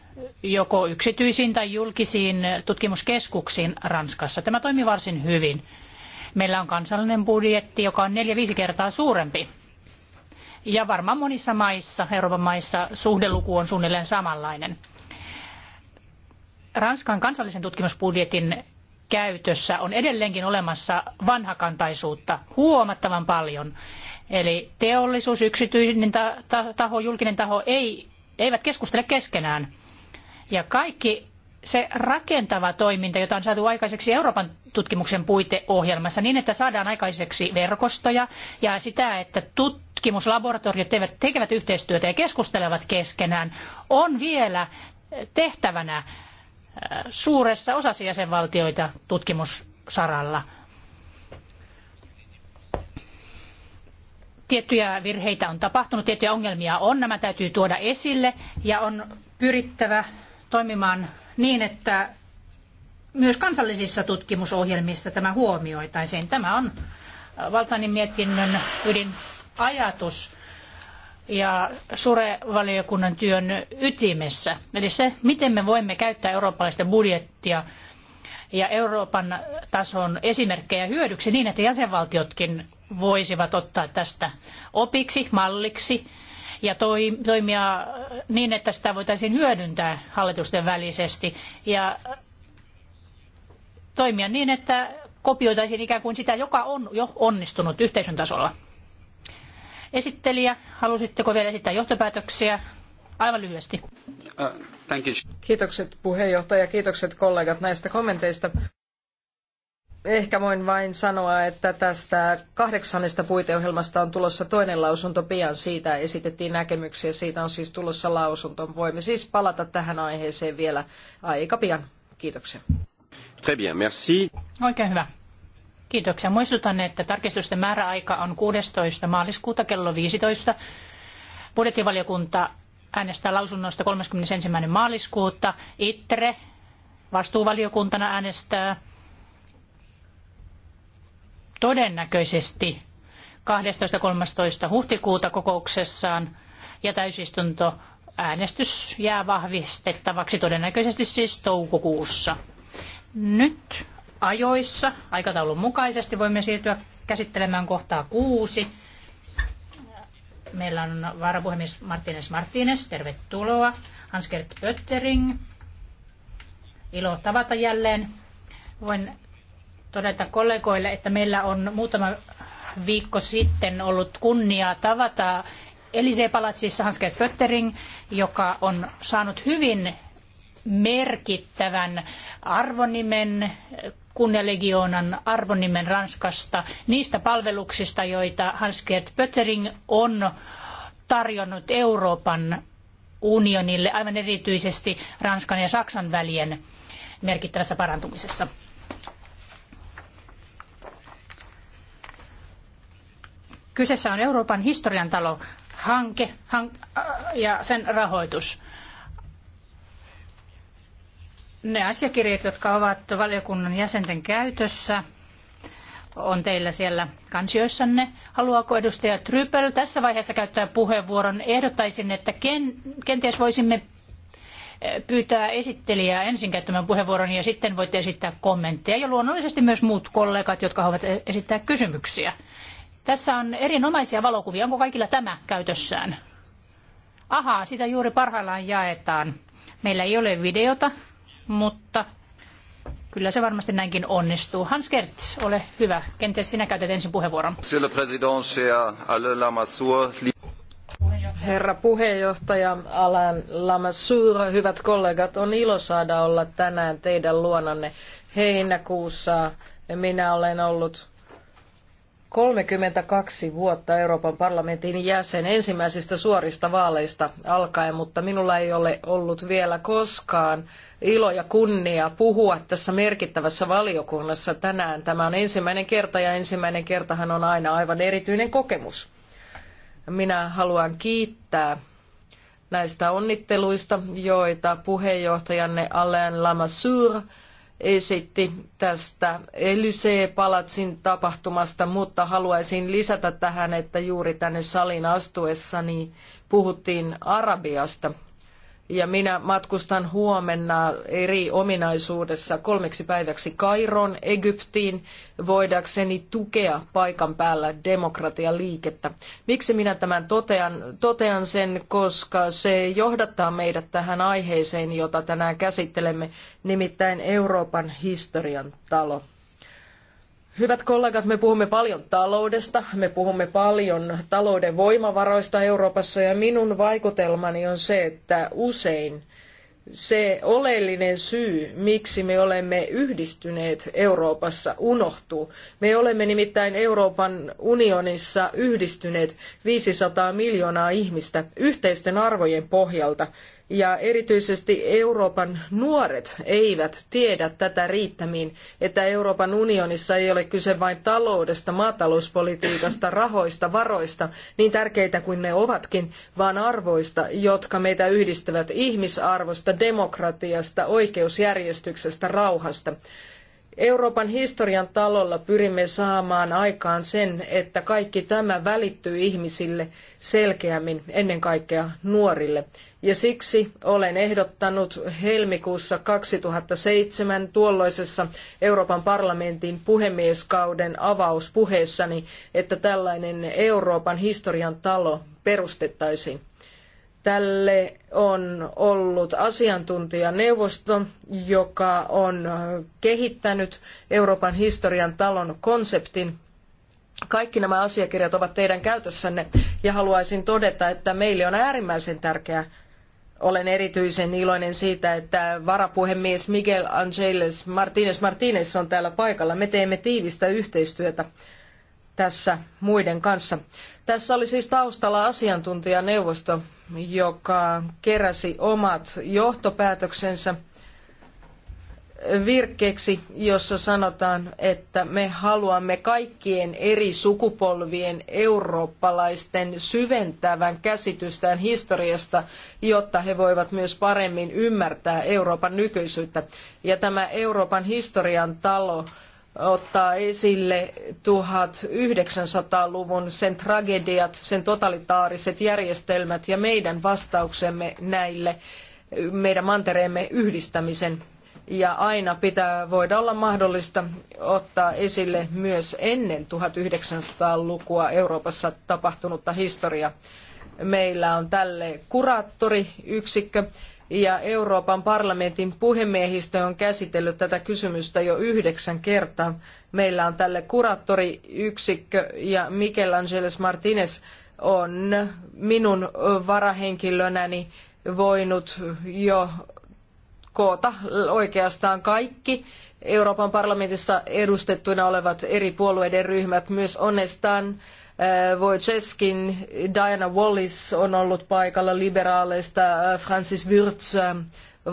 joko yksityisiin tai julkisiin tutkimuskeskuksiin Ranskassa. Tämä toimii varsin hyvin. Meillä on kansallinen budjetti, joka on neljä viisi kertaa suurempi. Ja varmaan monissa maissa, Euroopan maissa, suhdeluku on suunnilleen samanlainen. Ranskan kansallisen tutkimusbudjetin käytössä on edelleenkin olemassa vanhakantaisuutta huomattavan paljon. Eli teollisuus, yksityinen taho, julkinen taho ei, eivät keskustele keskenään. Ja kaikki se rakentava toiminta, jota on saatu aikaiseksi Euroopan tutkimuksen puiteohjelmassa niin, että saadaan aikaiseksi verkostoja ja sitä, että tutkimuslaboratoriot tekevät yhteistyötä ja keskustelevat keskenään, on vielä tehtävänä suuressa osassa jäsenvaltioita tutkimussaralla. Tiettyjä virheitä on tapahtunut, tiettyjä ongelmia on, nämä täytyy tuoda esille ja on pyrittävä toimimaan niin, että myös kansallisissa tutkimusohjelmissa tämä huomioitaisiin. Tämä on Valtanin mietinnön ydinajatus ja Sure-valiokunnan työn ytimessä. Eli se, miten me voimme käyttää eurooppalaista budjettia ja Euroopan tason esimerkkejä hyödyksi niin, että jäsenvaltiotkin voisivat ottaa tästä opiksi, malliksi ja toimia niin, että sitä voitaisiin hyödyntää hallitusten välisesti ja toimia niin, että kopioitaisiin ikään kuin sitä, joka on jo onnistunut yhteisön tasolla. Esittelijä, halusitteko vielä esittää johtopäätöksiä? Aivan lyhyesti. Uh, kiitokset puheenjohtaja, kiitokset kollegat näistä kommenteista. Ehkä voin vain sanoa, että tästä kahdeksannesta puiteohjelmasta on tulossa toinen lausunto pian. Siitä esitettiin näkemyksiä, siitä on siis tulossa lausunto. Voimme siis palata tähän aiheeseen vielä aika pian. Kiitoksia. Très bien, merci. Oikein hyvä. Kiitoksia. Muistutan, että tarkistusten määräaika on 16. maaliskuuta kello 15. Budjettivaliokunta äänestää lausunnosta 31. maaliskuuta. ITRE vastuuvaliokuntana äänestää todennäköisesti 12.13. huhtikuuta kokouksessaan ja täysistunto äänestys jää vahvistettavaksi todennäköisesti siis toukokuussa. Nyt ajoissa aikataulun mukaisesti. Voimme siirtyä käsittelemään kohtaa kuusi. Meillä on varapuhemies Martines Martines, tervetuloa. Hanskert Pöttering, ilo tavata jälleen. Voin todeta kollegoille, että meillä on muutama viikko sitten ollut kunnia tavata Elisee palatsissa Hanskert Pöttering, joka on saanut hyvin merkittävän arvonimen kunnialegionan arvonimen Ranskasta niistä palveluksista, joita Hans-Gert Pöttering on tarjonnut Euroopan unionille, aivan erityisesti Ranskan ja Saksan välien merkittävässä parantumisessa. Kyseessä on Euroopan historian talo hanke ja sen rahoitus. Ne asiakirjat, jotka ovat valiokunnan jäsenten käytössä, on teillä siellä kansioissanne. Haluaako edustaja Trypel tässä vaiheessa käyttää puheenvuoron? Ehdottaisin, että ken, kenties voisimme eh, pyytää esittelijää ensin käyttämään puheenvuoron ja sitten voitte esittää kommentteja ja luonnollisesti myös muut kollegat, jotka haluavat e, esittää kysymyksiä. Tässä on erinomaisia valokuvia. Onko kaikilla tämä käytössään? Ahaa, sitä juuri parhaillaan jaetaan. Meillä ei ole videota, mutta kyllä se varmasti näinkin onnistuu. Hans Gert, ole hyvä. Kenties sinä käytät ensin puheenvuoron. Herra puheenjohtaja Alain Lamassoure, hyvät kollegat, on ilo saada olla tänään teidän luonanne heinäkuussa. Minä olen ollut 32 vuotta Euroopan parlamentin jäsen ensimmäisistä suorista vaaleista alkaen, mutta minulla ei ole ollut vielä koskaan ilo ja kunnia puhua tässä merkittävässä valiokunnassa tänään. Tämä on ensimmäinen kerta ja ensimmäinen kertahan on aina aivan erityinen kokemus. Minä haluan kiittää näistä onnitteluista, joita puheenjohtajanne Alain Lamassure – esitti tästä Elysee-palatsin tapahtumasta, mutta haluaisin lisätä tähän, että juuri tänne salin astuessani puhuttiin Arabiasta ja minä matkustan huomenna eri ominaisuudessa kolmeksi päiväksi Kairon, Egyptiin, voidakseni tukea paikan päällä demokratialiikettä. Miksi minä tämän totean? Totean sen, koska se johdattaa meidät tähän aiheeseen, jota tänään käsittelemme, nimittäin Euroopan historian talo. Hyvät kollegat, me puhumme paljon taloudesta, me puhumme paljon talouden voimavaroista Euroopassa ja minun vaikutelmani on se, että usein se oleellinen syy, miksi me olemme yhdistyneet Euroopassa, unohtuu. Me olemme nimittäin Euroopan unionissa yhdistyneet 500 miljoonaa ihmistä yhteisten arvojen pohjalta ja erityisesti Euroopan nuoret eivät tiedä tätä riittämiin, että Euroopan unionissa ei ole kyse vain taloudesta, maatalouspolitiikasta, rahoista, varoista, niin tärkeitä kuin ne ovatkin, vaan arvoista, jotka meitä yhdistävät ihmisarvosta, demokratiasta, oikeusjärjestyksestä, rauhasta. Euroopan historian talolla pyrimme saamaan aikaan sen, että kaikki tämä välittyy ihmisille selkeämmin, ennen kaikkea nuorille. Ja siksi olen ehdottanut helmikuussa 2007 tuolloisessa Euroopan parlamentin puhemieskauden avauspuheessani, että tällainen Euroopan historian talo perustettaisiin. Tälle on ollut asiantuntijaneuvosto, joka on kehittänyt Euroopan historian talon konseptin. Kaikki nämä asiakirjat ovat teidän käytössänne ja haluaisin todeta, että meille on äärimmäisen tärkeää olen erityisen iloinen siitä, että varapuhemies Miguel Angeles Martinez Martinez on täällä paikalla. Me teemme tiivistä yhteistyötä tässä muiden kanssa. Tässä oli siis taustalla asiantuntijaneuvosto, joka keräsi omat johtopäätöksensä – virkkeeksi, jossa sanotaan, että me haluamme kaikkien eri sukupolvien eurooppalaisten syventävän käsitystään historiasta, jotta he voivat myös paremmin ymmärtää Euroopan nykyisyyttä. Ja tämä Euroopan historian talo ottaa esille 1900-luvun sen tragediat, sen totalitaariset järjestelmät ja meidän vastauksemme näille meidän mantereemme yhdistämisen ja aina pitää voida olla mahdollista ottaa esille myös ennen 1900-lukua Euroopassa tapahtunutta historiaa. Meillä on tälle kuraattoriyksikkö ja Euroopan parlamentin puhemiehistö on käsitellyt tätä kysymystä jo yhdeksän kertaa. Meillä on tälle kuraattoriyksikkö ja Miguel Angeles Martinez on minun varahenkilönäni voinut jo koota oikeastaan kaikki Euroopan parlamentissa edustettuina olevat eri puolueiden ryhmät, myös Onestan, äh, Wojcieskin, Diana Wallis on ollut paikalla liberaaleista, äh, Francis Würz äh,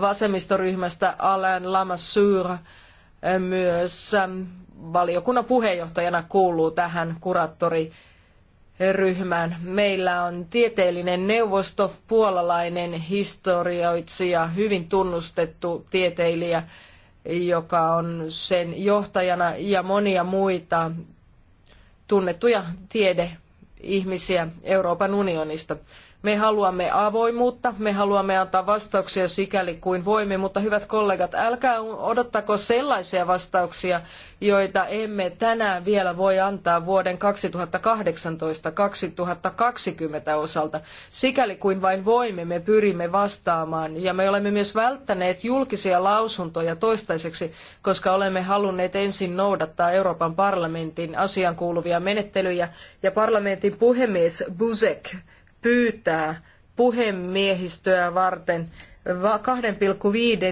vasemmistoryhmästä, Alain Lamassoure myös valiokunnan puheenjohtajana kuuluu tähän kuraattoriryhmään ryhmään. Meillä on tieteellinen neuvosto, puolalainen historioitsija, hyvin tunnustettu tieteilijä, joka on sen johtajana ja monia muita tunnettuja tiedeihmisiä Euroopan unionista. Me haluamme avoimuutta, me haluamme antaa vastauksia sikäli kuin voimme, mutta hyvät kollegat, älkää odottako sellaisia vastauksia, joita emme tänään vielä voi antaa vuoden 2018-2020 osalta. Sikäli kuin vain voimme, me pyrimme vastaamaan ja me olemme myös välttäneet julkisia lausuntoja toistaiseksi, koska olemme halunneet ensin noudattaa Euroopan parlamentin asian kuuluvia menettelyjä ja parlamentin puhemies Buzek pyytää puhemiehistöä varten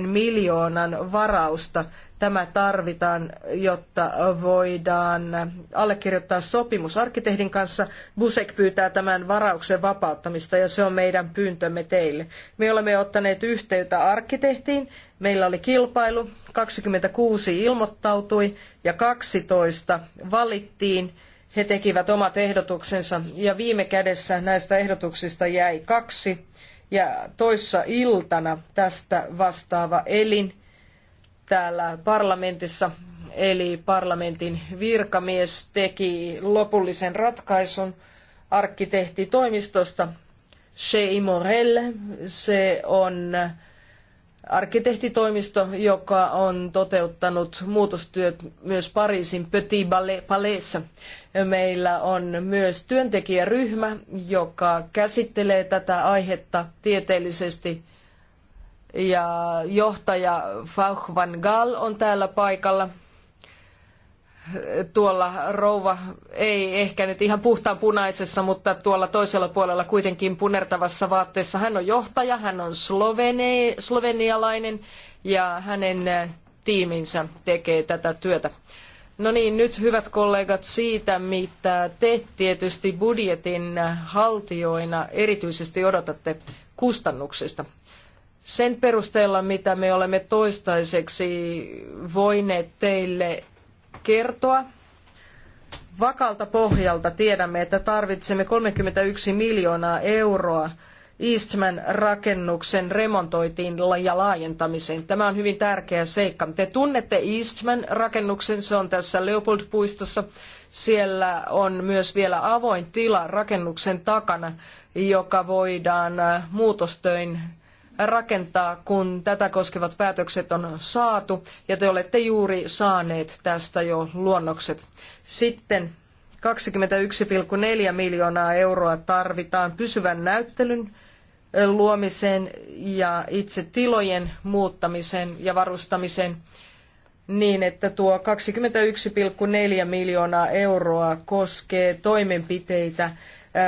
2,5 miljoonan varausta. Tämä tarvitaan, jotta voidaan allekirjoittaa sopimus arkkitehdin kanssa. Busek pyytää tämän varauksen vapauttamista ja se on meidän pyyntömme teille. Me olemme ottaneet yhteyttä arkkitehtiin. Meillä oli kilpailu, 26 ilmoittautui ja 12 valittiin he tekivät omat ehdotuksensa ja viime kädessä näistä ehdotuksista jäi kaksi ja toissa iltana tästä vastaava elin täällä parlamentissa eli parlamentin virkamies teki lopullisen ratkaisun arkkitehtitoimistosta Chez Imorel. Se on arkkitehtitoimisto, joka on toteuttanut muutostyöt myös Pariisin Petit Palaisissa. Meillä on myös työntekijäryhmä, joka käsittelee tätä aihetta tieteellisesti ja johtaja Fauch van Gaal on täällä paikalla tuolla rouva ei ehkä nyt ihan puhtaan punaisessa, mutta tuolla toisella puolella kuitenkin punertavassa vaatteessa. Hän on johtaja, hän on slovene, slovenialainen ja hänen äh, tiiminsä tekee tätä työtä. No niin, nyt hyvät kollegat siitä, mitä te tietysti budjetin äh, haltijoina erityisesti odotatte kustannuksista sen perusteella, mitä me olemme toistaiseksi voineet teille kertoa. Vakalta pohjalta tiedämme, että tarvitsemme 31 miljoonaa euroa Eastman rakennuksen remontoitiin ja laajentamiseen. Tämä on hyvin tärkeä seikka. Te tunnette Eastman rakennuksen, se on tässä Leopold-puistossa. Siellä on myös vielä avoin tila rakennuksen takana, joka voidaan muutostöin rakentaa, kun tätä koskevat päätökset on saatu, ja te olette juuri saaneet tästä jo luonnokset. Sitten 21,4 miljoonaa euroa tarvitaan pysyvän näyttelyn luomiseen ja itse tilojen muuttamiseen ja varustamiseen niin, että tuo 21,4 miljoonaa euroa koskee toimenpiteitä,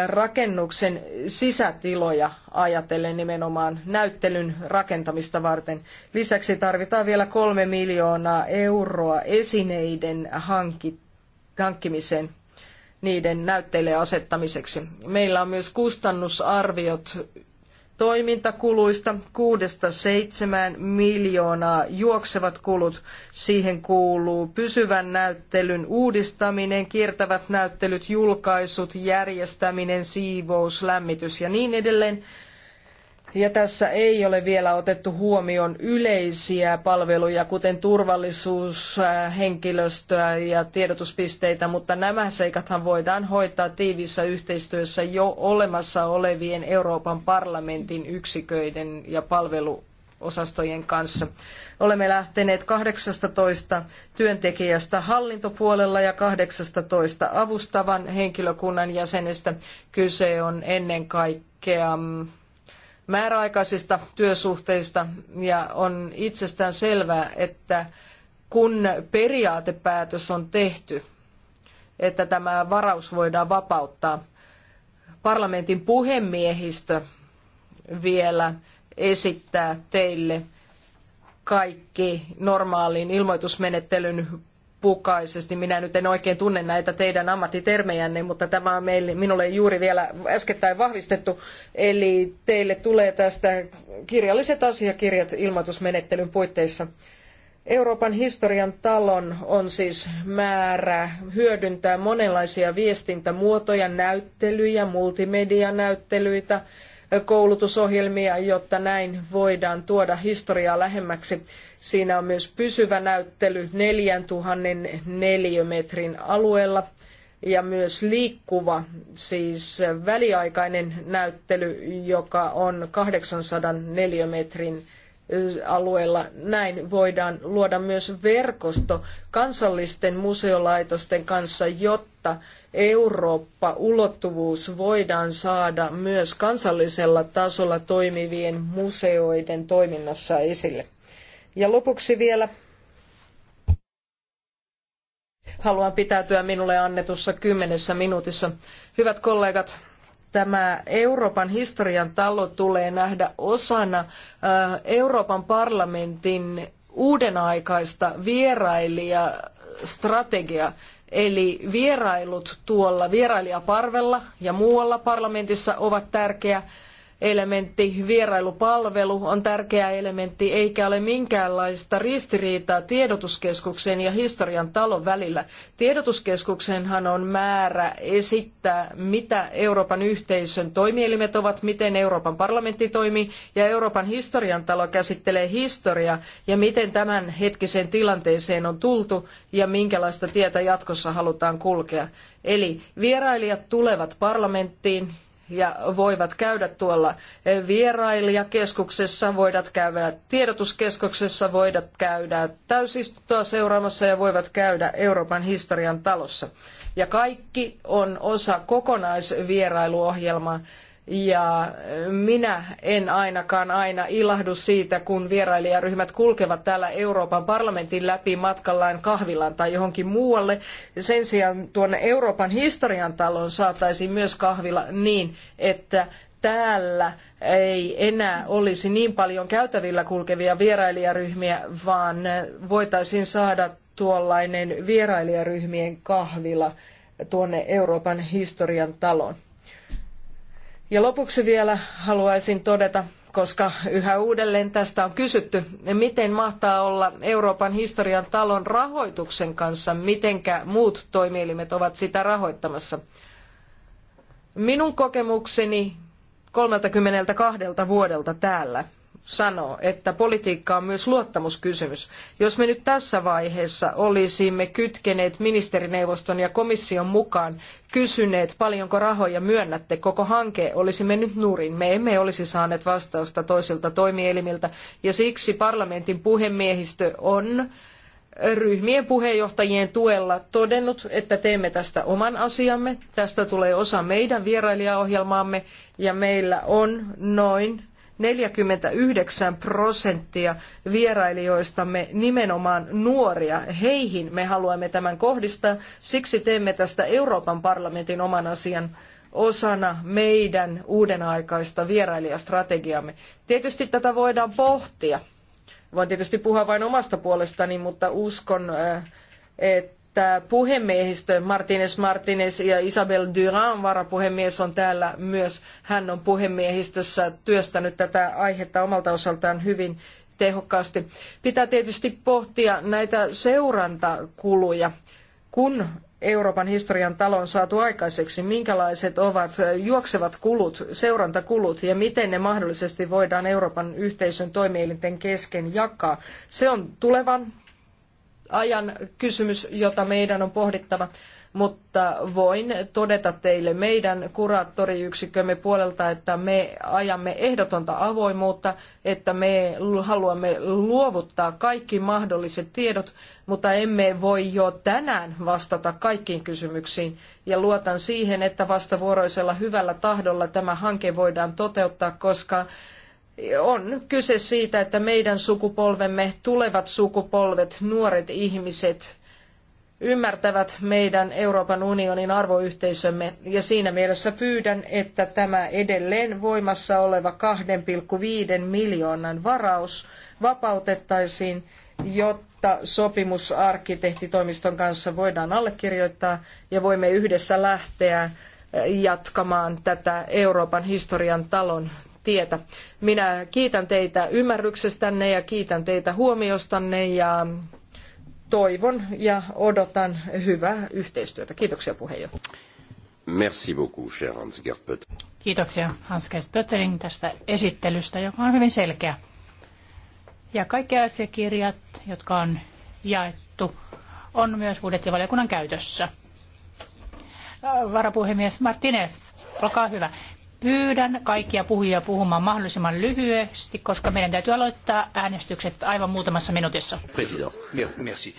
rakennuksen sisätiloja ajatellen nimenomaan näyttelyn rakentamista varten. Lisäksi tarvitaan vielä kolme miljoonaa euroa esineiden hankki, hankkimiseen niiden näytteille asettamiseksi. Meillä on myös kustannusarviot toimintakuluista 6-7 miljoonaa juoksevat kulut. Siihen kuuluu pysyvän näyttelyn uudistaminen, kiertävät näyttelyt, julkaisut, järjestäminen, siivous, lämmitys ja niin edelleen. Ja tässä ei ole vielä otettu huomioon yleisiä palveluja, kuten turvallisuus, henkilöstöä ja tiedotuspisteitä, mutta nämä seikathan voidaan hoitaa tiiviissä yhteistyössä jo olemassa olevien Euroopan parlamentin yksiköiden ja palveluosastojen kanssa. Olemme lähteneet 18 työntekijästä hallintopuolella ja 18 avustavan henkilökunnan jäsenestä. Kyse on ennen kaikkea määräaikaisista työsuhteista ja on itsestään selvää, että kun periaatepäätös on tehty, että tämä varaus voidaan vapauttaa, parlamentin puhemiehistö vielä esittää teille kaikki normaalin ilmoitusmenettelyn mukaisesti. Minä nyt en oikein tunne näitä teidän ammattitermejänne, mutta tämä on meille, minulle juuri vielä äskettäin vahvistettu. Eli teille tulee tästä kirjalliset asiakirjat ilmoitusmenettelyn puitteissa. Euroopan historian talon on siis määrä hyödyntää monenlaisia viestintämuotoja, näyttelyjä, multimedianäyttelyitä, näyttelyitä koulutusohjelmia, jotta näin voidaan tuoda historiaa lähemmäksi. Siinä on myös pysyvä näyttely 4000 neliömetrin alueella ja myös liikkuva, siis väliaikainen näyttely, joka on 800 neliömetrin alueella. Näin voidaan luoda myös verkosto kansallisten museolaitosten kanssa, jotta Eurooppa-ulottuvuus voidaan saada myös kansallisella tasolla toimivien museoiden toiminnassa esille. Ja lopuksi vielä haluan pitäytyä minulle annetussa kymmenessä minuutissa. Hyvät kollegat, tämä Euroopan historian talo tulee nähdä osana Euroopan parlamentin uudenaikaista vierailijastrategiaa. Eli vierailut tuolla vierailijaparvella ja muualla parlamentissa ovat tärkeä elementti, vierailupalvelu on tärkeä elementti, eikä ole minkäänlaista ristiriitaa tiedotuskeskuksen ja historian talon välillä. Tiedotuskeskuksenhan on määrä esittää, mitä Euroopan yhteisön toimielimet ovat, miten Euroopan parlamentti toimii, ja Euroopan historian talo käsittelee historiaa ja miten tämän hetkiseen tilanteeseen on tultu ja minkälaista tietä jatkossa halutaan kulkea. Eli vierailijat tulevat parlamenttiin, ja voivat käydä tuolla vierailijakeskuksessa, voivat käydä tiedotuskeskuksessa, voivat käydä täysistuntoa seuraamassa ja voivat käydä Euroopan historian talossa. Ja kaikki on osa kokonaisvierailuohjelmaa, ja minä en ainakaan aina ilahdu siitä, kun vierailijaryhmät kulkevat täällä Euroopan parlamentin läpi matkallaan kahvilaan tai johonkin muualle. Sen sijaan tuonne Euroopan historian taloon saataisiin myös kahvila niin, että täällä ei enää olisi niin paljon käytävillä kulkevia vierailijaryhmiä, vaan voitaisiin saada tuollainen vierailijaryhmien kahvila tuonne Euroopan historian taloon. Ja lopuksi vielä haluaisin todeta, koska yhä uudelleen tästä on kysytty, miten mahtaa olla Euroopan historian talon rahoituksen kanssa, mitenkä muut toimielimet ovat sitä rahoittamassa. Minun kokemukseni 32 vuodelta täällä sanoo, että politiikka on myös luottamuskysymys. Jos me nyt tässä vaiheessa olisimme kytkeneet ministerineuvoston ja komission mukaan, kysyneet paljonko rahoja myönnätte, koko hanke olisi mennyt nurin. Me emme olisi saaneet vastausta toisilta toimielimiltä ja siksi parlamentin puhemiehistö on ryhmien puheenjohtajien tuella todennut, että teemme tästä oman asiamme. Tästä tulee osa meidän vierailijaohjelmaamme ja meillä on noin 49 prosenttia vierailijoistamme nimenomaan nuoria. Heihin me haluamme tämän kohdistaa, siksi teemme tästä Euroopan parlamentin oman asian osana meidän uudenaikaista vierailijastrategiamme. Tietysti tätä voidaan pohtia. Voin tietysti puhua vain omasta puolestani, mutta uskon, eh, että että puhemiehistö Martinez Martinez ja Isabel Duran varapuhemies on täällä myös. Hän on puhemiehistössä työstänyt tätä aihetta omalta osaltaan hyvin tehokkaasti. Pitää tietysti pohtia näitä seurantakuluja. Kun Euroopan historian talo on saatu aikaiseksi, minkälaiset ovat juoksevat kulut, seurantakulut ja miten ne mahdollisesti voidaan Euroopan yhteisön toimielinten kesken jakaa. Se on tulevan ajan kysymys, jota meidän on pohdittava mutta voin todeta teille meidän kuraattoriyksikkömme puolelta, että me ajamme ehdotonta avoimuutta, että me haluamme luovuttaa kaikki mahdolliset tiedot, mutta emme voi jo tänään vastata kaikkiin kysymyksiin. Ja luotan siihen, että vastavuoroisella hyvällä tahdolla tämä hanke voidaan toteuttaa, koska on kyse siitä, että meidän sukupolvemme, tulevat sukupolvet, nuoret ihmiset ymmärtävät meidän Euroopan unionin arvoyhteisömme ja siinä mielessä pyydän, että tämä edelleen voimassa oleva 2,5 miljoonan varaus vapautettaisiin, jotta sopimus arkkitehtitoimiston kanssa voidaan allekirjoittaa ja voimme yhdessä lähteä jatkamaan tätä Euroopan historian talon tietä. Minä kiitän teitä ymmärryksestänne ja kiitän teitä huomiostanne ja toivon ja odotan hyvää yhteistyötä. Kiitoksia puheenjohtaja. Merci beaucoup, cher Hans Gerpöt. Kiitoksia Hans Gerpöterin tästä esittelystä, joka on hyvin selkeä. Ja kaikki asiakirjat, jotka on jaettu, on myös budjettivaliokunnan käytössä. Varapuhemies Martinez, olkaa hyvä. Pyydän kaikkia puhujia puhumaan mahdollisimman lyhyesti, koska meidän täytyy aloittaa äänestykset aivan muutamassa minuutissa. President. Merci.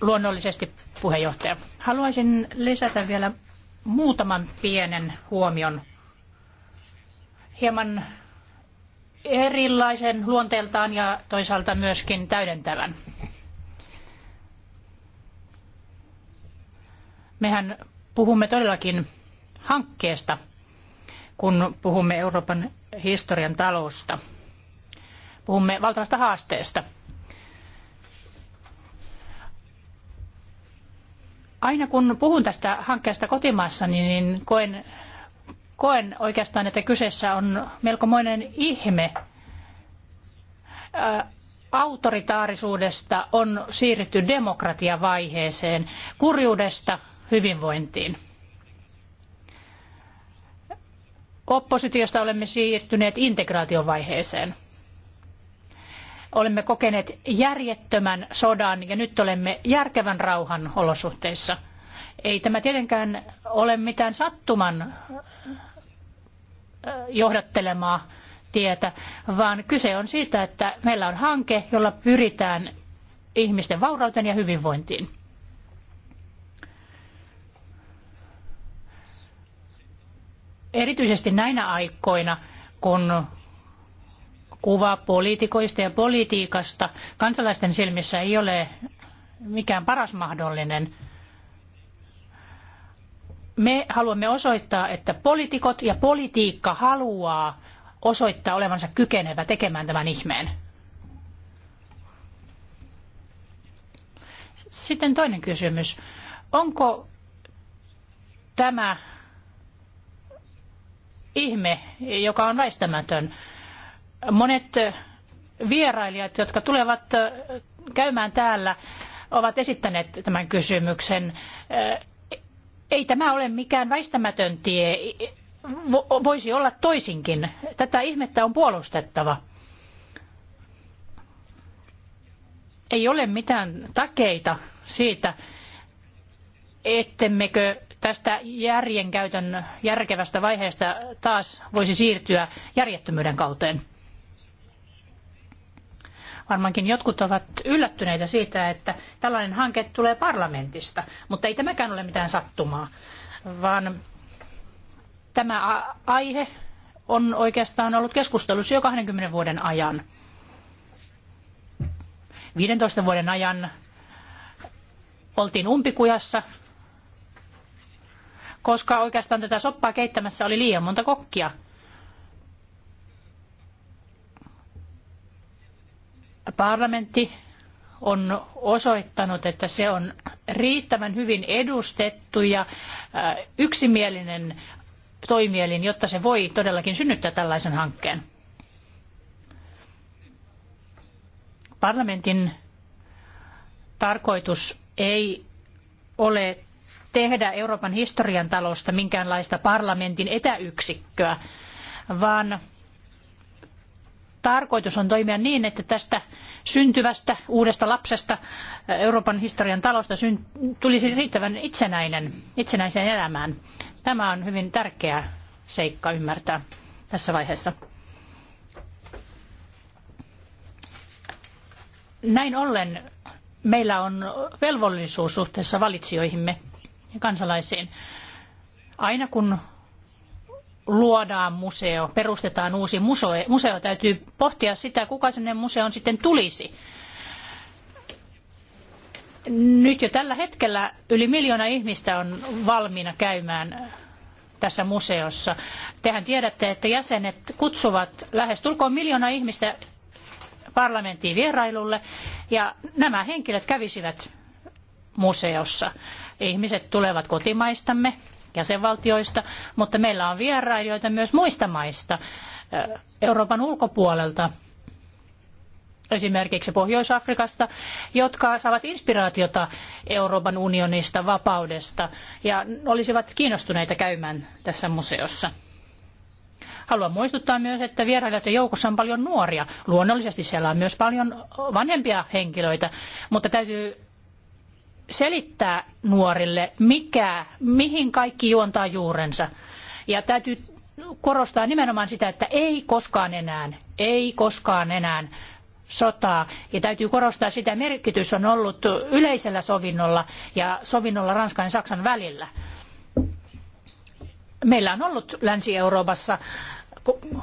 Luonnollisesti puheenjohtaja. Haluaisin lisätä vielä muutaman pienen huomion. Hieman erilaisen luonteeltaan ja toisaalta myöskin täydentävän. Mehän puhumme todellakin hankkeesta – kun puhumme Euroopan historian talosta. Puhumme valtavasta haasteesta. Aina kun puhun tästä hankkeesta kotimaassa, niin koen, koen oikeastaan, että kyseessä on melkomoinen ihme. autoritaarisuudesta on siirrytty demokratiavaiheeseen, kurjuudesta hyvinvointiin. Oppositiosta olemme siirtyneet integraation vaiheeseen. Olemme kokeneet järjettömän sodan ja nyt olemme järkevän rauhan olosuhteissa. Ei tämä tietenkään ole mitään sattuman johdattelemaa tietä, vaan kyse on siitä, että meillä on hanke, jolla pyritään ihmisten vaurauteen ja hyvinvointiin. erityisesti näinä aikoina, kun kuva poliitikoista ja politiikasta kansalaisten silmissä ei ole mikään paras mahdollinen. Me haluamme osoittaa, että poliitikot ja politiikka haluaa osoittaa olevansa kykenevä tekemään tämän ihmeen. Sitten toinen kysymys. Onko tämä ihme, joka on väistämätön. Monet vierailijat, jotka tulevat äh, käymään täällä, ovat esittäneet tämän kysymyksen. Äh, ei tämä ole mikään väistämätön tie. Voisi olla toisinkin. Tätä ihmettä on puolustettava. Ei ole mitään takeita siitä, ettemmekö tästä järjen käytön järkevästä vaiheesta taas voisi siirtyä järjettömyyden kauteen. Varmaankin jotkut ovat yllättyneitä siitä, että tällainen hanke tulee parlamentista, mutta ei tämäkään ole mitään sattumaa, vaan tämä aihe on oikeastaan ollut keskustelussa jo 20 vuoden ajan. 15 vuoden ajan oltiin umpikujassa koska oikeastaan tätä soppaa keittämässä oli liian monta kokkia. Parlamentti on osoittanut, että se on riittävän hyvin edustettu ja äh, yksimielinen toimielin, jotta se voi todellakin synnyttää tällaisen hankkeen. Parlamentin tarkoitus ei ole tehdä Euroopan historian talosta minkäänlaista parlamentin etäyksikköä, vaan tarkoitus on toimia niin, että tästä syntyvästä uudesta lapsesta Euroopan historian talosta tulisi riittävän itsenäinen, itsenäiseen elämään. Tämä on hyvin tärkeä seikka ymmärtää tässä vaiheessa. Näin ollen meillä on velvollisuus suhteessa valitsijoihimme ja kansalaisiin. Aina kun luodaan museo, perustetaan uusi museo, museo täytyy pohtia sitä, kuka sinne museoon sitten tulisi. Nyt jo tällä hetkellä yli miljoona ihmistä on valmiina käymään tässä museossa. Tehän tiedätte, että jäsenet kutsuvat lähes tulkoon miljoona ihmistä parlamenttiin vierailulle, ja nämä henkilöt kävisivät museossa. Ihmiset tulevat kotimaistamme, jäsenvaltioista, mutta meillä on vierailijoita myös muista maista, eh, Euroopan ulkopuolelta, esimerkiksi Pohjois-Afrikasta, jotka saavat inspiraatiota Euroopan unionista, vapaudesta ja olisivat kiinnostuneita käymään tässä museossa. Haluan muistuttaa myös, että vierailijoiden joukossa on paljon nuoria. Luonnollisesti siellä on myös paljon vanhempia henkilöitä, mutta täytyy selittää nuorille, mikä, mihin kaikki juontaa juurensa. Ja täytyy korostaa nimenomaan sitä, että ei koskaan enää, ei koskaan enää sotaa. Ja täytyy korostaa sitä merkitys on ollut yleisellä sovinnolla ja sovinnolla Ranskan ja Saksan välillä. Meillä on ollut Länsi-Euroopassa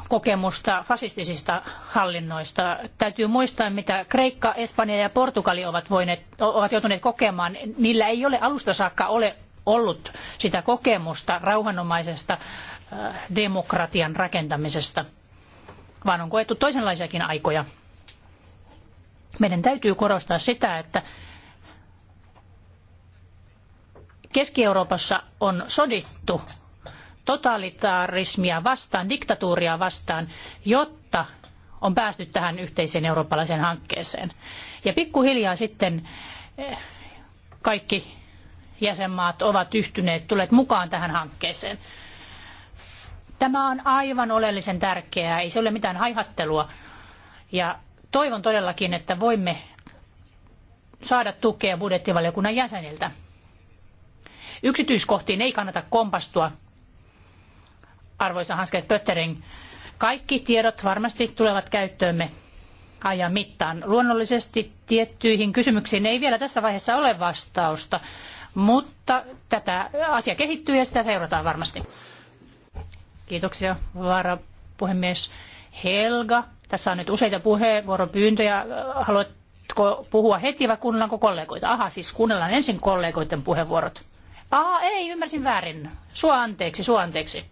kokemusta fasistisista hallinnoista. Täytyy muistaa, mitä Kreikka, Espanja ja Portugali ovat, voineet, ovat joutuneet kokemaan. Niillä ei ole alusta saakka ole ollut sitä kokemusta rauhanomaisesta äh, demokratian rakentamisesta, vaan on koettu toisenlaisiakin aikoja. Meidän täytyy korostaa sitä, että Keski-Euroopassa on sodittu totalitarismia vastaan, diktatuuria vastaan, jotta on päästy tähän yhteiseen eurooppalaiseen hankkeeseen. Ja pikkuhiljaa sitten eh, kaikki jäsenmaat ovat yhtyneet, tulleet mukaan tähän hankkeeseen. Tämä on aivan oleellisen tärkeää, ei se ole mitään haihattelua. Ja toivon todellakin, että voimme saada tukea budjettivaliokunnan jäseniltä. Yksityiskohtiin ei kannata kompastua arvoisa Hansket Pöttering. Kaikki tiedot varmasti tulevat käyttöömme ajan mittaan. Luonnollisesti tiettyihin kysymyksiin ei vielä tässä vaiheessa ole vastausta, mutta tätä asia kehittyy ja sitä seurataan varmasti. Kiitoksia, varapuhemies Helga. Tässä on nyt useita puheenvuoropyyntöjä. Haluatko puhua heti vai kuunnellaanko kollegoita? Aha, siis kuunnellaan ensin kollegoiden puheenvuorot. Aha, ei, ymmärsin väärin. Sua anteeksi, sua anteeksi.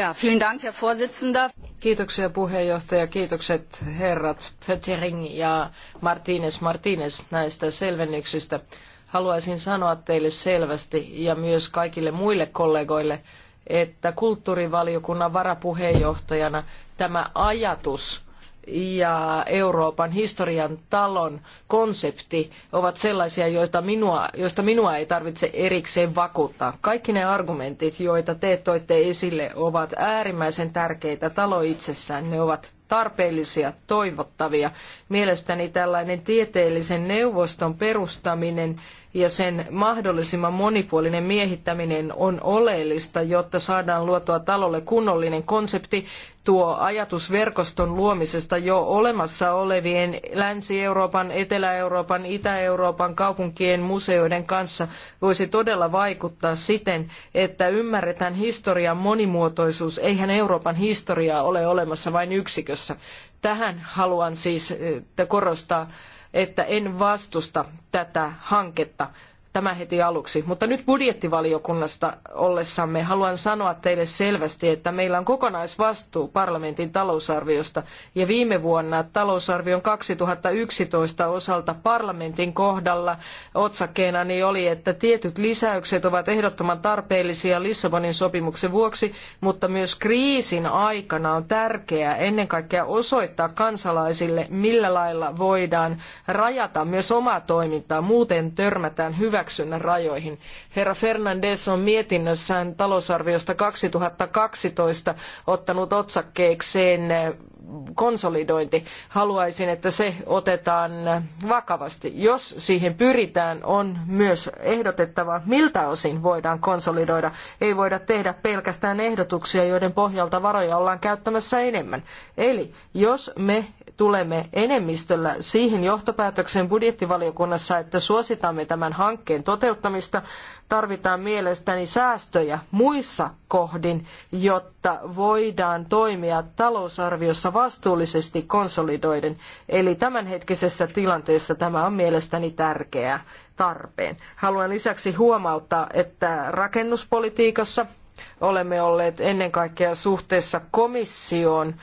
Ja, vielen Dank, Herr Vorsitzender. Kiitoksia puheenjohtaja, kiitokset herrat Pöttering ja Martinez Martinez näistä selvennyksistä. Haluaisin sanoa teille selvästi ja myös kaikille muille kollegoille, että kulttuurivaliokunnan varapuheenjohtajana tämä ajatus ja Euroopan historian talon konsepti ovat sellaisia, joista minua, joista minua ei tarvitse erikseen vakuuttaa. Kaikki ne argumentit, joita te toitte esille, ovat äärimmäisen tärkeitä. Talo itsessään ne ovat tarpeellisia, toivottavia. Mielestäni tällainen tieteellisen neuvoston perustaminen ja sen mahdollisimman monipuolinen miehittäminen on oleellista, jotta saadaan luotua talolle kunnollinen konsepti. Tuo ajatus verkoston luomisesta jo olemassa olevien Länsi-Euroopan, Etelä-Euroopan, Itä-Euroopan kaupunkien museoiden kanssa voisi todella vaikuttaa siten, että ymmärretään historian monimuotoisuus. Eihän Euroopan historiaa ole olemassa vain yksikössä jatkossa. Tähän haluan siis eh, korostaa, että en vastusta tätä hanketta Tämä heti aluksi. Mutta nyt budjettivaliokunnasta ollessamme haluan sanoa teille selvästi, että meillä on kokonaisvastuu parlamentin talousarviosta. Ja viime vuonna talousarvion 2011 osalta parlamentin kohdalla otsakkeena niin oli, että tietyt lisäykset ovat ehdottoman tarpeellisia Lissabonin sopimuksen vuoksi, mutta myös kriisin aikana on tärkeää ennen kaikkea osoittaa kansalaisille, millä lailla voidaan rajata myös omaa toimintaa. Muuten törmätään hyvä hyväksynnän rajoihin. Herra Fernandes on mietinnössään talousarviosta 2012 ottanut otsakkeekseen konsolidointi. Haluaisin, että se otetaan vakavasti. Jos siihen pyritään, on myös ehdotettava, miltä osin voidaan konsolidoida. Ei voida tehdä pelkästään ehdotuksia, joiden pohjalta varoja ollaan käyttämässä enemmän. Eli jos me tulemme enemmistöllä siihen johtopäätöksen budjettivaliokunnassa, että suositamme tämän hankkeen toteuttamista, tarvitaan mielestäni säästöjä muissa kohdin, jotta jotta voidaan toimia talousarviossa vastuullisesti konsolidoiden. Eli tämänhetkisessä tilanteessa tämä on mielestäni tärkeä tarpeen. Haluan lisäksi huomauttaa, että rakennuspolitiikassa olemme olleet ennen kaikkea suhteessa komissioon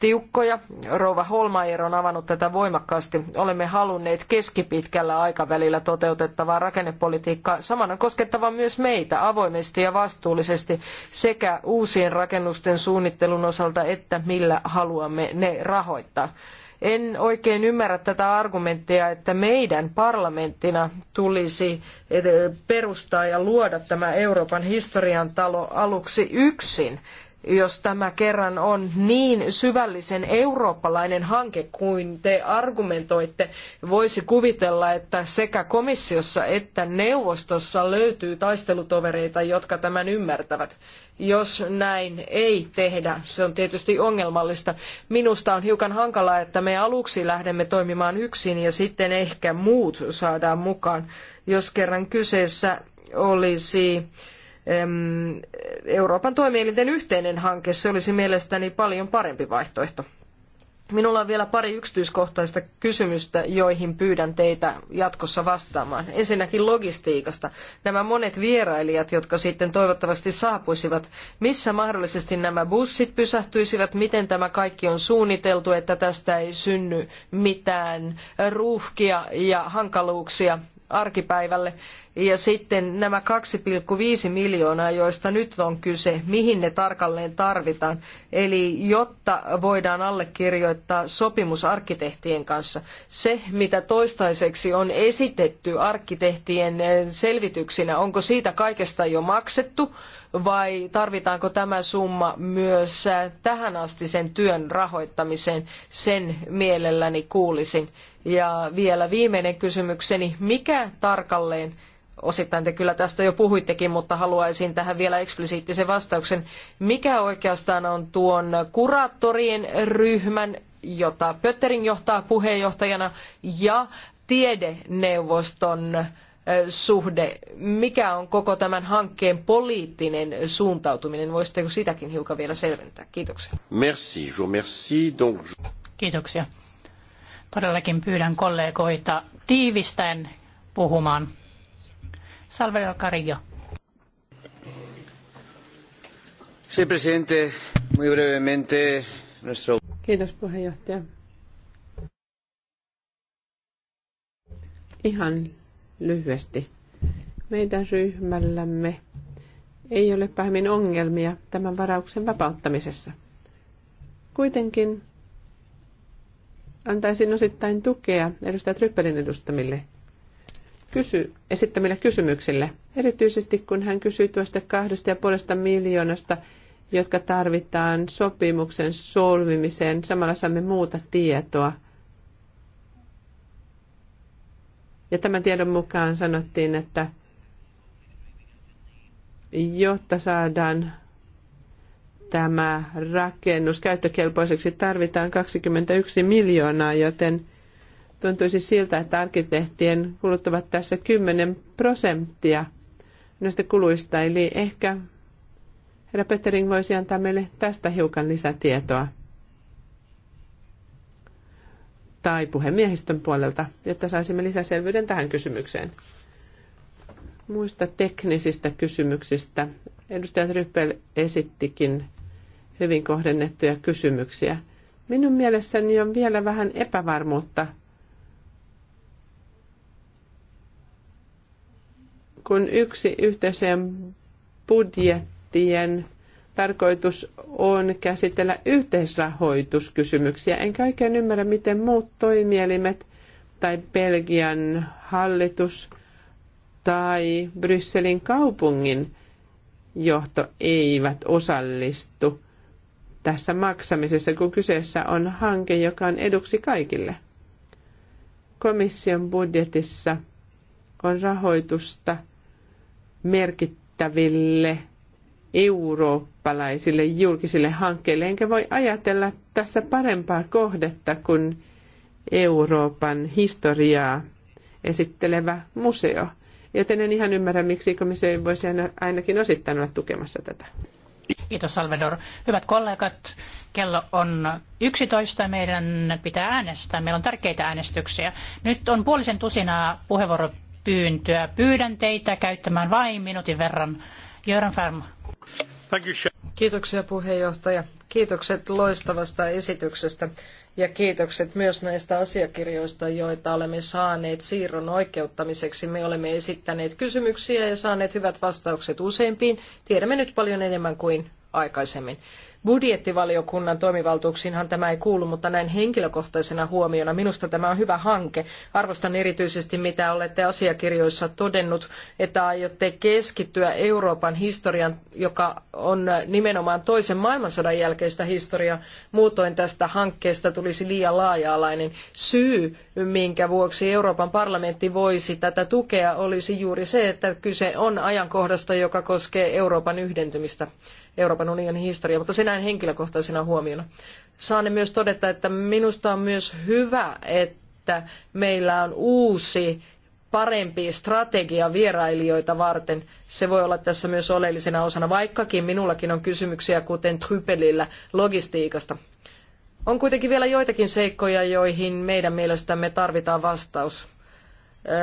tiukkoja. Rouva Holmaier on avannut tätä voimakkaasti. Olemme halunneet keskipitkällä aikavälillä toteutettavaa rakennepolitiikkaa samana koskettavan myös meitä avoimesti ja vastuullisesti sekä uusien rakennusten suunnittelun osalta että millä haluamme ne rahoittaa. En oikein ymmärrä tätä argumenttia, että meidän parlamenttina tulisi eh, perustaa ja luoda tämä Euroopan historian talo aluksi yksin jos tämä kerran on niin syvällisen eurooppalainen hanke kuin te argumentoitte, voisi kuvitella, että sekä komissiossa että neuvostossa löytyy taistelutovereita, jotka tämän ymmärtävät. Jos näin ei tehdä, se on tietysti ongelmallista. Minusta on hiukan hankalaa, että me aluksi lähdemme toimimaan yksin ja sitten ehkä muut saadaan mukaan, jos kerran kyseessä olisi Euroopan toimielinten yhteinen hanke. Se olisi mielestäni paljon parempi vaihtoehto. Minulla on vielä pari yksityiskohtaista kysymystä, joihin pyydän teitä jatkossa vastaamaan. Ensinnäkin logistiikasta. Nämä monet vierailijat, jotka sitten toivottavasti saapuisivat, missä mahdollisesti nämä bussit pysähtyisivät, miten tämä kaikki on suunniteltu, että tästä ei synny mitään ruuhkia ja hankaluuksia arkipäivälle. Ja sitten nämä 2,5 miljoonaa, joista nyt on kyse, mihin ne tarkalleen tarvitaan. Eli jotta voidaan allekirjoittaa sopimus arkkitehtien kanssa. Se, mitä toistaiseksi on esitetty arkkitehtien eh, selvityksinä, onko siitä kaikesta jo maksettu vai tarvitaanko tämä summa myös eh, tähän asti sen työn rahoittamiseen, sen mielelläni kuulisin. Ja vielä viimeinen kysymykseni, mikä tarkalleen Osittain te kyllä tästä jo puhuittekin, mutta haluaisin tähän vielä eksplisiittisen vastauksen. Mikä oikeastaan on tuon kuraattorien ryhmän, jota Pöttering johtaa puheenjohtajana, ja tiedeneuvoston suhde. Mikä on koko tämän hankkeen poliittinen suuntautuminen? Voisitteko sitäkin hiukan vielä selventää? Kiitoksia. Merci, je merci. Donc... Kiitoksia. Todellakin pyydän kollegoita tiivistäen puhumaan. Salvador Carrillo. Sí, presidente. Muy brevemente. Nuestro... Kiitos puheenjohtaja. Ihan lyhyesti. Meidän ryhmällämme ei ole pahemmin ongelmia tämän varauksen vapauttamisessa. Kuitenkin antaisin osittain tukea edustaja Tryppelin edustamille kysy, esittämille kysymyksille, erityisesti kun hän kysyi tuosta kahdesta ja puolesta miljoonasta, jotka tarvitaan sopimuksen solmimiseen. Samalla saamme muuta tietoa. Ja tämän tiedon mukaan sanottiin, että jotta saadaan tämä rakennus käyttökelpoiseksi, tarvitaan 21 miljoonaa, joten tuntuisi siltä, että arkkitehtien kuluttavat tässä 10 prosenttia näistä kuluista. Eli ehkä herra Pettering voisi antaa meille tästä hiukan lisätietoa. Tai puhemiehistön puolelta, jotta saisimme lisäselvyyden tähän kysymykseen. Muista teknisistä kysymyksistä. Edustaja Ryppel esittikin hyvin kohdennettuja kysymyksiä. Minun mielessäni on vielä vähän epävarmuutta – kun yksi yhteisöjen budjettien tarkoitus on käsitellä yhteisrahoituskysymyksiä. Enkä oikein ymmärrä, miten muut toimielimet tai Belgian hallitus tai Brysselin kaupungin johto eivät osallistu tässä maksamisessa, kun kyseessä on hanke, joka on eduksi kaikille. Komission budjetissa on rahoitusta – merkittäville eurooppalaisille julkisille hankkeille, enkä voi ajatella tässä parempaa kohdetta kuin Euroopan historiaa esittelevä museo. Joten en ihan ymmärrä, miksi komissio voisi ainakin osittain olla tukemassa tätä. Kiitos Salvador. Hyvät kollegat, kello on 11. Meidän pitää äänestää. Meillä on tärkeitä äänestyksiä. Nyt on puolisen tusinaa puheenvuoropyyntöjä pyyntöä. Pyydän teitä käyttämään vain minuutin verran. Jöran Färm. Kiitoksia puheenjohtaja. Kiitokset loistavasta esityksestä ja kiitokset myös näistä asiakirjoista, joita olemme saaneet siirron oikeuttamiseksi. Me olemme esittäneet kysymyksiä ja saaneet hyvät vastaukset useimpiin. Tiedämme nyt paljon enemmän kuin aikaisemmin. Budjettivaliokunnan toimivaltuuksiinhan tämä ei kuulu, mutta näin henkilökohtaisena huomiona. Minusta tämä on hyvä hanke. Arvostan erityisesti, mitä olette asiakirjoissa todennut, että aiotte keskittyä Euroopan historian, joka on nimenomaan toisen maailmansodan jälkeistä historiaa. Muutoin tästä hankkeesta tulisi liian laaja-alainen. Syy, minkä vuoksi Euroopan parlamentti voisi tätä tukea, olisi juuri se, että kyse on ajankohdasta, joka koskee Euroopan yhdentymistä Euroopan unionin historia, mutta se näin henkilökohtaisena huomiona. Saan myös todeta, että minusta on myös hyvä, että meillä on uusi parempi strategia vierailijoita varten. Se voi olla tässä myös oleellisena osana, vaikkakin minullakin on kysymyksiä, kuten Trypelillä logistiikasta. On kuitenkin vielä joitakin seikkoja, joihin meidän mielestämme tarvitaan vastaus.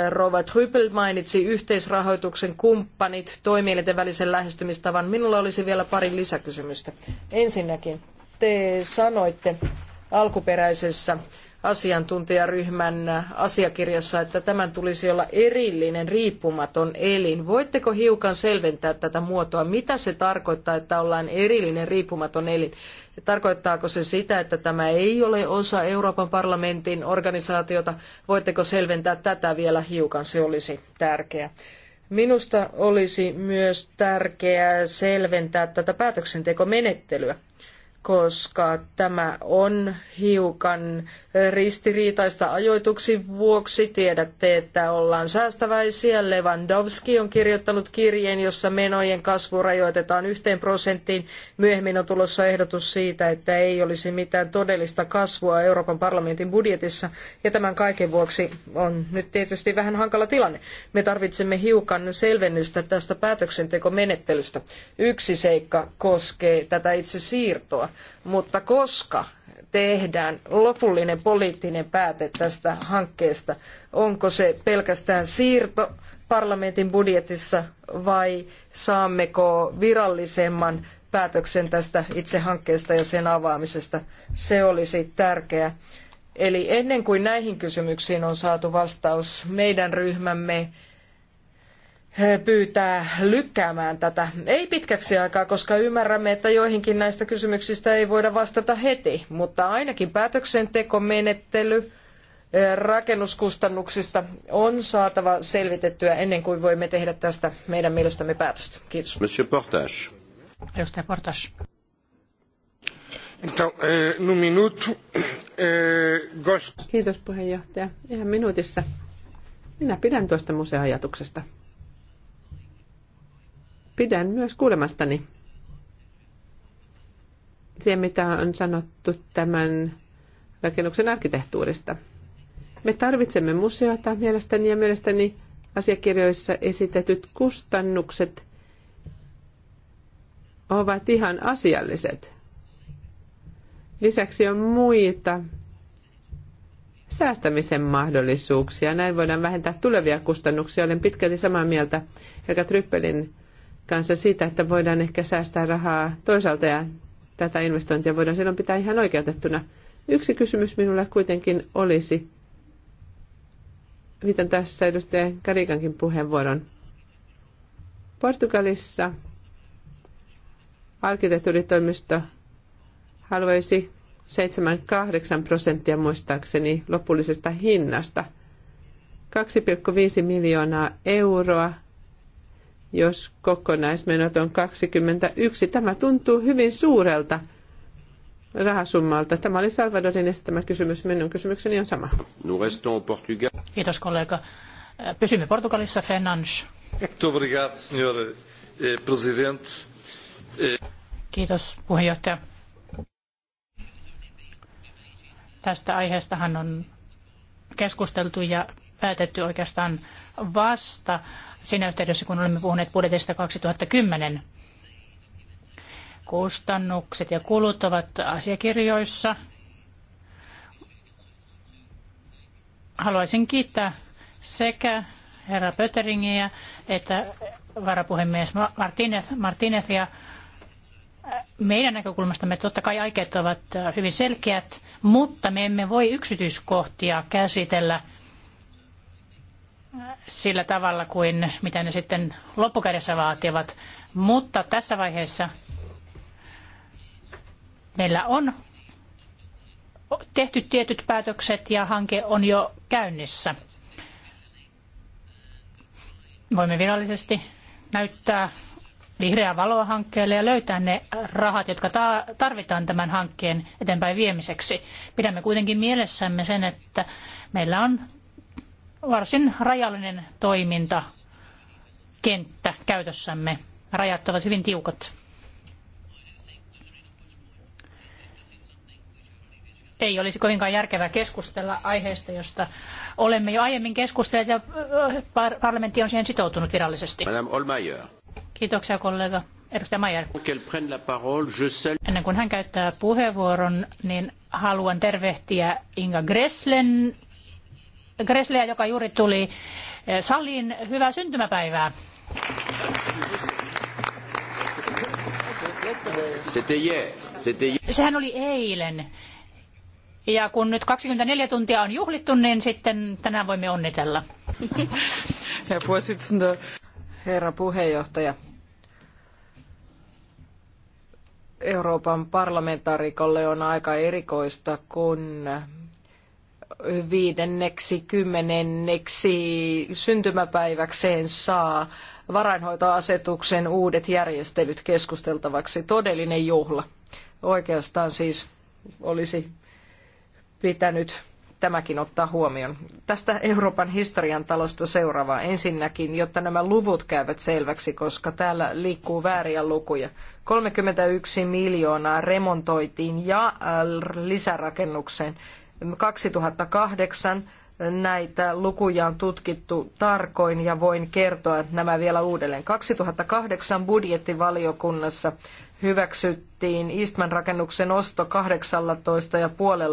Rova Trypel mainitsi yhteisrahoituksen kumppanit toimielinten välisen lähestymistavan. Minulla olisi vielä pari lisäkysymystä. Ensinnäkin, te sanoitte alkuperäisessä asiantuntijaryhmän asiakirjassa, että tämän tulisi olla erillinen, riippumaton elin. Voitteko hiukan selventää tätä muotoa? Mitä se tarkoittaa, että ollaan erillinen, riippumaton elin? Tarkoittaako se sitä, että tämä ei ole osa Euroopan parlamentin organisaatiota? Voitteko selventää tätä vielä hiukan? Se olisi tärkeää. Minusta olisi myös tärkeää selventää tätä päätöksentekomenettelyä koska tämä on hiukan ristiriitaista ajoituksen vuoksi. Tiedätte, että ollaan säästäväisiä. Lewandowski on kirjoittanut kirjeen, jossa menojen kasvu rajoitetaan yhteen prosenttiin. Myöhemmin on tulossa ehdotus siitä, että ei olisi mitään todellista kasvua Euroopan parlamentin budjetissa. Ja tämän kaiken vuoksi on nyt tietysti vähän hankala tilanne. Me tarvitsemme hiukan selvennystä tästä päätöksentekomenettelystä. Yksi seikka koskee tätä itse siirtoa mutta koska tehdään lopullinen poliittinen pääte tästä hankkeesta, onko se pelkästään siirto parlamentin budjetissa vai saammeko virallisemman päätöksen tästä itse hankkeesta ja sen avaamisesta. Se olisi tärkeää. Eli ennen kuin näihin kysymyksiin on saatu vastaus, meidän ryhmämme pyytää lykkäämään tätä. Ei pitkäksi aikaa, koska ymmärrämme, että joihinkin näistä kysymyksistä ei voida vastata heti, mutta ainakin päätöksentekomenettely eh, rakennuskustannuksista on saatava selvitettyä ennen kuin voimme tehdä tästä meidän mielestämme päätöstä. Kiitos. Monsieur Portage. Edustaja Portage. Eh, eh, Kiitos puheenjohtaja. Ihan minuutissa. Minä pidän tuosta museoajatuksesta. Pidän myös kuulemastani se, mitä on sanottu tämän rakennuksen arkkitehtuurista. Me tarvitsemme museota mielestäni ja mielestäni asiakirjoissa esitetyt kustannukset ovat ihan asialliset. Lisäksi on muita säästämisen mahdollisuuksia. Näin voidaan vähentää tulevia kustannuksia. Olen pitkälti samaa mieltä Helga Tryppelin kanssa siitä, että voidaan ehkä säästää rahaa toisaalta ja tätä investointia voidaan silloin pitää ihan oikeutettuna. Yksi kysymys minulla kuitenkin olisi, miten tässä edustaja Karikankin puheenvuoron. Portugalissa arkkitehtuuritoimisto haluaisi 7-8 prosenttia muistaakseni lopullisesta hinnasta. 2,5 miljoonaa euroa – jos kokonaismenot on 21. Tämä tuntuu hyvin suurelta rahasummalta. Tämä oli Salvadorin esittämä kysymys. Minun kysymykseni on sama. Kiitos kollega. Äh, pysymme Portugalissa, Fernandes. Eh, eh, Kiitos puheenjohtaja. Tästä aiheestahan on keskusteltu ja päätetty oikeastaan vasta siinä yhteydessä, kun olemme puhuneet budjetista 2010. Kustannukset ja kulut ovat asiakirjoissa. Haluaisin kiittää sekä herra Pöteringiä että varapuhemies Martinez, Martinezia. Meidän näkökulmastamme totta kai aikeet ovat hyvin selkeät, mutta me emme voi yksityiskohtia käsitellä – sillä tavalla kuin mitä ne sitten loppukädessä vaativat. Mutta tässä vaiheessa meillä on tehty tietyt päätökset ja hanke on jo käynnissä. Voimme virallisesti näyttää vihreää valoa hankkeelle ja löytää ne rahat, jotka tarvitaan tämän hankkeen eteenpäin viemiseksi. Pidämme kuitenkin mielessämme sen, että meillä on varsin rajallinen toimintakenttä käytössämme. Rajat ovat hyvin tiukat. Ei olisi kovinkaan järkevää keskustella aiheesta, josta olemme jo aiemmin keskustelleet ja parlamentti on siihen sitoutunut virallisesti. Madame Kiitoksia kollega. Edustaja Mayer. Ennen kuin hän käyttää puheenvuoron, niin haluan tervehtiä Inga Gresslen Gresleä, joka juuri tuli eh, saliin. Hyvää syntymäpäivää! Sehän oli eilen. Ja kun nyt 24 tuntia on juhlittu, niin sitten tänään voimme onnitella. Herra puheenjohtaja. Euroopan parlamentaarikolle on aika erikoista, kun viidenneksi, kymmenenneksi syntymäpäiväkseen saa varainhoitoasetuksen uudet järjestelyt keskusteltavaksi. Todellinen juhla. Oikeastaan siis olisi pitänyt tämäkin ottaa huomioon. Tästä Euroopan historian talosta seuraava ensinnäkin, jotta nämä luvut käyvät selväksi, koska täällä liikkuu vääriä lukuja. 31 miljoonaa remontoitiin ja äh, lisärakennukseen 2008 näitä lukuja on tutkittu tarkoin ja voin kertoa nämä vielä uudelleen. 2008 budjettivaliokunnassa hyväksyttiin Eastman rakennuksen osto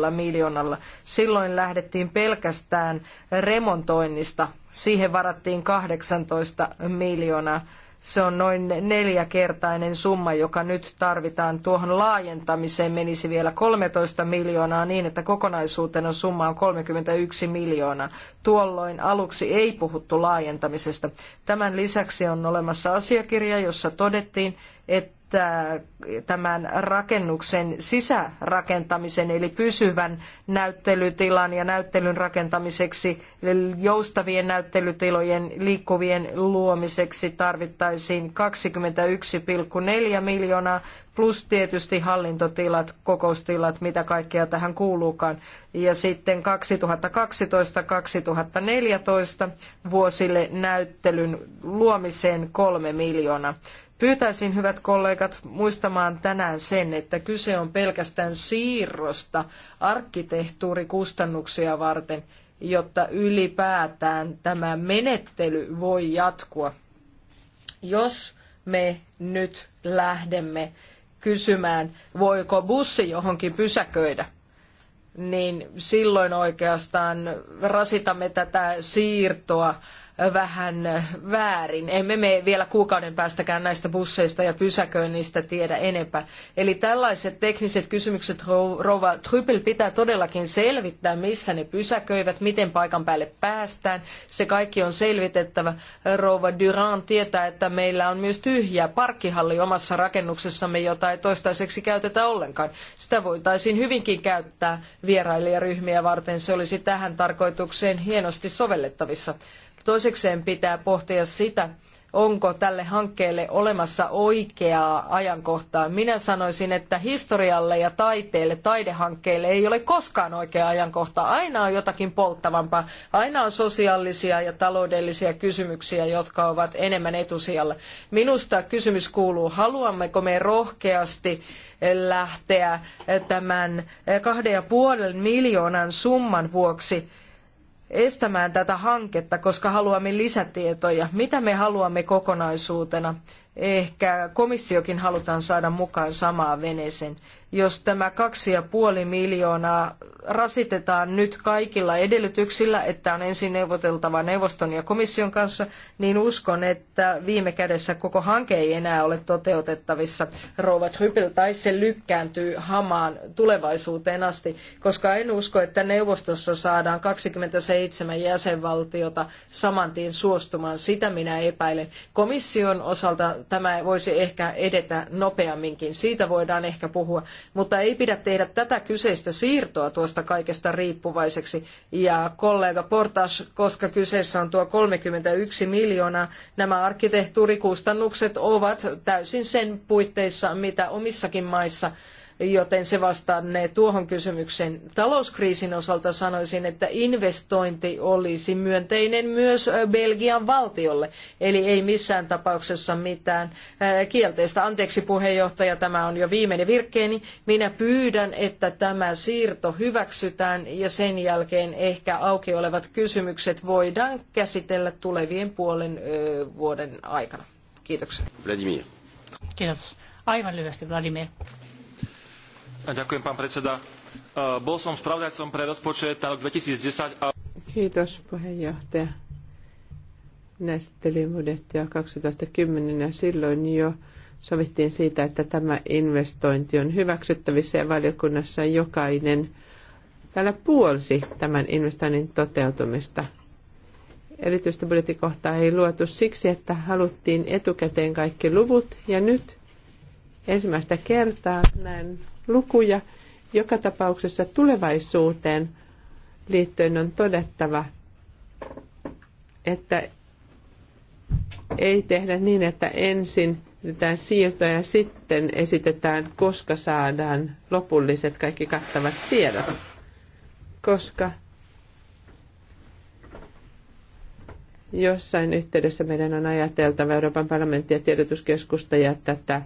18,5 miljoonalla. Silloin lähdettiin pelkästään remontoinnista. Siihen varattiin 18 miljoonaa se on noin neljäkertainen summa, joka nyt tarvitaan tuohon laajentamiseen. Menisi vielä 13 miljoonaa niin, että kokonaisuutena summa on 31 miljoonaa. Tuolloin aluksi ei puhuttu laajentamisesta. Tämän lisäksi on olemassa asiakirja, jossa todettiin, että estää tämän rakennuksen sisärakentamisen, eli pysyvän näyttelytilan ja näyttelyn rakentamiseksi, joustavien näyttelytilojen liikkuvien luomiseksi tarvittaisiin 21,4 miljoonaa, plus tietysti hallintotilat, kokoustilat, mitä kaikkea tähän kuuluukaan. Ja sitten 2012-2014 vuosille näyttelyn luomiseen kolme miljoonaa. Pyytäisin, hyvät kollegat, muistamaan tänään sen, että kyse on pelkästään siirrosta arkkitehtuurikustannuksia varten, jotta ylipäätään tämä menettely voi jatkua. Jos me nyt lähdemme kysymään, voiko bussi johonkin pysäköidä, niin silloin oikeastaan rasitamme tätä siirtoa vähän väärin. Emme me vielä kuukauden päästäkään näistä busseista ja pysäköinnistä tiedä enempää. Eli tällaiset tekniset kysymykset Rova Trypel pitää todellakin selvittää, missä ne pysäköivät, miten paikan päälle päästään. Se kaikki on selvitettävä. Rova Durant tietää, että meillä on myös tyhjä parkkihalli omassa rakennuksessamme, jota ei toistaiseksi käytetä ollenkaan. Sitä voitaisiin hyvinkin käyttää vierailijaryhmiä varten. Se olisi tähän tarkoitukseen hienosti sovellettavissa. Toisekseen pitää pohtia sitä, onko tälle hankkeelle olemassa oikeaa ajankohtaa. Minä sanoisin, että historialle ja taiteelle, taidehankkeelle ei ole koskaan oikeaa ajankohtaa. Aina on jotakin polttavampaa. Aina on sosiaalisia ja taloudellisia kysymyksiä, jotka ovat enemmän etusijalla. Minusta kysymys kuuluu, haluammeko me rohkeasti lähteä tämän kahden ja puolen miljoonan summan vuoksi estämään tätä hanketta, koska haluamme lisätietoja. Mitä me haluamme kokonaisuutena? Ehkä komissiokin halutaan saada mukaan samaan veneeseen jos tämä kaksi ja puoli miljoonaa rasitetaan nyt kaikilla edellytyksillä, että on ensin neuvoteltava neuvoston ja komission kanssa, niin uskon, että viime kädessä koko hanke ei enää ole toteutettavissa rouva Trypel, tai se lykkääntyy hamaan tulevaisuuteen asti, koska en usko, että neuvostossa saadaan 27 jäsenvaltiota saman tien suostumaan. Sitä minä epäilen. Komission osalta tämä voisi ehkä edetä nopeamminkin. Siitä voidaan ehkä puhua mutta ei pidä tehdä tätä kyseistä siirtoa tuosta kaikesta riippuvaiseksi. Ja kollega Portas, koska kyseessä on tuo 31 miljoonaa, nämä arkkitehtuurikustannukset ovat täysin sen puitteissa, mitä omissakin maissa joten se vastannee tuohon kysymykseen. Talouskriisin osalta sanoisin, että investointi olisi myönteinen myös Belgian valtiolle, eli ei missään tapauksessa mitään kielteistä. Anteeksi puheenjohtaja, tämä on jo viimeinen virkkeeni. Minä pyydän, että tämä siirto hyväksytään ja sen jälkeen ehkä auki olevat kysymykset voidaan käsitellä tulevien puolen vuoden aikana. Kiitoksia. Vladimir. Kiitos. Aivan lyhyesti Vladimir. Ďakujem, pán predseda. E, bol som spravodajcom pre rozpočet na rok 2010. A... Kiitos, puheenjohtaja. Näistelin budjettia 2010 ja silloin jo sovittiin siitä, että tämä investointi on hyväksyttävissä ja valiokunnassa jokainen täällä puolsi tämän investoinnin toteutumista. Erityistä budjettikohtaa ei luotu siksi, että haluttiin etukäteen kaikki luvut ja nyt ensimmäistä kertaa näin lukuja. Joka tapauksessa tulevaisuuteen liittyen on todettava, että ei tehdä niin, että ensin yritetään siirto ja sitten esitetään, koska saadaan lopulliset kaikki kattavat tiedot. Koska jossain yhteydessä meidän on ajateltava Euroopan parlamenttia tiedotuskeskusta ja tätä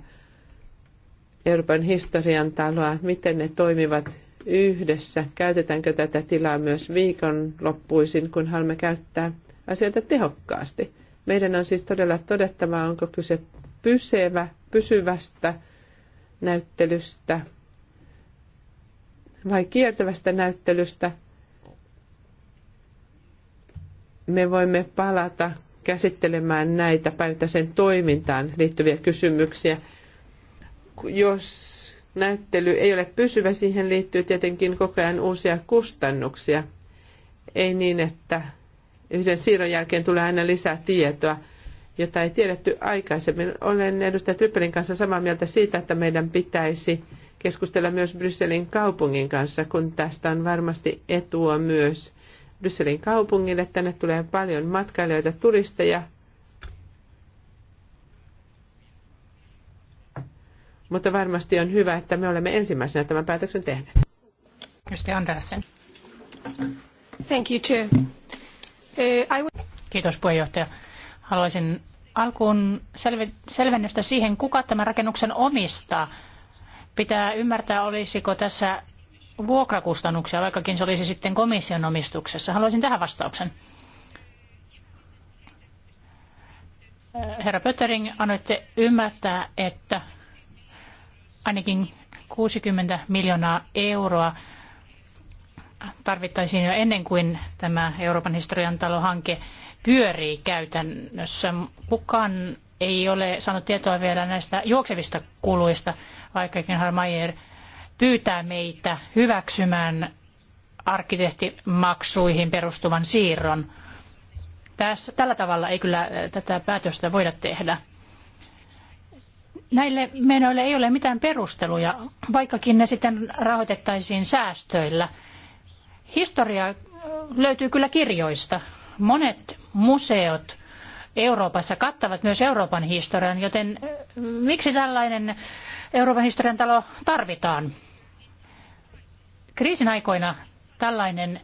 Euroopan historian taloa, miten ne toimivat yhdessä, käytetäänkö tätä tilaa myös viikonloppuisin, kun haluamme käyttää asioita tehokkaasti. Meidän on siis todella todettava, onko kyse pysevä, pysyvästä näyttelystä vai kiertävästä näyttelystä. Me voimme palata käsittelemään näitä päivittäisen toimintaan liittyviä kysymyksiä jos näyttely ei ole pysyvä, siihen liittyy tietenkin koko ajan uusia kustannuksia. Ei niin, että yhden siirron jälkeen tulee aina lisää tietoa, jota ei tiedetty aikaisemmin. Olen edustaja Tryppelin kanssa samaa mieltä siitä, että meidän pitäisi keskustella myös Brysselin kaupungin kanssa, kun tästä on varmasti etua myös Brysselin kaupungille. Tänne tulee paljon matkailijoita, turisteja, Mutta varmasti on hyvä, että me olemme ensimmäisenä tämän päätöksen tehneet. Kirsti Andersen. Thank you, Chair. Uh, Kiitos puheenjohtaja. Haluaisin alkuun selvennystä siihen, kuka tämän rakennuksen omistaa. Pitää ymmärtää, olisiko tässä vuokrakustannuksia, vaikkakin se olisi sitten komission omistuksessa. Haluaisin tähän vastauksen. Herra Pöttering, annoitte ymmärtää, että ainakin 60 miljoonaa euroa tarvittaisiin jo ennen kuin tämä Euroopan historian talohanke pyörii käytännössä. Kukaan ei ole saanut tietoa vielä näistä juoksevista kuluista, vaikkakin Harmaier pyytää meitä hyväksymään arkkitehtimaksuihin perustuvan siirron. Tässä, tällä tavalla ei kyllä äh, tätä päätöstä voida tehdä. Näille menoille ei ole mitään perusteluja, vaikkakin ne sitten rahoitettaisiin säästöillä. Historia äh, löytyy kyllä kirjoista. Monet museot Euroopassa kattavat myös Euroopan historian, joten äh, miksi tällainen Euroopan historian talo tarvitaan? Kriisin aikoina tällainen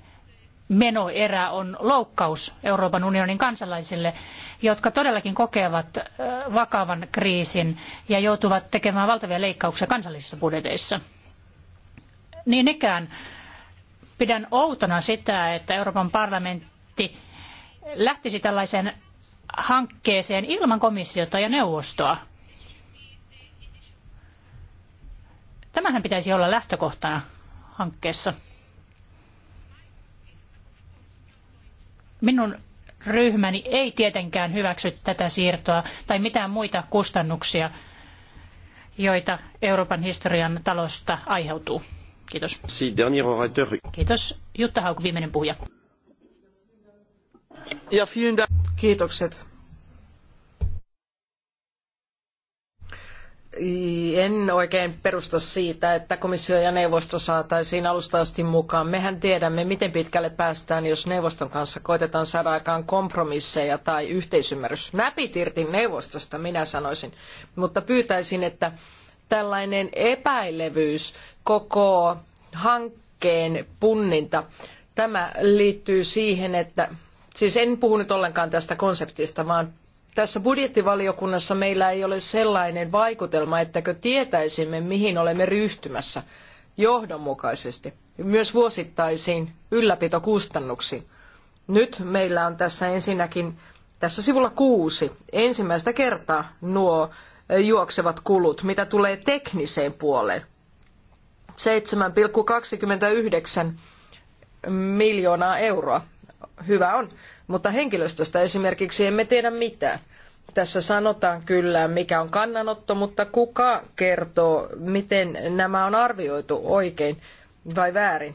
menoerä on loukkaus Euroopan unionin kansalaisille jotka todellakin kokevat vakavan kriisin ja joutuvat tekemään valtavia leikkauksia kansallisissa budjeteissa. Niin ikään pidän outona sitä, että Euroopan parlamentti lähtisi tällaiseen hankkeeseen ilman komissiota ja neuvostoa. Tämähän pitäisi olla lähtökohtana hankkeessa. Minun ryhmäni ei tietenkään hyväksy tätä siirtoa tai mitään muita kustannuksia, joita Euroopan historian talosta aiheutuu. Kiitos. Kiitos. Jutta Hauk, viimeinen puhuja. Ja Kiitokset. en oikein perusta siitä, että komissio ja neuvosto saataisiin alusta asti mukaan. Mehän tiedämme, miten pitkälle päästään, jos neuvoston kanssa koitetaan saada aikaan kompromisseja tai yhteisymmärrys. Näpit irti neuvostosta, minä sanoisin. Mutta pyytäisin, että tällainen epäilevyys, koko hankkeen punninta, tämä liittyy siihen, että Siis en puhu nyt ollenkaan tästä konseptista, vaan tässä budjettivaliokunnassa meillä ei ole sellainen vaikutelma, ettäkö tietäisimme, mihin olemme ryhtymässä johdonmukaisesti, myös vuosittaisiin ylläpitokustannuksiin. Nyt meillä on tässä ensinnäkin, tässä sivulla kuusi, ensimmäistä kertaa nuo eh, juoksevat kulut, mitä tulee tekniseen puoleen. 7,29 miljoonaa euroa hyvä on, mutta henkilöstöstä esimerkiksi emme tiedä mitään. Tässä sanotaan kyllä, mikä on kannanotto, mutta kuka kertoo, miten nämä on arvioitu oikein vai väärin?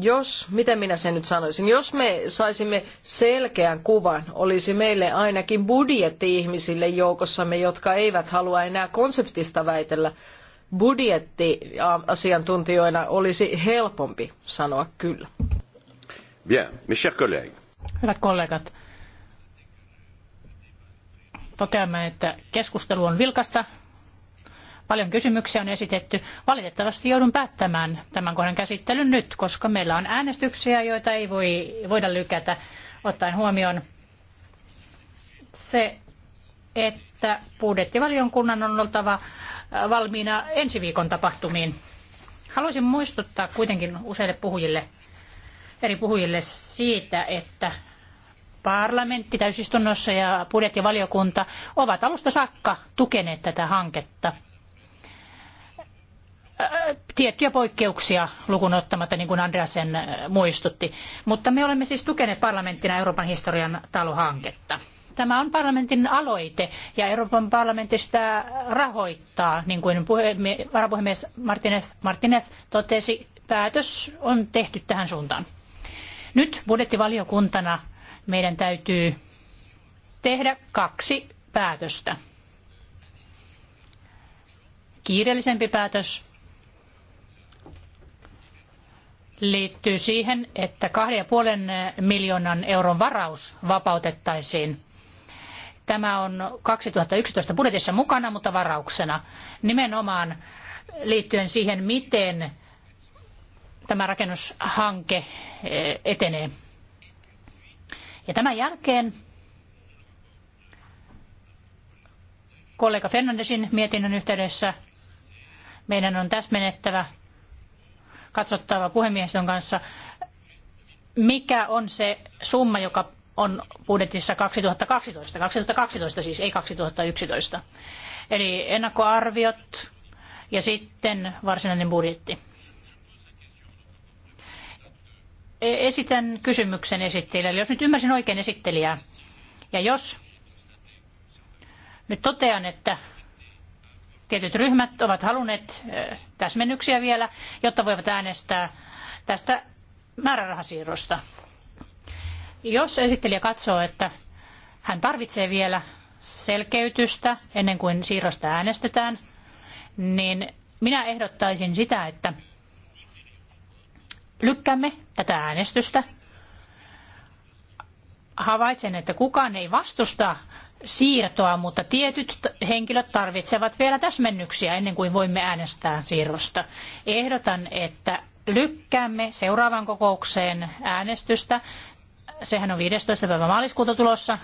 jos, miten minä sen nyt sanoisin, jos me saisimme selkeän kuvan, olisi meille ainakin budjetti-ihmisille joukossamme, jotka eivät halua enää konseptista väitellä, budjettiasiantuntijoina olisi helpompi sanoa kyllä. Bien, mes chers collègues. Hyvät kollegat, toteamme, että keskustelu on vilkasta. Paljon kysymyksiä on esitetty. Valitettavasti joudun päättämään tämän kohdan käsittelyn nyt, koska meillä on äänestyksiä, joita ei voi, voida lykätä ottaen huomioon se, että budjettivaliokunnan on oltava valmiina ensi viikon tapahtumiin. Haluaisin muistuttaa kuitenkin useille puhujille, eri puhujille siitä, että parlamentti täysistunnossa ja budjettivaliokunta ovat alusta saakka tukeneet tätä hanketta. Äh, tiettyjä poikkeuksia lukuun ottamatta, niin kuin Andreasen äh, muistutti. Mutta me olemme siis tukeneet parlamenttina Euroopan historian talohanketta. Tämä on parlamentin aloite ja Euroopan parlamentti sitä rahoittaa, niin kuin puhemi, varapuhemies Martinez, Martinez totesi, päätös on tehty tähän suuntaan. Nyt budjettivaliokuntana meidän täytyy tehdä kaksi päätöstä. Kiireellisempi päätös liittyy siihen, että 2,5 miljoonan euron varaus vapautettaisiin Tämä on 2011 budjetissa mukana, mutta varauksena nimenomaan liittyen siihen, miten tämä rakennushanke eh, etenee. Ja tämän jälkeen kollega Fernandesin mietinnön yhteydessä meidän on täsmennettävä, katsottava puhemiehistön kanssa, mikä on se summa, joka on budjetissa 2012, 2012 siis, ei 2011. Eli ennakkoarviot ja sitten varsinainen budjetti. E, esitän kysymyksen esittelijälle. Jos nyt ymmärsin oikein esittelijää, ja jos nyt totean, että tietyt ryhmät ovat halunneet e, täsmennyksiä vielä, jotta voivat äänestää tästä määrärahasiirrosta jos esittelijä katsoo, että hän tarvitsee vielä selkeytystä ennen kuin siirrosta äänestetään, niin minä ehdottaisin sitä, että lykkäämme tätä äänestystä. Havaitsen, että kukaan ei vastusta siirtoa, mutta tietyt henkilöt tarvitsevat vielä täsmennyksiä ennen kuin voimme äänestää siirrosta. Ehdotan, että lykkäämme seuraavan kokoukseen äänestystä Sehän on 15. päivä maaliskuuta tulossa.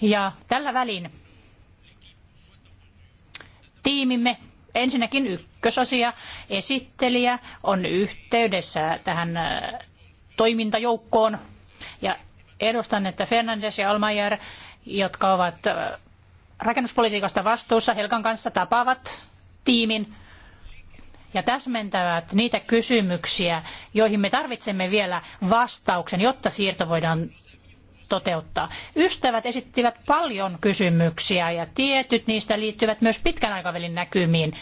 Ja tällä välin tiimimme ensinnäkin ykkösasia esittelijä on yhteydessä tähän äh, toimintajoukkoon ja edustan, että Fernandes ja Almayer, jotka ovat äh, rakennuspolitiikasta vastuussa Helkan kanssa, tapaavat tiimin ja täsmentävät niitä kysymyksiä, joihin me tarvitsemme vielä vastauksen, jotta siirto voidaan toteuttaa. Ystävät esittivät paljon kysymyksiä ja tietyt niistä liittyvät myös pitkän aikavälin näkymiin,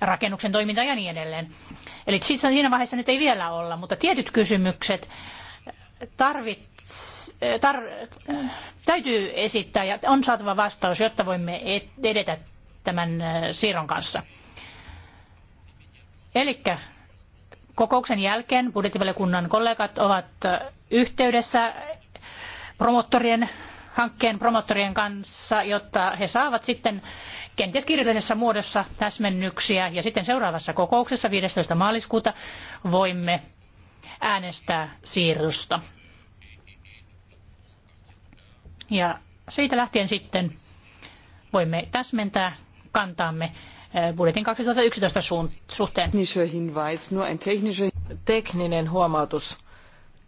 rakennuksen toiminta ja niin edelleen. Eli siis siinä vaiheessa nyt ei vielä olla, mutta tietyt kysymykset tarvits, äh, tar, äh, täytyy esittää ja on saatava vastaus, jotta voimme edetä tämän äh, siirron kanssa. Eli kokouksen jälkeen budjettivaliokunnan kollegat ovat yhteydessä promottorien, hankkeen promottorien kanssa, jotta he saavat sitten kenties kirjallisessa muodossa täsmennyksiä. Ja sitten seuraavassa kokouksessa 15. maaliskuuta voimme äänestää siirrystä. Ja siitä lähtien sitten voimme täsmentää kantaamme Eh, budjetin 2011 suhteen. Tekninen huomautus.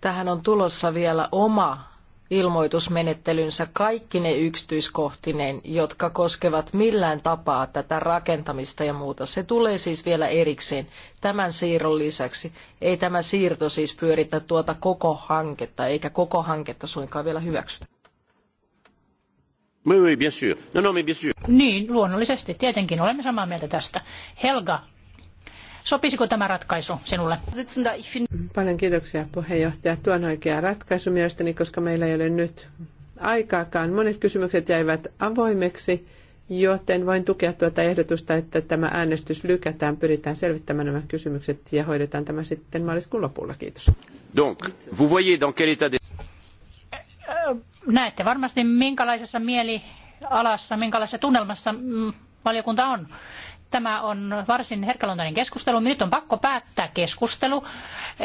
Tähän on tulossa vielä oma ilmoitusmenettelynsä kaikki ne yksityiskohtinen, jotka koskevat millään tapaa tätä rakentamista ja muuta. Se tulee siis vielä erikseen tämän siirron lisäksi. Ei tämä siirto siis pyöritä tuota koko hanketta, eikä koko hanketta suinkaan vielä hyväksytä. Oui, oui, bien sûr. mais bien sûr. Niin, luonnollisesti. Tietenkin olemme samaa mieltä tästä. Helga, sopisiko tämä ratkaisu sinulle? Paljon kiitoksia puheenjohtaja. Tuo on oikea ratkaisu mielestäni, koska meillä ei ole nyt aikaakaan. Monet kysymykset jäivät avoimeksi, joten voin tukea tuota ehdotusta, että tämä äänestys lykätään. Pyritään selvittämään nämä kysymykset ja hoidetaan tämä sitten maaliskuun lopulla. Kiitos. Donc, vous voyez dans quel état näette varmasti minkälaisessa mielialassa, minkälaisessa tunnelmassa mm, valiokunta on. Tämä on varsin herkkäluontoinen keskustelu. Nyt on pakko päättää keskustelu.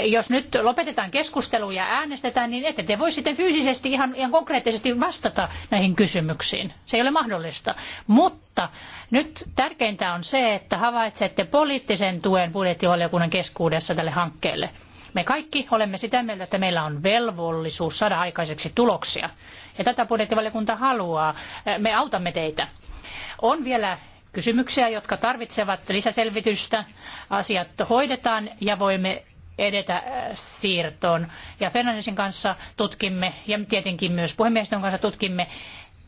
Jos nyt lopetetaan keskustelu ja äänestetään, niin ette te voi sitten fyysisesti ihan, ihan konkreettisesti vastata näihin kysymyksiin. Se ei ole mahdollista. Mutta nyt tärkeintä on se, että havaitsette poliittisen tuen budjettivaliokunnan keskuudessa tälle hankkeelle. Me kaikki olemme sitä mieltä, että meillä on velvollisuus saada aikaiseksi tuloksia. Ja tätä budjettivaliokunta haluaa. Me autamme teitä. On vielä kysymyksiä, jotka tarvitsevat lisäselvitystä. Asiat hoidetaan ja voimme edetä äh, siirtoon. Ja Fernandesin kanssa tutkimme, ja tietenkin myös puhemiehistön kanssa tutkimme,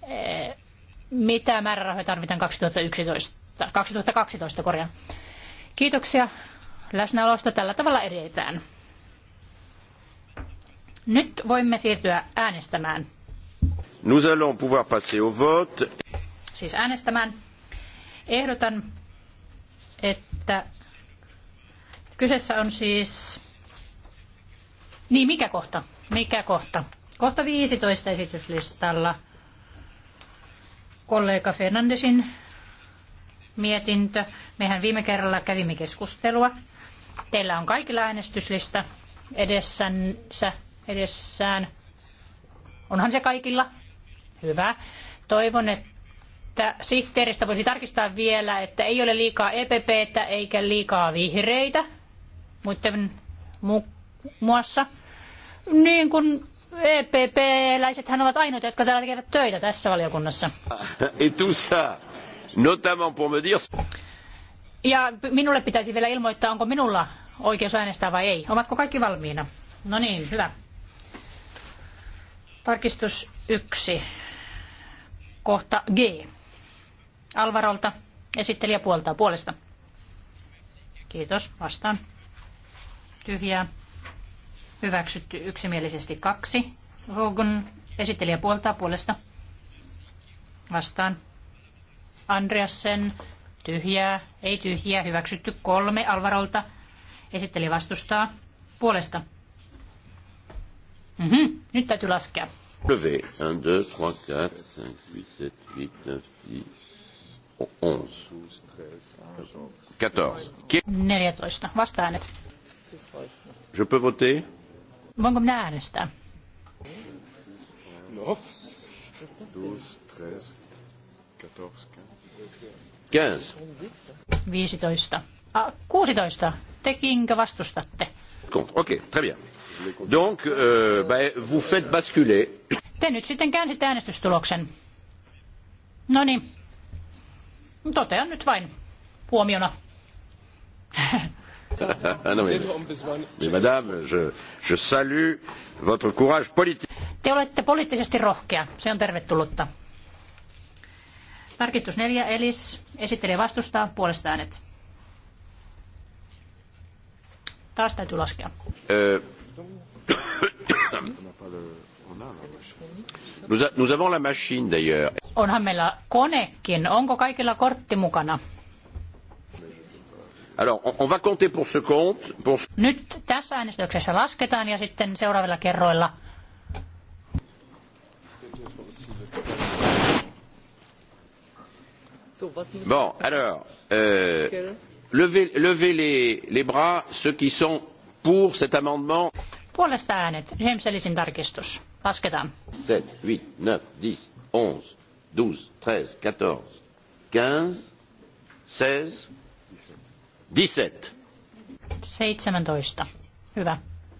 äh, mitä määrärahoja tarvitaan 2011, 2012 korjaan. Kiitoksia läsnäolosta. Tällä tavalla edetään. Nyt voimme siirtyä äänestämään. Nous allons pouvoir passer au vote. Siis äänestämään. Ehdotan, että kyseessä on siis... Niin, mikä kohta? Mikä kohta? Kohta 15 esityslistalla kollega Fernandesin mietintö. Mehän viime kerralla kävimme keskustelua. Teillä on kaikilla äänestyslista edessänsä edessään. Onhan se kaikilla? Hyvä. Toivon, että sihteeristä voisi tarkistaa vielä, että ei ole liikaa EPPtä eikä liikaa vihreitä muiden mu- muassa. Niin kuin EPP-läisethän ovat ainoita, jotka täällä tekevät töitä tässä valiokunnassa. Ja minulle pitäisi vielä ilmoittaa, onko minulla oikeus äänestää vai ei. Ovatko kaikki valmiina? No niin, hyvä. Tarkistus 1. Kohta G. Alvarolta. Esittelijä puoltaa puolesta. Kiitos. Vastaan. Tyhjää. Hyväksytty yksimielisesti kaksi. Hogan. Esittelijä puoltaa puolesta. Vastaan. Andreasen. Tyhjää. Ei tyhjää. Hyväksytty kolme. Alvarolta. Esittelijä vastustaa. Puolesta. Mm-hmm. Nyt täytyy laskea. Levé. 1, 2, 3, 4, 5, 6, 7, 8, 9, 10, 11. 14. 14. Vasta-äänet. Je peux voter? Voinko minä äänestää? No. 12, 13, 14, 15. 15. Ah, 16. Tekinkö vastustatte? Okei, okay, très bien. Donc, euh, bah, vous faites basculer. Te nyt sitten käänsitte äänestystuloksen. No niin. Totean nyt vain huomiona. no, mais, mais madame, je, je salue votre courage politique. Te olette poliittisesti rohkea. Se on tervetullutta. Tarkistus neljä, Elis. Esittelijä vastustaa puolesta äänet. Taas täytyy laskea. Ö, Nous avons la machine d'ailleurs. Onhan meillä konekin. Onko kaikilla kortti mukana? Alors, on va compter pour ce compte. Pour... Nyt tässä äänestyksessä lasketaan ja sitten seuraavilla kerroilla. Bon, alors, euh, levez, levez les, les bras ceux qui sont pour cet amendement. Puolesta äänet. Hemselisin tarkistus. Lasketaan. 7, 8, 9, 10, 11, 12, 13, 14, 15, 16, 17. 17. Hyvä.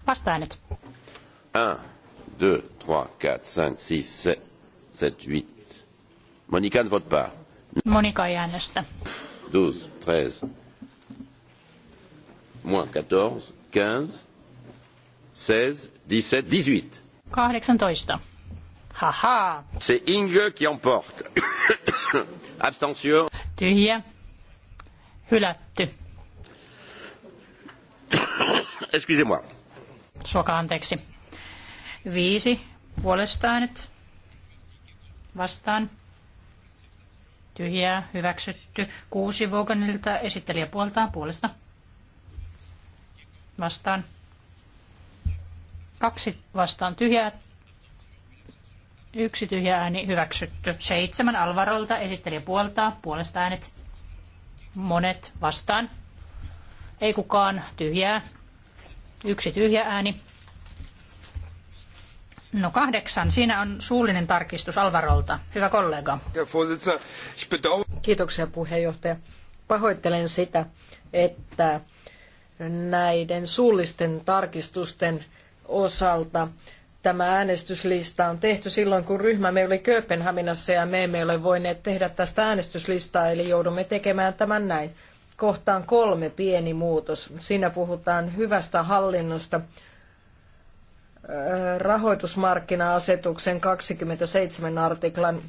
Vasta äänet. 1, 2, 3, 4, 5, 6, 7, 8. Monika ne vote pas. Monika ei äänestä. 12, 13, moins 14, 15, 16, 17, 18. 18. Haha. C'est Inge qui emporte. Abstention. Tyhjä. Hylätty. Excusez-moi. Suoka anteeksi. Viisi puolesta Vastaan. Tyhjää, hyväksytty. Kuusi Voganilta esittelijä puoltaan puolesta vastaan. Kaksi vastaan tyhjää. Yksi tyhjä ääni hyväksytty. Seitsemän Alvarolta esittelijä puoltaa. Puolesta äänet. Monet vastaan. Ei kukaan tyhjää. Yksi tyhjä ääni. No kahdeksan. Siinä on suullinen tarkistus Alvarolta. Hyvä kollega. Kiitoksia puheenjohtaja. Pahoittelen sitä, että näiden suullisten tarkistusten osalta. Tämä äänestyslista on tehty silloin, kun ryhmämme oli Kööpenhaminassa ja me emme ole voineet tehdä tästä äänestyslistaa, eli joudumme tekemään tämän näin. Kohtaan kolme pieni muutos. Siinä puhutaan hyvästä hallinnosta rahoitusmarkkina-asetuksen 27 artiklan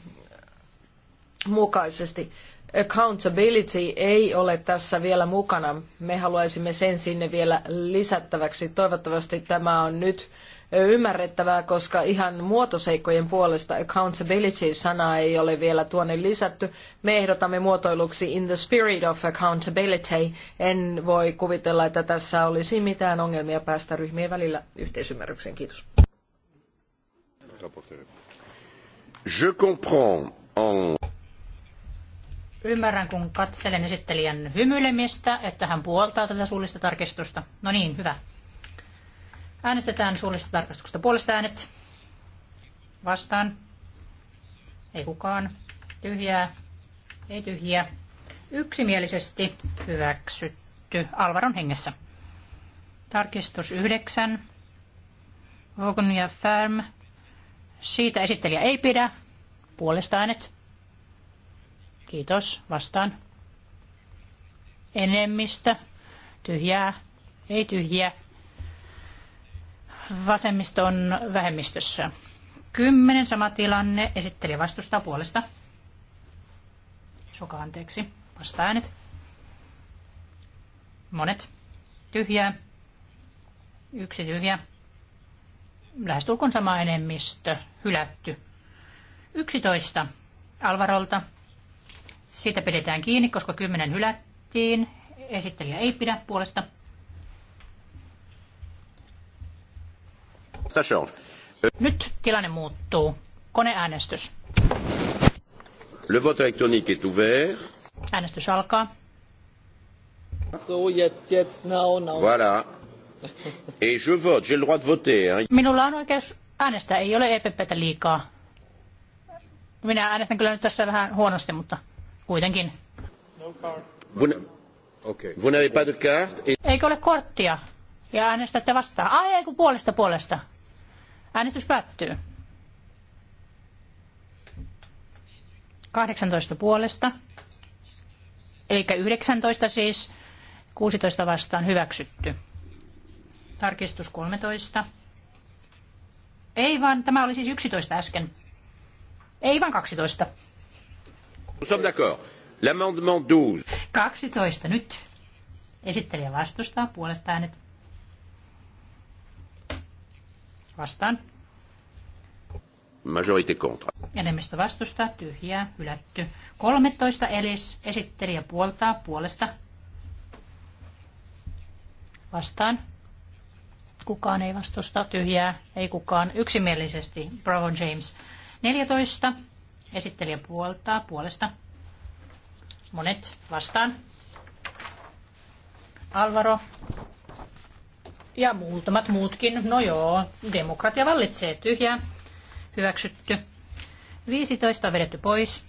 mukaisesti accountability ei ole tässä vielä mukana. Me haluaisimme sen sinne vielä lisättäväksi. Toivottavasti tämä on nyt ymmärrettävää, koska ihan muotoseikkojen puolesta accountability-sanaa ei ole vielä tuonne lisätty. Me ehdotamme muotoiluksi in the spirit of accountability. En voi kuvitella, että tässä olisi mitään ongelmia päästä ryhmien välillä yhteisymmärrykseen. Kiitos. Je comprends en... Ymmärrän, kun katselen esittelijän hymyilemistä, että hän puoltaa tätä suullista tarkistusta. No niin, hyvä. Äänestetään suullista tarkastuksesta puolesta äänet. Vastaan. Ei kukaan. Tyhjää. Ei tyhjiä. Yksimielisesti hyväksytty Alvaron hengessä. Tarkistus 9. Vogon ja Färm. Siitä esittelijä ei pidä. Puolesta äänet. Kiitos. Vastaan. Enemmistö. Tyhjää. Ei tyhjää. Vasemmisto on vähemmistössä. Kymmenen sama tilanne. Esitteli vastustaa puolesta. Suka anteeksi. Vastaäänet. Monet. Tyhjää. Yksi tyhjä. Lähestulkoon sama enemmistö. Hylätty. Yksitoista, Alvarolta siitä pidetään kiinni, koska kymmenen hylättiin. Esittelijä ei pidä puolesta. Nyt tilanne muuttuu. Koneäänestys. Le vote électronique est ouvert. Äänestys alkaa. So, jetzt, jetzt, now, now. Voilà. Et je vote, j'ai le droit de voter. Hein. Minulla on oikeus äänestää, ei ole EPPtä liikaa. Minä äänestän kyllä nyt tässä vähän huonosti, mutta kuitenkin. Vous n'avez pas de carte? Eikö ole korttia? Ja äänestätte vastaan. Ai ei, kun puolesta puolesta. Äänestys päättyy. 18 puolesta. Eli 19 siis, 16 vastaan hyväksytty. Tarkistus 13. Ei vaan, tämä oli siis 11 äsken. Ei vaan 12. Nous sommes d'accord. L'amendement 12. nyt. Esittelijä vastustaa puolesta äänet. Vastaan. Majorité contre. Enemmistö vastustaa, tyhjää, hylätty. 13 elis, esittelijä puoltaa, puolesta. Vastaan. Kukaan ei vastusta, tyhjää, ei kukaan. Yksimielisesti, bravo James. 14, Esittelijä puoltaa puolesta. Monet vastaan. Alvaro. Ja muutamat muutkin. No joo, demokratia vallitsee tyhjää. Hyväksytty. 15 on vedetty pois.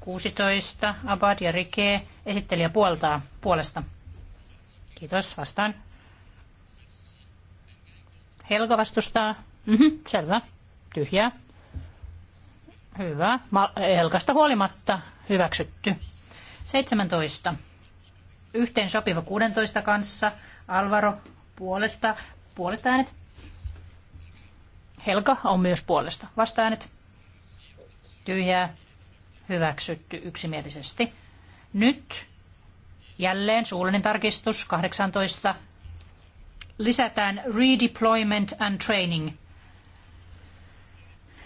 16. Abad ja Rike. Esittelijä puoltaa puolesta. Kiitos. Vastaan. Helga vastustaa. Mhm, selvä. Tyhjää. Hyvä. Helkasta huolimatta hyväksytty. 17. Yhteen sopiva 16 kanssa. Alvaro puolesta. Puolesta äänet. Helka on myös puolesta. Vasta äänet. Tyhjää. Hyväksytty yksimielisesti. Nyt jälleen suullinen tarkistus 18. Lisätään redeployment and training.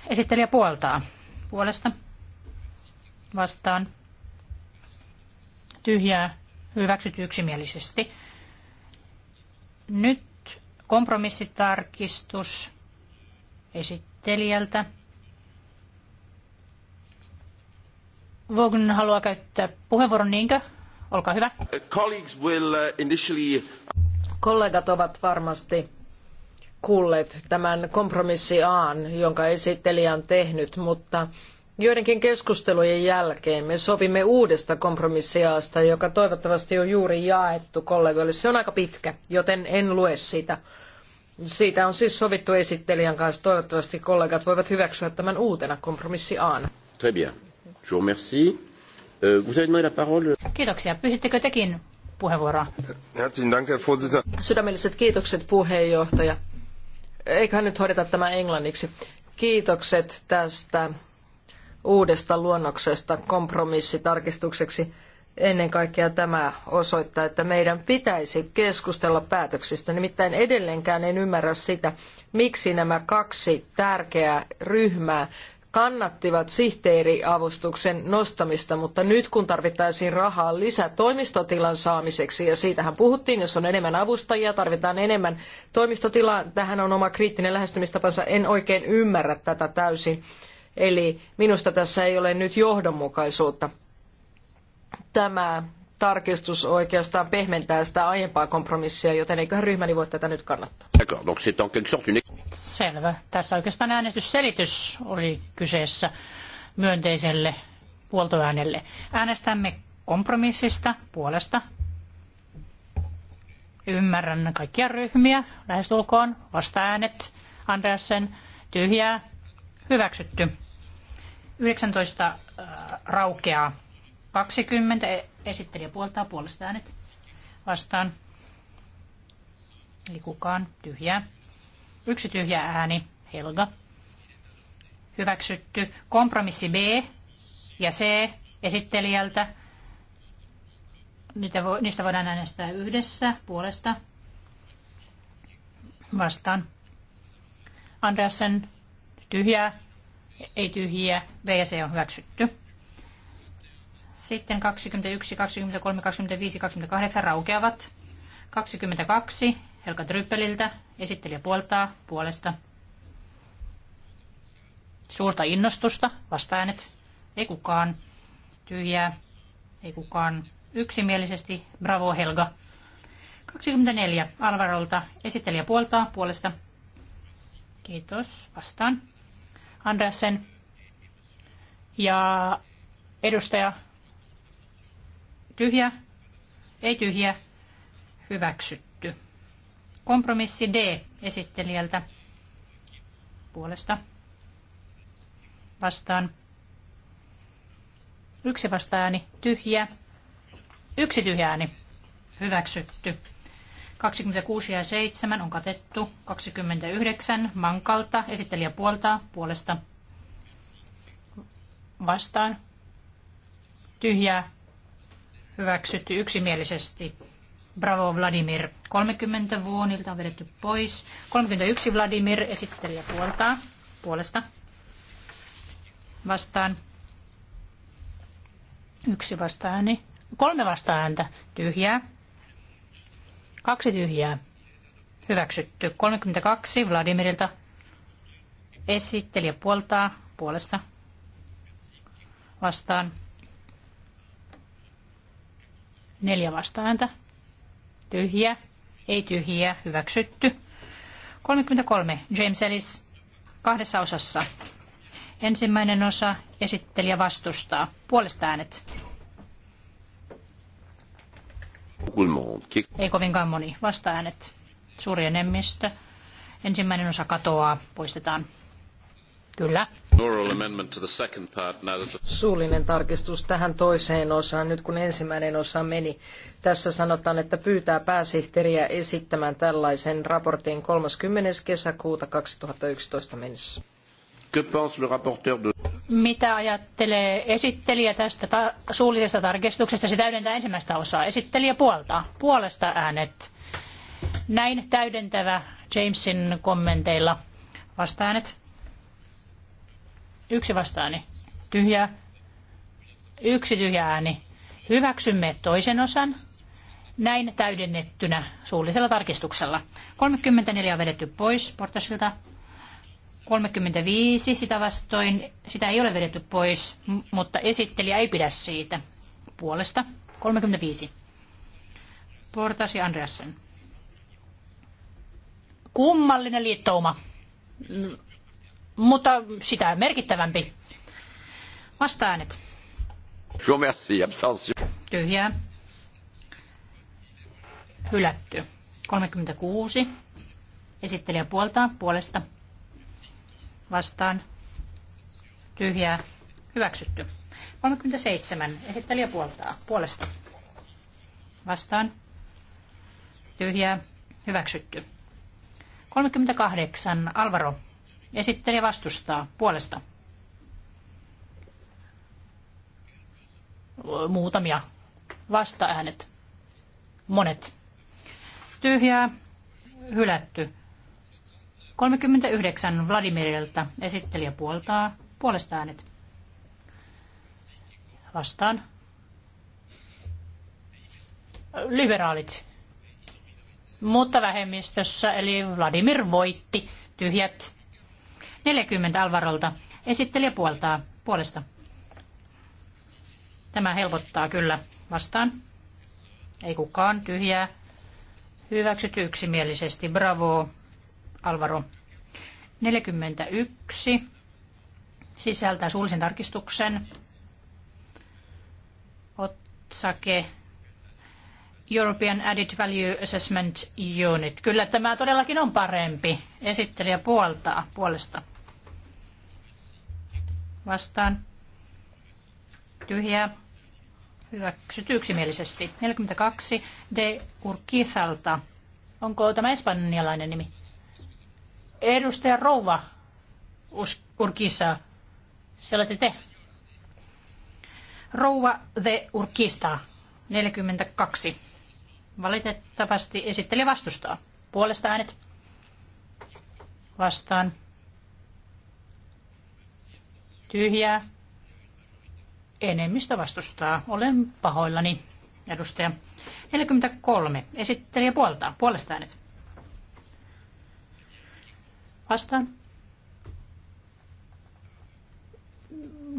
Esittelijä puoltaa puolesta vastaan tyhjää Hyväksyt yksimielisesti. Nyt kompromissitarkistus esittelijältä. Vogn haluaa käyttää puheenvuoron, niinkö? Olkaa hyvä. Colleagues will uh, initially... Kollegat ovat varmasti kuulleet tämän kompromissiaan, jonka esittelijä on tehnyt, mutta joidenkin keskustelujen jälkeen me sovimme uudesta kompromissiaasta, joka toivottavasti on juuri jaettu kollegoille. Se on aika pitkä, joten en lue sitä. Siitä on siis sovittu esittelijän kanssa. Toivottavasti kollegat voivat hyväksyä tämän uutena kompromissiaan. Très bien. Je vous remercie. Euh, vous avez la parole. Kiitoksia. Pyysittekö tekin puheenvuoroa? Sydämelliset kiitokset puheenjohtaja eiköhän nyt hoideta tämä englanniksi. Kiitokset tästä uudesta luonnoksesta kompromissitarkistukseksi. Ennen kaikkea tämä osoittaa, että meidän pitäisi keskustella päätöksistä. Nimittäin edelleenkään en ymmärrä sitä, miksi nämä kaksi tärkeää ryhmää kannattivat sihteeriavustuksen nostamista, mutta nyt kun tarvittaisiin rahaa lisää toimistotilan saamiseksi, ja siitähän puhuttiin, jos on enemmän avustajia, tarvitaan enemmän toimistotilaa, tähän on oma kriittinen lähestymistapansa, en oikein ymmärrä tätä täysin. Eli minusta tässä ei ole nyt johdonmukaisuutta. Tämä tarkistus oikeastaan pehmentää sitä aiempaa kompromissia, joten eiköhän ryhmäni voi tätä nyt kannattaa. Selvä. Tässä oikeastaan äänestysselitys oli kyseessä myönteiselle puoltoäänelle. Äänestämme kompromissista puolesta. Ymmärrän kaikkia ryhmiä, lähestulkoon, vastaäänet, Andreasen, tyhjää, hyväksytty. 19 äh, raukeaa 20, e- esittelijä puoltaa puolesta äänet vastaan. Eli kukaan, tyhjää, Yksi tyhjä ääni. Helga. Hyväksytty. Kompromissi B ja C esittelijältä. Niitä vo, niistä voidaan äänestää yhdessä puolesta. Vastaan. Andreasen Tyhjää. Ei tyhjiä. B ja C on hyväksytty. Sitten 21, 23, 25, 28 raukeavat. 22 Helka Tryppeliltä Esittelijä puoltaa puolesta. Suurta innostusta. vastaäänet, Ei kukaan. Tyhjää. Ei kukaan. Yksimielisesti. Bravo Helga. 24. Alvarolta. Esittelijä puoltaa puolesta. Kiitos. Vastaan. Andreasen. Ja edustaja. Tyhjä. Ei tyhjä. Hyväksyt. Kompromissi D esittelijältä puolesta vastaan. Yksi vastaääni tyhjä. Yksi tyhjä ääni hyväksytty. 26 ja 7 on katettu. 29 Mankalta esittelijä puolta puolesta vastaan. tyhjä hyväksytty yksimielisesti. Bravo Vladimir. 30 vuonilta on vedetty pois. 31 Vladimir esittelijä puoltaa. Puolesta. Vastaan. Yksi vastaani. Kolme vastaääntä. Tyhjää. Kaksi tyhjää. Hyväksytty. 32 Vladimirilta. Esittelijä puoltaa. Puolesta. Vastaan. Neljä vastaääntä tyhjä, ei tyhjiä, hyväksytty. 33. James Ellis kahdessa osassa. Ensimmäinen osa esittelijä vastustaa. Puolesta äänet. Ei kovinkaan moni. Vasta äänet. Suuri enemmistö. Ensimmäinen osa katoaa. Poistetaan. Kyllä. Suullinen tarkistus tähän toiseen osaan, nyt kun ensimmäinen osa meni. Tässä sanotaan, että pyytää pääsihteeriä esittämään tällaisen raportin 30. kesäkuuta 2011 mennessä. Mitä ajattelee esittelijä tästä ta- suullisesta tarkistuksesta? Se täydentää ensimmäistä osaa. Esittelijä puoltaa. Puolesta äänet. Näin täydentävä Jamesin kommenteilla. äänet. Yksi vastaani. tyhjä, Yksi tyhjä ääni. Hyväksymme toisen osan. Näin täydennettynä suullisella tarkistuksella. 34 on vedetty pois portasilta. 35 sitä vastoin, sitä ei ole vedetty pois, mutta esittelijä ei pidä siitä puolesta. 35. Portasi Andreasen. Kummallinen liittouma mutta sitä merkittävämpi. Vasta-äänet. Tyhjää. Hylätty. 36. Esittelijä puoltaa puolesta. Vastaan. Tyhjää. Hyväksytty. 37. Esittelijä puoltaa puolesta. Vastaan. Tyhjää. Hyväksytty. 38. Alvaro Esittelijä vastustaa puolesta. Muutamia vastaäänet. Monet. Tyhjää. Hylätty. 39 Vladimirilta esittelijä puoltaa puolesta äänet. Vastaan. Liberaalit. Mutta vähemmistössä, eli Vladimir voitti. Tyhjät 40 Alvarolta. Esittelijä puoltaa puolesta. Tämä helpottaa kyllä. Vastaan. Ei kukaan. Tyhjää. Hyväksytty yksimielisesti. Bravo, Alvaro. 41 sisältää suullisen tarkistuksen. Otsake European Added Value Assessment Unit. Kyllä tämä todellakin on parempi. Esittelijä puoltaa puolesta. Vastaan. Tyhjää. Hyväksyt yksimielisesti. 42. De Urquizalta. Onko tämä espanjalainen nimi? Edustaja Rouva Urquiza. Se olette te. Rouva de Urquista. 42. Valitettavasti esitteli vastustaa. Puolesta äänet vastaan. Tyhjää. Enemmistö vastustaa. Olen pahoillani, edustaja. 43. Esittelijä puoltaa. Puolesta äänet. Vastaan.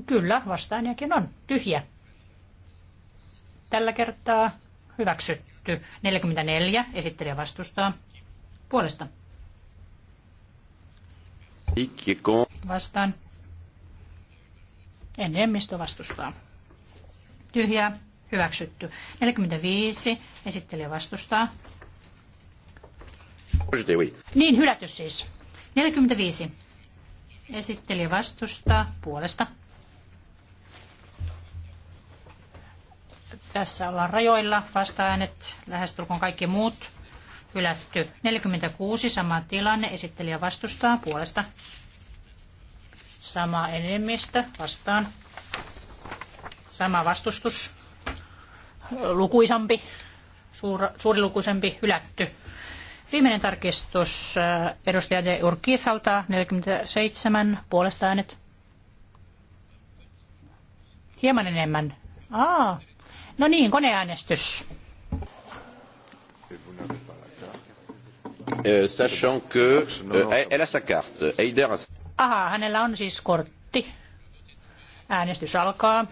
Kyllä, vastaan on. Tyhjä. Tällä kertaa hyväksyt hylätty. 44. Esittelijä vastustaa. Puolesta. Vastaan. Enemmistö vastustaa. Tyhjää. Hyväksytty. 45. Esittelijä vastustaa. Niin, hylätty siis. 45. Esittelijä vastustaa puolesta. Tässä ollaan rajoilla, vasta-äänet, lähestulkoon kaikki muut, hylätty. 46, sama tilanne, esittelijä vastustaa puolesta. Sama enemmistö, vastaan. Sama vastustus, lukuisampi, suur, suurilukuisempi, hylätty. Viimeinen tarkistus äh, edustaja De Urkifalta, 47 puolesta äänet. Hieman enemmän. Aa, No niin, koneäänestys. Euh, sachant que euh, elle a sa carte. Eider Aha, hänellä on siis kortti. Äänestys alkaa.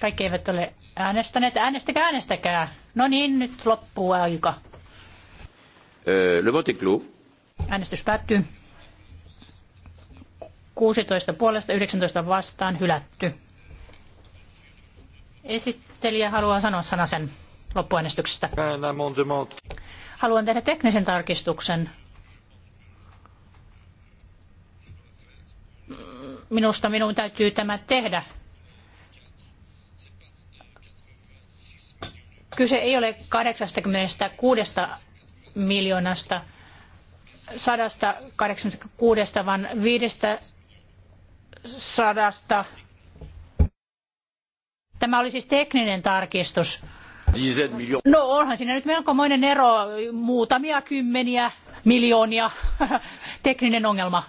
Kaikki eivät ole äänestäneet. Äänestäkää, äänestäkää. No niin, nyt loppuu aika. Euh, le vote est clos. Äänestys päättyy. 16 puolesta, 19 vastaan hylätty. Esittelijä haluaa sanoa sen loppuäänestyksestä. Haluan tehdä teknisen tarkistuksen. Minusta minun täytyy tämä tehdä. Kyse ei ole 86 miljoonasta 186, vaan 500 Tämä oli siis tekninen tarkistus. No onhan siinä nyt melkomoinen ero, muutamia kymmeniä miljoonia, tekninen ongelma.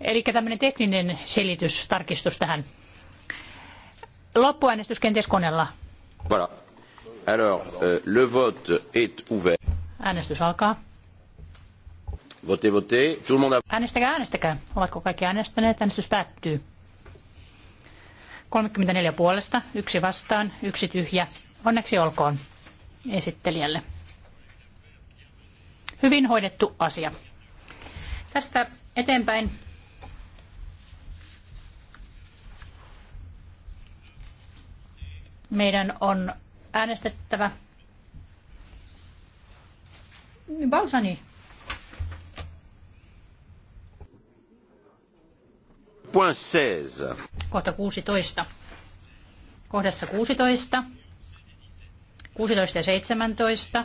Eli tämmöinen tekninen selitys, tarkistus tähän. Loppuäänestys kenties koneella. Voilà. Alors, euh, le vote est ouvert. Äänestys alkaa. Votez, votez. Tout le monde a... Äänestäkää, äänestäkää. Ovatko kaikki äänestäneet? Äänestys päättyy. 34 puolesta, yksi vastaan, yksi tyhjä. Onneksi olkoon esittelijälle. Hyvin hoidettu asia. Tästä eteenpäin meidän on äänestettävä Bausani. 16. Kohta 16. Kohdassa 16. 16 ja 17.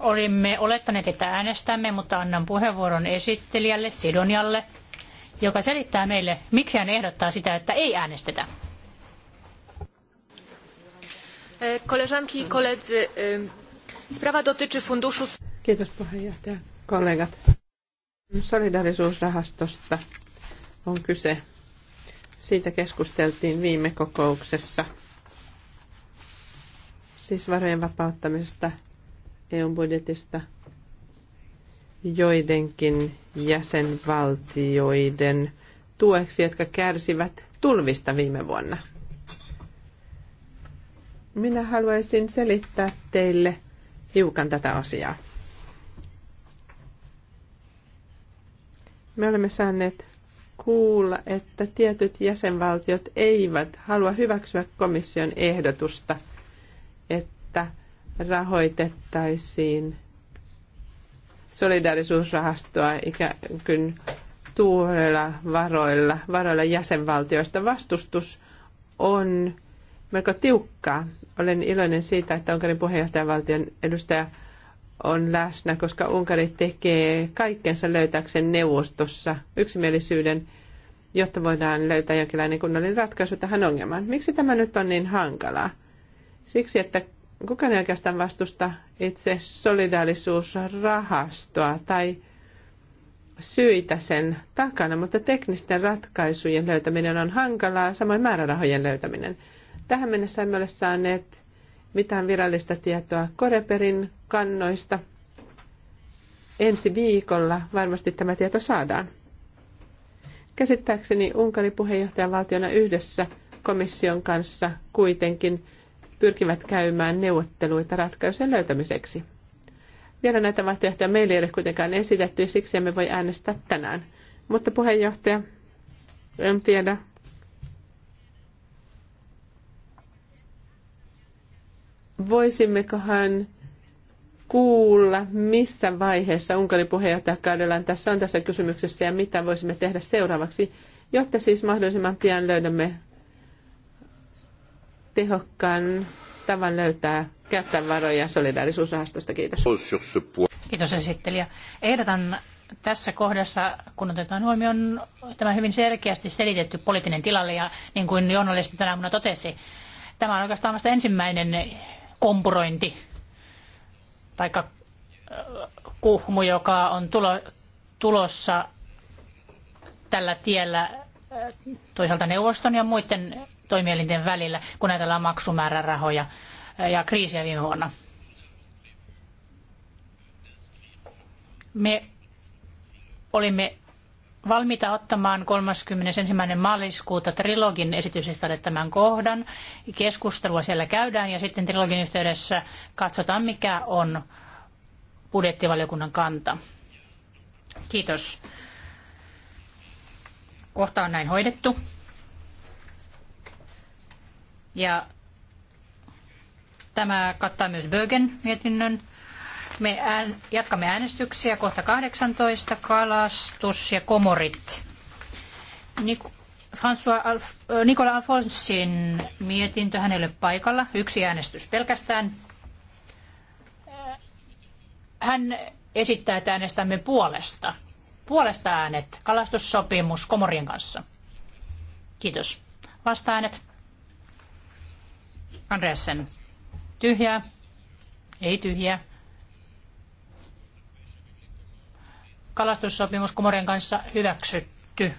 Olimme olettaneet, että äänestämme, mutta annan puheenvuoron esittelijälle Sidonialle, joka selittää meille, miksi hän ehdottaa sitä, että ei äänestetä. E, koleżanki koledzy, e, sprawa dotyczy funduszu... Kiitos puheenjohtaja, kollegat. Solidarisuusrahastosta on kyse. Siitä keskusteltiin viime kokouksessa. Siis varojen vapauttamisesta eu budjetista joidenkin jäsenvaltioiden tueksi, jotka kärsivät tulvista viime vuonna. Minä haluaisin selittää teille hiukan tätä asiaa. Me olemme saaneet kuulla, että tietyt jäsenvaltiot eivät halua hyväksyä komission ehdotusta, että rahoitettaisiin solidaarisuusrahastoa ikään kuin tuoreilla varoilla, varoilla jäsenvaltioista. Vastustus on melko tiukkaa. Olen iloinen siitä, että Unkarin puheenjohtajavaltion edustaja on läsnä, koska Unkari tekee kaikkensa löytääkseen neuvostossa yksimielisyyden, jotta voidaan löytää jonkinlainen kunnollinen ratkaisu tähän ongelmaan. Miksi tämä nyt on niin hankalaa? Siksi, että kukaan ei oikeastaan vastusta itse solidaarisuusrahastoa tai syitä sen takana, mutta teknisten ratkaisujen löytäminen on hankalaa, samoin määrärahojen löytäminen. Tähän mennessä emme ole saaneet mitään virallista tietoa Koreperin kannoista. Ensi viikolla varmasti tämä tieto saadaan. Käsittääkseni Unkari valtiona yhdessä komission kanssa kuitenkin pyrkivät käymään neuvotteluita ratkaisujen löytämiseksi. Vielä näitä vaihtoehtoja meillä ei ole kuitenkaan esitetty ja siksi emme voi äänestää tänään. Mutta puheenjohtaja, en tiedä voisimmekohan kuulla, missä vaiheessa Unkarin puheenjohtajakaudellaan tässä on tässä kysymyksessä ja mitä voisimme tehdä seuraavaksi, jotta siis mahdollisimman pian löydämme tehokkaan tavan löytää käyttää varoja solidaarisuusrahastosta. Kiitos. Kiitos esittelijä. Ehdotan tässä kohdassa, kun otetaan huomioon tämä hyvin selkeästi selitetty poliittinen tilalle ja niin kuin journalisti tänä aamuna totesi, tämä on oikeastaan vasta ensimmäinen kompurointi tai kuhmu, joka on tulo, tulossa tällä tiellä äh, toisaalta neuvoston ja muiden toimielinten välillä, kun ajatellaan maksumäärärahoja äh, ja kriisiä viime vuonna. Me olimme valmiita ottamaan 31. maaliskuuta trilogin esityslistalle tämän kohdan. Keskustelua siellä käydään ja sitten trilogin yhteydessä katsotaan, mikä on budjettivaliokunnan kanta. Kiitos. Kohta on näin hoidettu. Ja tämä kattaa myös Bögen mietinnön. Me ään, jatkamme äänestyksiä. Kohta 18. Kalastus ja komorit. Nik- François Alf- Nicola Alfonsin mietintö hänelle paikalla. Yksi äänestys pelkästään. Hän esittää, että äänestämme puolesta. Puolesta äänet. Kalastussopimus Komorien kanssa. Kiitos. Vasta-äänet. Andreasen. Tyhjää. Ei tyhjää. kalastussopimus Kumoren kanssa hyväksytty.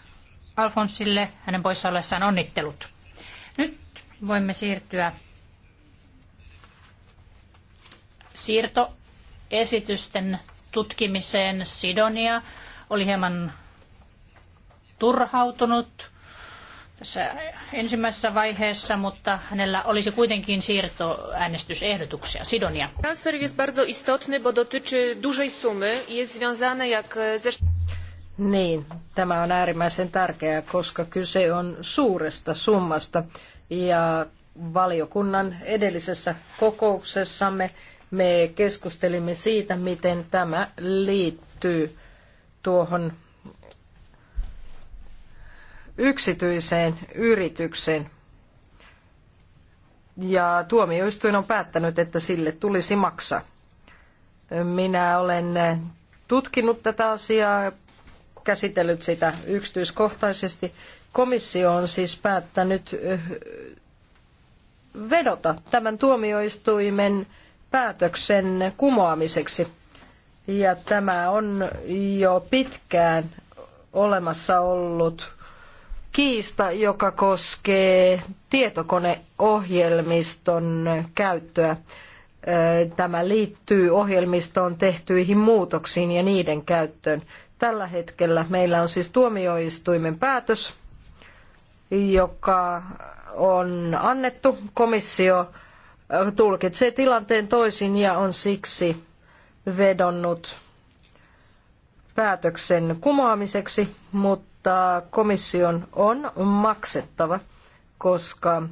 Alfonsille hänen poissa ollessaan onnittelut. Nyt voimme siirtyä siirtoesitysten tutkimiseen Sidonia. Oli hieman turhautunut tässä ensimmäisessä vaiheessa, mutta hänellä olisi kuitenkin siirtoäänestysehdotuksia. Sidonia. Transfer jest bardzo istotny, bo dotyczy dużej sumy i jest związane jak ze... Niin, tämä on äärimmäisen tärkeää, koska kyse on suuresta summasta ja valiokunnan edellisessä kokouksessamme me keskustelimme siitä, miten tämä liittyy tuohon yksityiseen yritykseen. Ja tuomioistuin on päättänyt, että sille tulisi maksaa. Minä olen tutkinut tätä asiaa, käsitellyt sitä yksityiskohtaisesti. Komissio on siis päättänyt vedota tämän tuomioistuimen päätöksen kumoamiseksi. Ja tämä on jo pitkään olemassa ollut kiista, joka koskee tietokoneohjelmiston käyttöä. Tämä liittyy ohjelmistoon tehtyihin muutoksiin ja niiden käyttöön. Tällä hetkellä meillä on siis tuomioistuimen päätös, joka on annettu. Komissio tulkitsee tilanteen toisin ja on siksi vedonnut päätöksen kumoamiseksi, mutta mutta komission on maksettava, koska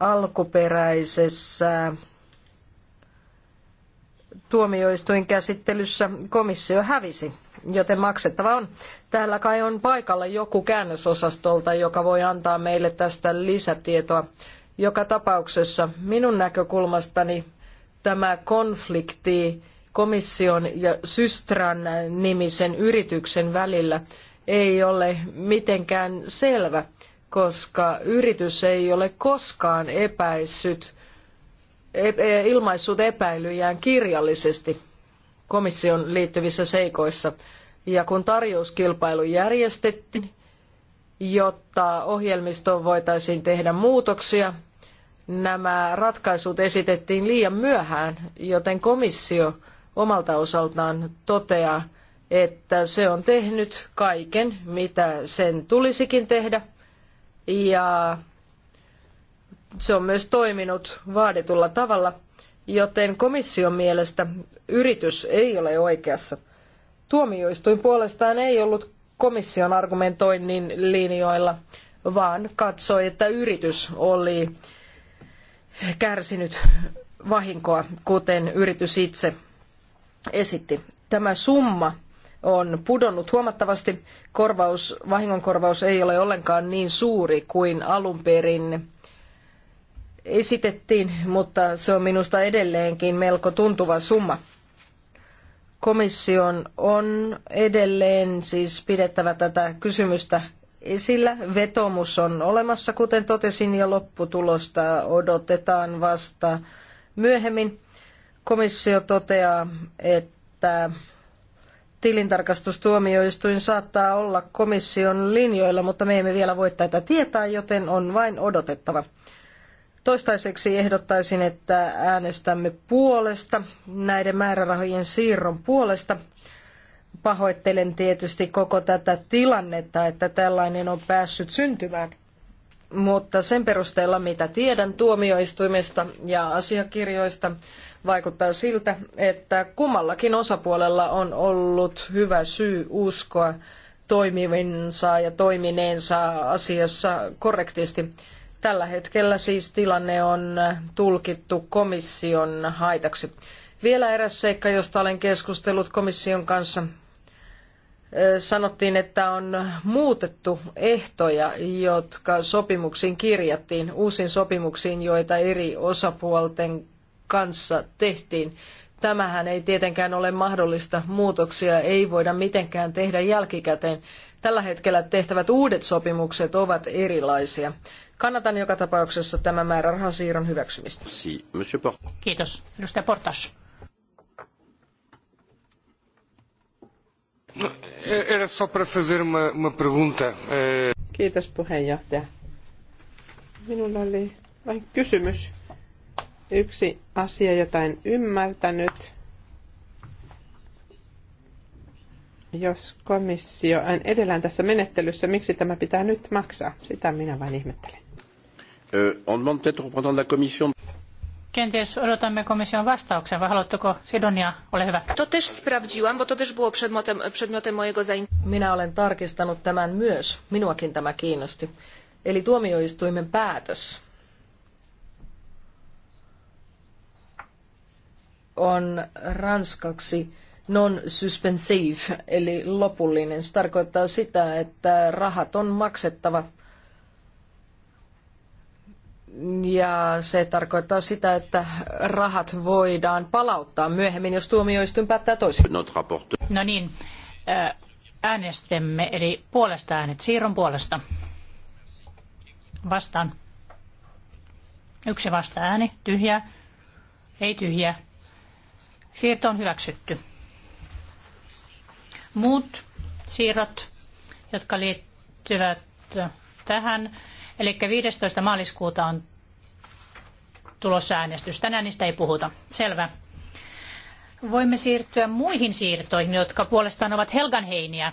alkuperäisessä tuomioistuinkäsittelyssä komissio hävisi, joten maksettava on. Täällä kai on paikalla joku käännösosastolta, joka voi antaa meille tästä lisätietoa. Joka tapauksessa minun näkökulmastani tämä konflikti komission ja Systran nimisen yrityksen välillä ei ole mitenkään selvä, koska yritys ei ole koskaan epäissyt, e, e, ilmaissut epäilyjään kirjallisesti komission liittyvissä seikoissa. Ja kun tarjouskilpailu järjestettiin, jotta ohjelmistoon voitaisiin tehdä muutoksia, nämä ratkaisut esitettiin liian myöhään, joten komissio omalta osaltaan toteaa, että se on tehnyt kaiken, mitä sen tulisikin tehdä, ja se on myös toiminut vaaditulla tavalla, joten komission mielestä yritys ei ole oikeassa. Tuomioistuin puolestaan ei ollut komission argumentoinnin linjoilla, vaan katsoi, että yritys oli kärsinyt vahinkoa, kuten yritys itse esitti. Tämä summa on pudonnut huomattavasti. Korvaus, vahingonkorvaus ei ole ollenkaan niin suuri kuin alun perin esitettiin, mutta se on minusta edelleenkin melko tuntuva summa. Komission on edelleen siis pidettävä tätä kysymystä esillä. Vetomus on olemassa, kuten totesin, ja lopputulosta odotetaan vasta myöhemmin. Komissio toteaa, että tilintarkastustuomioistuin saattaa olla komission linjoilla, mutta me emme vielä voi tätä tietää, joten on vain odotettava. Toistaiseksi ehdottaisin, että äänestämme puolesta, näiden määrärahojen siirron puolesta. Pahoittelen tietysti koko tätä tilannetta, että tällainen on päässyt syntymään. Mutta sen perusteella, mitä tiedän tuomioistuimesta ja asiakirjoista, Vaikuttaa siltä, että kummallakin osapuolella on ollut hyvä syy uskoa toimivinsa ja toimineensa asiassa korrektisti. Tällä hetkellä siis tilanne on tulkittu komission haitaksi. Vielä eräs seikka, josta olen keskustellut komission kanssa. Sanottiin, että on muutettu ehtoja, jotka sopimuksiin kirjattiin, uusiin sopimuksiin, joita eri osapuolten kanssa tehtiin. Tämähän ei tietenkään ole mahdollista. Muutoksia ei voida mitenkään tehdä jälkikäteen. Tällä hetkellä tehtävät uudet sopimukset ovat erilaisia. Kannatan joka tapauksessa tämän määrärahasiirron hyväksymistä. Kiitos. Edustaja Portas. No, e- era só para fazer uma, uma pergunta. Eh, Kiitos puheenjohtaja. Minulla oli vain kysymys Yksi asia, jota en ymmärtänyt, jos komissio on edellään tässä menettelyssä, miksi tämä pitää nyt maksaa? Sitä minä vain ihmettelen. Kenties odotamme komission vastauksen, vai haluatteko Sidonia, ole hyvä. To też sprawdziłam, bo to też było przedmiotem, przedmiotem mojego Minä olen tarkistanut tämän myös. Minuakin tämä kiinnosti. Eli tuomioistuimen päätös on ranskaksi non suspensif, eli lopullinen. Se tarkoittaa sitä, että rahat on maksettava. Ja se tarkoittaa sitä, että rahat voidaan palauttaa myöhemmin, jos tuomioistuin päättää toisin. No niin, äänestämme, eli puolesta äänet, siirron puolesta. Vastaan. Yksi vasta ääni, tyhjä, ei tyhjä, Siirto on hyväksytty. Muut siirrot, jotka liittyvät tähän, eli 15. maaliskuuta on tulossa äänestys. Tänään niistä ei puhuta. Selvä. Voimme siirtyä muihin siirtoihin, jotka puolestaan ovat Helganheiniä.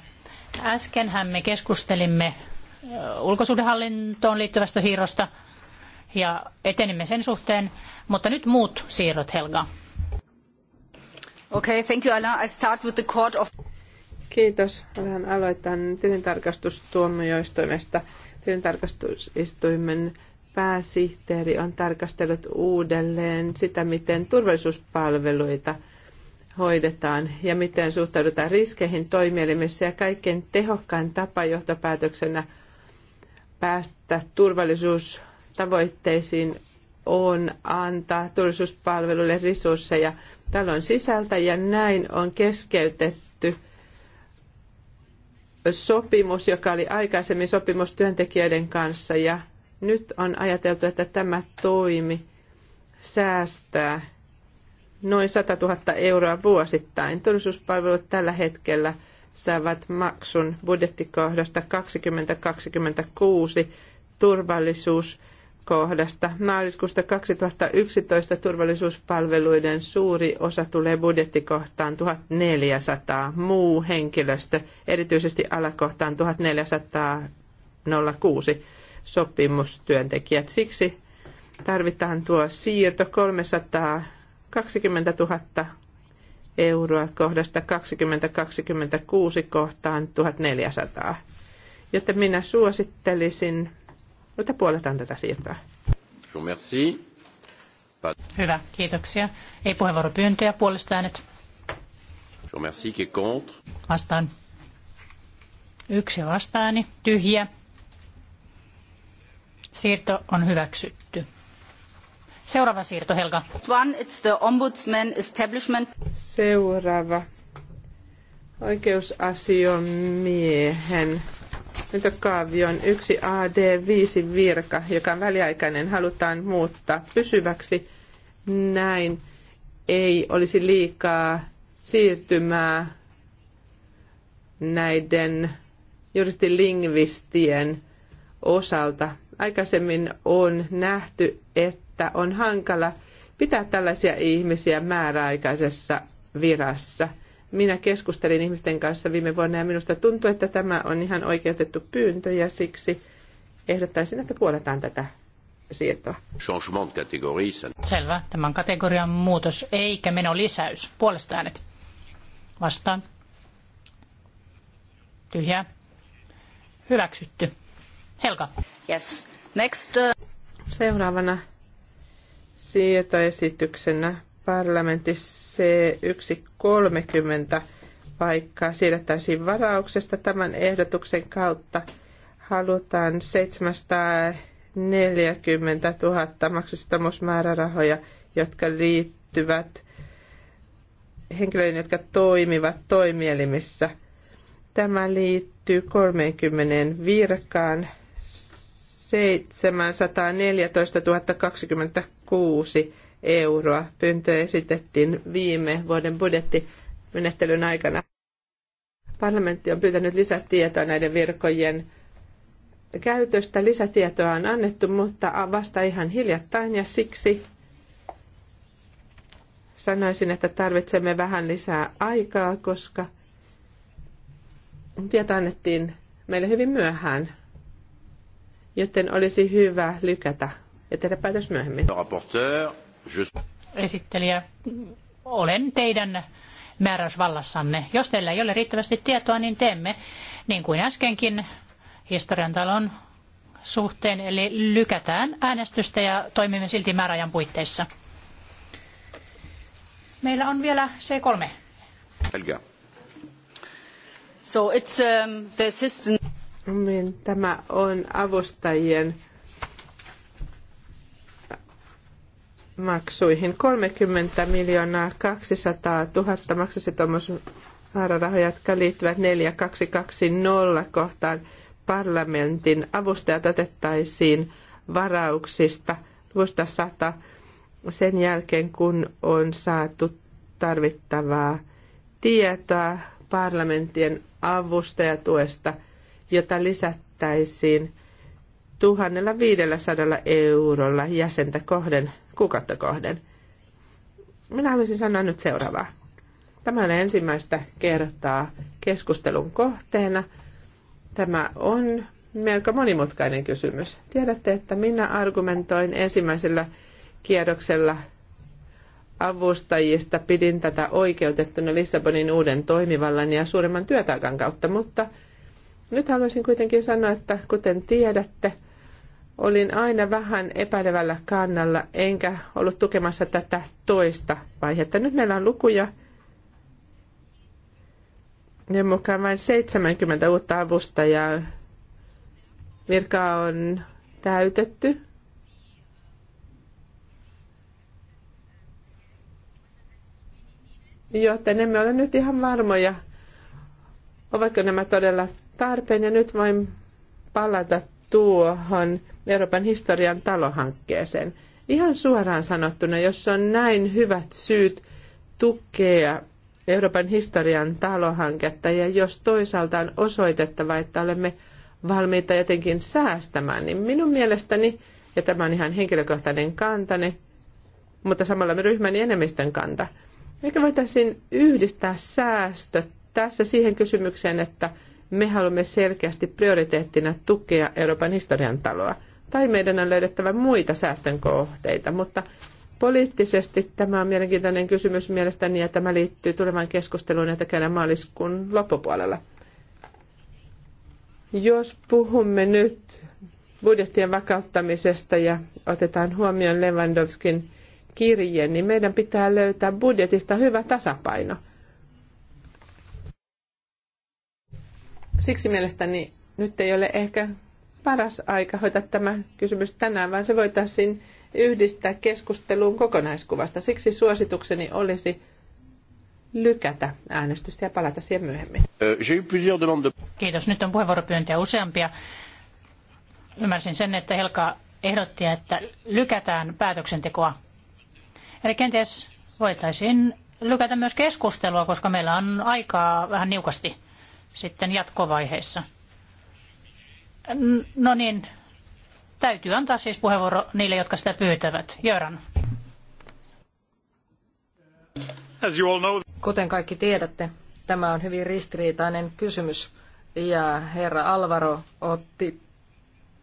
Äskenhän me keskustelimme ulkosuhdehallintoon liittyvästä siirrosta ja etenimme sen suhteen, mutta nyt muut siirrot Helga. Okay, thank you, Alain. I start with the court of... Kiitos. Alain aloitan tilintarkastustuomioistuimesta. Tilintarkastusistuimen pääsihteeri on tarkastellut uudelleen sitä, miten turvallisuuspalveluita hoidetaan ja miten suhtaudutaan riskeihin toimielimissä ja kaikkein tehokkain tapa johtopäätöksenä päästä turvallisuustavoitteisiin on antaa turvallisuuspalveluille resursseja – talon sisältä ja näin on keskeytetty sopimus, joka oli aikaisemmin sopimus työntekijöiden kanssa ja nyt on ajateltu, että tämä toimi säästää noin 100 000 euroa vuosittain. Turvallisuuspalvelut tällä hetkellä saavat maksun budjettikohdasta 2026 turvallisuus kohdasta. Maaliskuusta 2011 turvallisuuspalveluiden suuri osa tulee budjettikohtaan 1400, muu henkilöstö, erityisesti alakohtaan 1406 sopimustyöntekijät. Siksi tarvitaan tuo siirto 320 000 euroa kohdasta 2026 kohtaan 1400. Joten minä suosittelisin mutta puoletaan tätä siirtoa. Hyvä, kiitoksia. Ei puheenvuoropyyntöjä, puolesta äänet. Vastaan. Yksi vastaani, tyhjä. Siirto on hyväksytty. Seuraava siirto, Helga. One, it's the ombudsman establishment. Seuraava. Oikeusasiamiehen lentokaavion 1AD5 virka, joka on väliaikainen, halutaan muuttaa pysyväksi. Näin ei olisi liikaa siirtymää näiden juristilingvistien osalta. Aikaisemmin on nähty, että on hankala pitää tällaisia ihmisiä määräaikaisessa virassa – minä keskustelin ihmisten kanssa viime vuonna ja minusta tuntuu, että tämä on ihan oikeutettu pyyntö ja siksi ehdottaisin, että puoletaan tätä siirtoa. Selvä. Tämän kategorian muutos eikä meno lisäys. Puolesta äänet. Vastaan. Tyhjä. Hyväksytty. Helka. Yes. Next. Uh- Seuraavana siirtoesityksenä parlamentti C1 30 paikkaa siirrettäisiin varauksesta. Tämän ehdotuksen kautta halutaan 740 000 maksusitoumusmäärärahoja, jotka liittyvät henkilöihin, jotka toimivat toimielimissä. Tämä liittyy 30 virkaan 714 026 euroa. Pyyntö esitettiin viime vuoden budjettimenettelyn aikana. Parlamentti on pyytänyt lisätietoa näiden virkojen käytöstä. Lisätietoa on annettu, mutta vasta ihan hiljattain ja siksi sanoisin, että tarvitsemme vähän lisää aikaa, koska tieto annettiin meille hyvin myöhään, joten olisi hyvä lykätä ja tehdä päätös myöhemmin. Rapporteur. Esittelijä, olen teidän määräysvallassanne. Jos teillä ei ole riittävästi tietoa, niin teemme niin kuin äskenkin historian talon suhteen, eli lykätään äänestystä ja toimimme silti määräajan puitteissa. Meillä on vielä C3. Helga. So it's um, the assistant. Niin, tämä on avustajien maksuihin. 30 miljoonaa 200 000 maksusitoumusmäärärahoja, jotka liittyvät 4220 kohtaan parlamentin avustajat otettaisiin varauksista vuosta 100 sen jälkeen, kun on saatu tarvittavaa tietoa parlamenttien avustajatuesta, jota lisättäisiin 1500 eurolla jäsentä kohden kuukautta kohden. Minä haluaisin sanoa nyt seuraavaa. Tämä on ensimmäistä kertaa keskustelun kohteena. Tämä on melko monimutkainen kysymys. Tiedätte, että minä argumentoin ensimmäisellä kierroksella avustajista, pidin tätä oikeutettuna Lissabonin uuden toimivallan ja suuremman työtaakan kautta, mutta nyt haluaisin kuitenkin sanoa, että kuten tiedätte, olin aina vähän epäilevällä kannalla, enkä ollut tukemassa tätä toista vaihetta. Nyt meillä on lukuja, ja mukaan vain 70 uutta avustajaa. Virka on täytetty. Joten emme ole nyt ihan varmoja, ovatko nämä todella tarpeen. Ja nyt voin palata tuohon Euroopan historian talohankkeeseen. Ihan suoraan sanottuna, jos on näin hyvät syyt tukea Euroopan historian talohanketta ja jos toisaalta on osoitettava, että olemme valmiita jotenkin säästämään, niin minun mielestäni, ja tämä on ihan henkilökohtainen kantani, mutta samalla me ryhmäni enemmistön kanta, eikä voitaisiin yhdistää säästö tässä siihen kysymykseen, että me haluamme selkeästi prioriteettina tukea Euroopan historian taloa – tai meidän on löydettävä muita säästön kohteita, mutta poliittisesti tämä on mielenkiintoinen kysymys mielestäni ja tämä liittyy tulevaan keskusteluun, jota käydään maaliskuun loppupuolella. Jos puhumme nyt budjettien vakauttamisesta ja otetaan huomioon Lewandowskin kirje, niin meidän pitää löytää budjetista hyvä tasapaino. Siksi mielestäni nyt ei ole ehkä paras aika hoitaa tämä kysymys tänään, vaan se voitaisiin yhdistää keskusteluun kokonaiskuvasta. Siksi suositukseni olisi lykätä äänestystä ja palata siihen myöhemmin. Kiitos. Nyt on puheenvuoropyyntöjä useampia. Ymmärsin sen, että Helka ehdotti, että lykätään päätöksentekoa. Eli kenties voitaisiin lykätä myös keskustelua, koska meillä on aikaa vähän niukasti sitten jatkovaiheessa. No niin, täytyy antaa siis puheenvuoro niille, jotka sitä pyytävät. Jöran. Kuten kaikki tiedätte, tämä on hyvin ristiriitainen kysymys ja herra Alvaro otti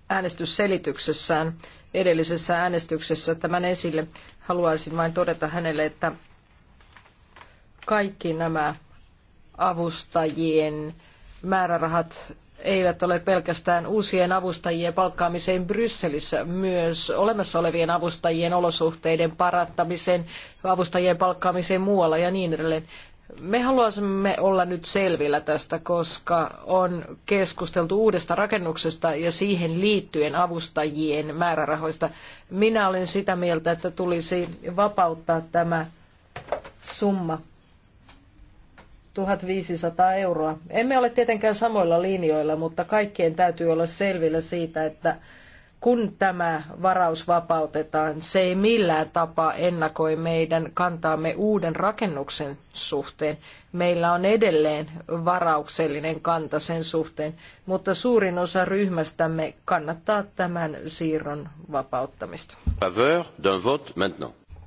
äänestysselityksessään edellisessä äänestyksessä tämän esille. Haluaisin vain todeta hänelle, että kaikki nämä avustajien määrärahat eivät ole pelkästään uusien avustajien palkkaamiseen Brysselissä, myös olemassa olevien avustajien olosuhteiden parantamiseen, avustajien palkkaamiseen muualla ja niin edelleen. Me haluaisimme olla nyt selvillä tästä, koska on keskusteltu uudesta rakennuksesta ja siihen liittyen avustajien määrärahoista. Minä olen sitä mieltä, että tulisi vapauttaa tämä summa 1500 euroa. Emme ole tietenkään samoilla linjoilla, mutta kaikkien täytyy olla selvillä siitä, että kun tämä varaus vapautetaan, se ei millään tapaa ennakoi meidän kantaamme uuden rakennuksen suhteen. Meillä on edelleen varauksellinen kanta sen suhteen, mutta suurin osa ryhmästämme kannattaa tämän siirron vapauttamista.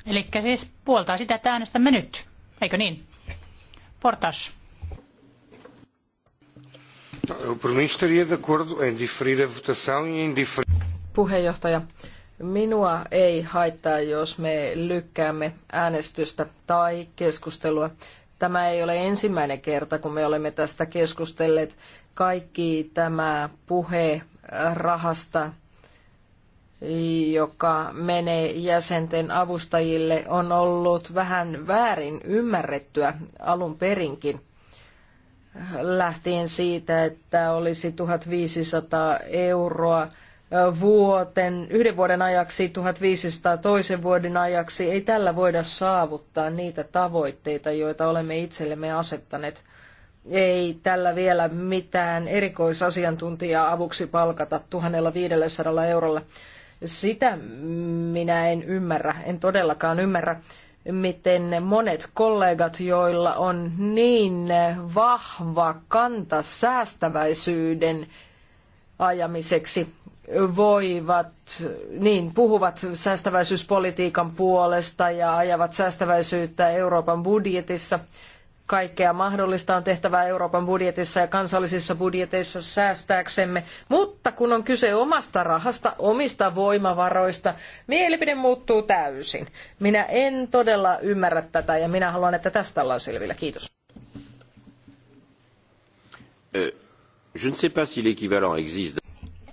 Eli siis puoltaa sitä, että äänestämme nyt, eikö niin? Portas. E Puheenjohtaja, minua ei haittaa, jos me lykkäämme äänestystä tai keskustelua. Tämä ei ole ensimmäinen kerta, kun me olemme tästä keskustelleet. Kaikki tämä puhe rahasta joka menee jäsenten avustajille, on ollut vähän väärin ymmärrettyä alun perinkin lähtien siitä, että olisi 1500 euroa vuoten, yhden vuoden ajaksi, 1500 toisen vuoden ajaksi, ei tällä voida saavuttaa niitä tavoitteita, joita olemme itsellemme asettaneet. Ei tällä vielä mitään erikoisasiantuntijaa avuksi palkata 1500 eurolla. Sitä minä en ymmärrä, en todellakaan ymmärrä, miten monet kollegat, joilla on niin vahva kanta säästäväisyyden ajamiseksi, voivat, niin puhuvat säästäväisyyspolitiikan puolesta ja ajavat säästäväisyyttä Euroopan budjetissa – Kaikkea mahdollista on tehtävä Euroopan budjetissa ja kansallisissa budjeteissa säästääksemme, mutta kun on kyse omasta rahasta, omista voimavaroista, mielipide muuttuu täysin. Minä en todella ymmärrä tätä ja minä haluan, että tästä ollaan selvillä. Kiitos.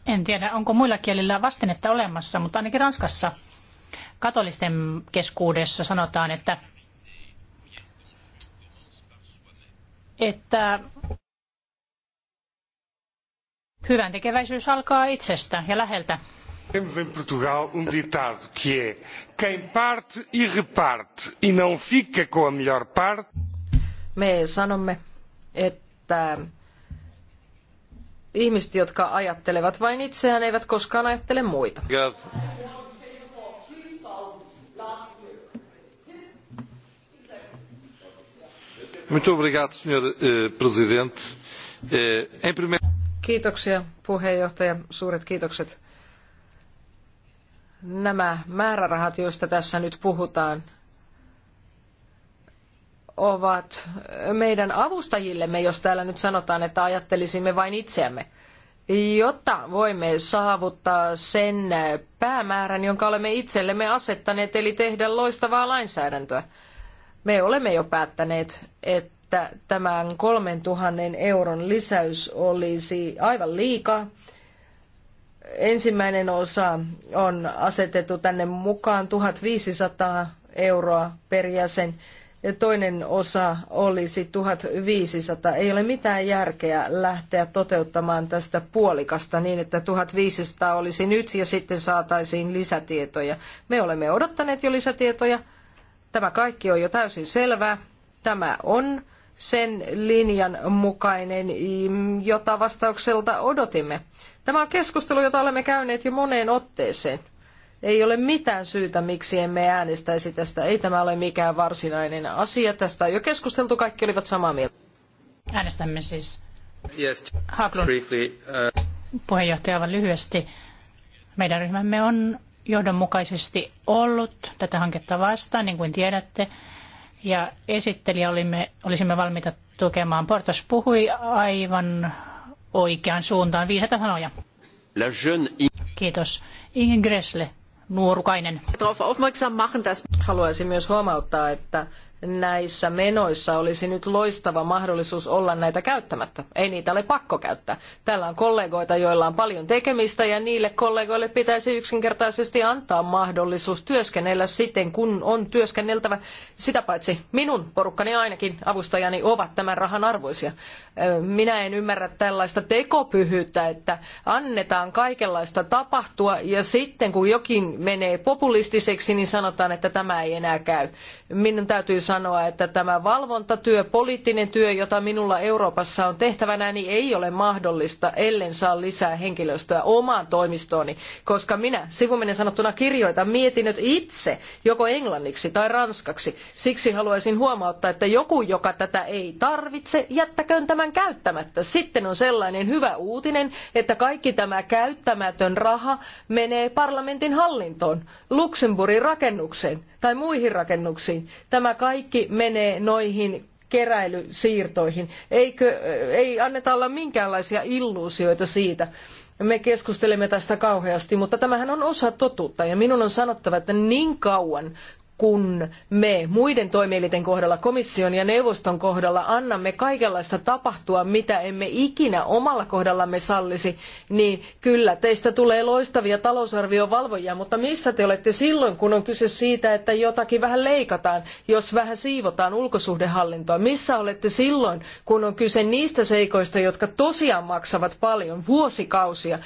En tiedä, onko muilla kielillä vastinetta olemassa, mutta ainakin Ranskassa katolisten keskuudessa sanotaan, että että hyvän tekeväisyys alkaa itsestä ja läheltä. Temos em Portugal um ditado que é quem parte e reparte e não fica com a melhor parte. Me sanomme, että ihmiset, jotka ajattelevat vain itseään, eivät koskaan ajattele muita. Muito obrigado, senhor eh, presidente. Eh, em primeiro... Kiitoksia puheenjohtaja, suuret kiitokset. Nämä määrärahat, joista tässä nyt puhutaan, ovat meidän avustajillemme, jos täällä nyt sanotaan, että ajattelisimme vain itseämme, jotta voimme saavuttaa sen päämäärän, jonka olemme itsellemme asettaneet, eli tehdä loistavaa lainsäädäntöä. Me olemme jo päättäneet, että tämän 3000 euron lisäys olisi aivan liika. Ensimmäinen osa on asetettu tänne mukaan 1500 euroa per jäsen ja toinen osa olisi 1500. Ei ole mitään järkeä lähteä toteuttamaan tästä puolikasta niin, että 1500 olisi nyt ja sitten saataisiin lisätietoja. Me olemme odottaneet jo lisätietoja Tämä kaikki on jo täysin selvää. Tämä on sen linjan mukainen, jota vastaukselta odotimme. Tämä on keskustelu, jota olemme käyneet jo moneen otteeseen. Ei ole mitään syytä, miksi emme äänestäisi tästä. Ei tämä ole mikään varsinainen asia. Tästä on jo keskusteltu, kaikki olivat samaa mieltä. Äänestämme siis. Yes, Haglund. Briefly, uh... Puheenjohtaja, aivan lyhyesti. Meidän ryhmämme on johdonmukaisesti ollut tätä hanketta vastaan, niin kuin tiedätte. Ja esittelijä olimme, olisimme valmiita tukemaan. Portas puhui aivan oikeaan suuntaan. Viisata sanoja. La jeune... Kiitos. Ingen Gressle, nuorukainen. Haluaisin myös huomauttaa, että näissä menoissa olisi nyt loistava mahdollisuus olla näitä käyttämättä. Ei niitä ole pakko käyttää. Täällä on kollegoita, joilla on paljon tekemistä ja niille kollegoille pitäisi yksinkertaisesti antaa mahdollisuus työskennellä siten, kun on työskenneltävä. Sitä paitsi minun porukkani ainakin avustajani ovat tämän rahan arvoisia. Minä en ymmärrä tällaista tekopyhyyttä, että annetaan kaikenlaista tapahtua ja sitten kun jokin menee populistiseksi, niin sanotaan, että tämä ei enää käy. Minun täytyy sanoa, että tämä valvontatyö, poliittinen työ, jota minulla Euroopassa on tehtävänä, niin ei ole mahdollista, ellen saa lisää henkilöstöä omaan toimistooni, koska minä sivuminen sanottuna kirjoitan mietinnöt itse, joko englanniksi tai ranskaksi. Siksi haluaisin huomauttaa, että joku, joka tätä ei tarvitse, jättäköön tämän käyttämättä. Sitten on sellainen hyvä uutinen, että kaikki tämä käyttämätön raha menee parlamentin hallintoon, Luxemburgin rakennukseen tai muihin rakennuksiin. Tämä kaikki kaikki menee noihin keräilysiirtoihin. Eikö, ei anneta olla minkäänlaisia illuusioita siitä. Me keskustelemme tästä kauheasti, mutta tämähän on osa totuutta ja minun on sanottava, että niin kauan kun me muiden toimielinten kohdalla, komission ja neuvoston kohdalla annamme kaikenlaista tapahtua, mitä emme ikinä omalla kohdallamme sallisi, niin kyllä teistä tulee loistavia talousarviovalvojia, mutta missä te olette silloin, kun on kyse siitä, että jotakin vähän leikataan, jos vähän siivotaan ulkosuhdehallintoa? Missä olette silloin, kun on kyse niistä seikoista, jotka tosiaan maksavat paljon vuosikausia,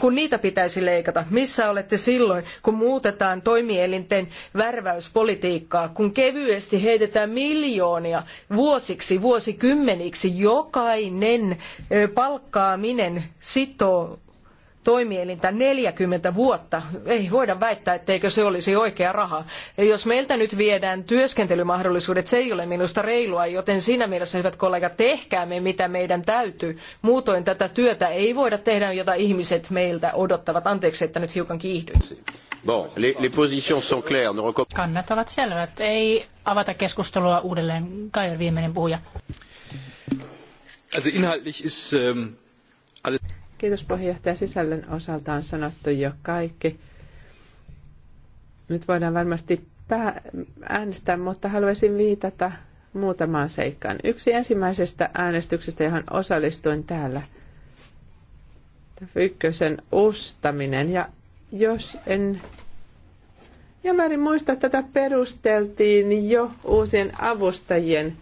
kun niitä pitäisi leikata? Missä olette silloin, kun muutetaan toimielinten värväys kehityspolitiikkaa, kun kevyesti heitetään miljoonia vuosiksi, vuosikymmeniksi, jokainen palkkaaminen sitoo toimielintä 40 vuotta. Ei voida väittää, etteikö se olisi oikea raha. Jos meiltä nyt viedään työskentelymahdollisuudet, se ei ole minusta reilua, joten siinä mielessä, hyvät kollegat, tehkäämme mitä meidän täytyy. Muutoin tätä työtä ei voida tehdä, jota ihmiset meiltä odottavat. Anteeksi, että nyt hiukan kiihdyin. Bon, les, les positions sont claires. Ne Kannat ovat selvät. Ei avata keskustelua uudelleen. Kair viimeinen puhuja. Also inhaltlich ist, ähm, alles... Kiitos puheenjohtaja. Sisällön osalta on sanottu jo kaikki. Nyt voidaan varmasti äänestää, mutta haluaisin viitata muutamaan seikkaan. Yksi ensimmäisestä äänestyksestä, johon osallistuin täällä, ykkösen ostaminen ja jos en ja mä en muista, tätä perusteltiin jo uusien avustajien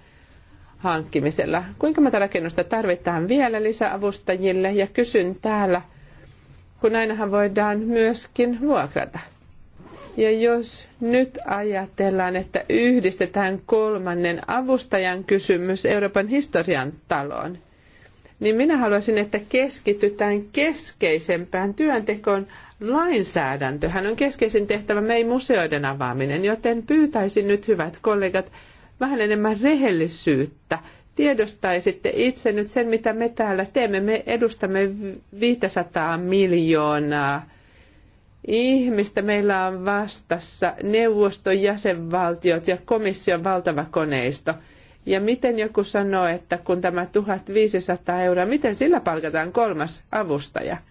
hankkimisella. Kuinka monta rakennusta tarvitaan vielä lisäavustajille? Ja kysyn täällä, kun ainahan voidaan myöskin vuokrata. Ja jos nyt ajatellaan, että yhdistetään kolmannen avustajan kysymys Euroopan historian taloon, niin minä haluaisin, että keskitytään keskeisempään työntekoon Lainsäädäntöhän on keskeisin tehtävä mei museoiden avaaminen, joten pyytäisin nyt, hyvät kollegat, vähän enemmän rehellisyyttä. Tiedostaisitte itse nyt sen, mitä me täällä teemme. Me edustamme 500 miljoonaa ihmistä. Meillä on vastassa neuvoston jäsenvaltiot ja komission valtava koneisto. Ja miten joku sanoo, että kun tämä 1500 euroa, miten sillä palkataan kolmas avustaja –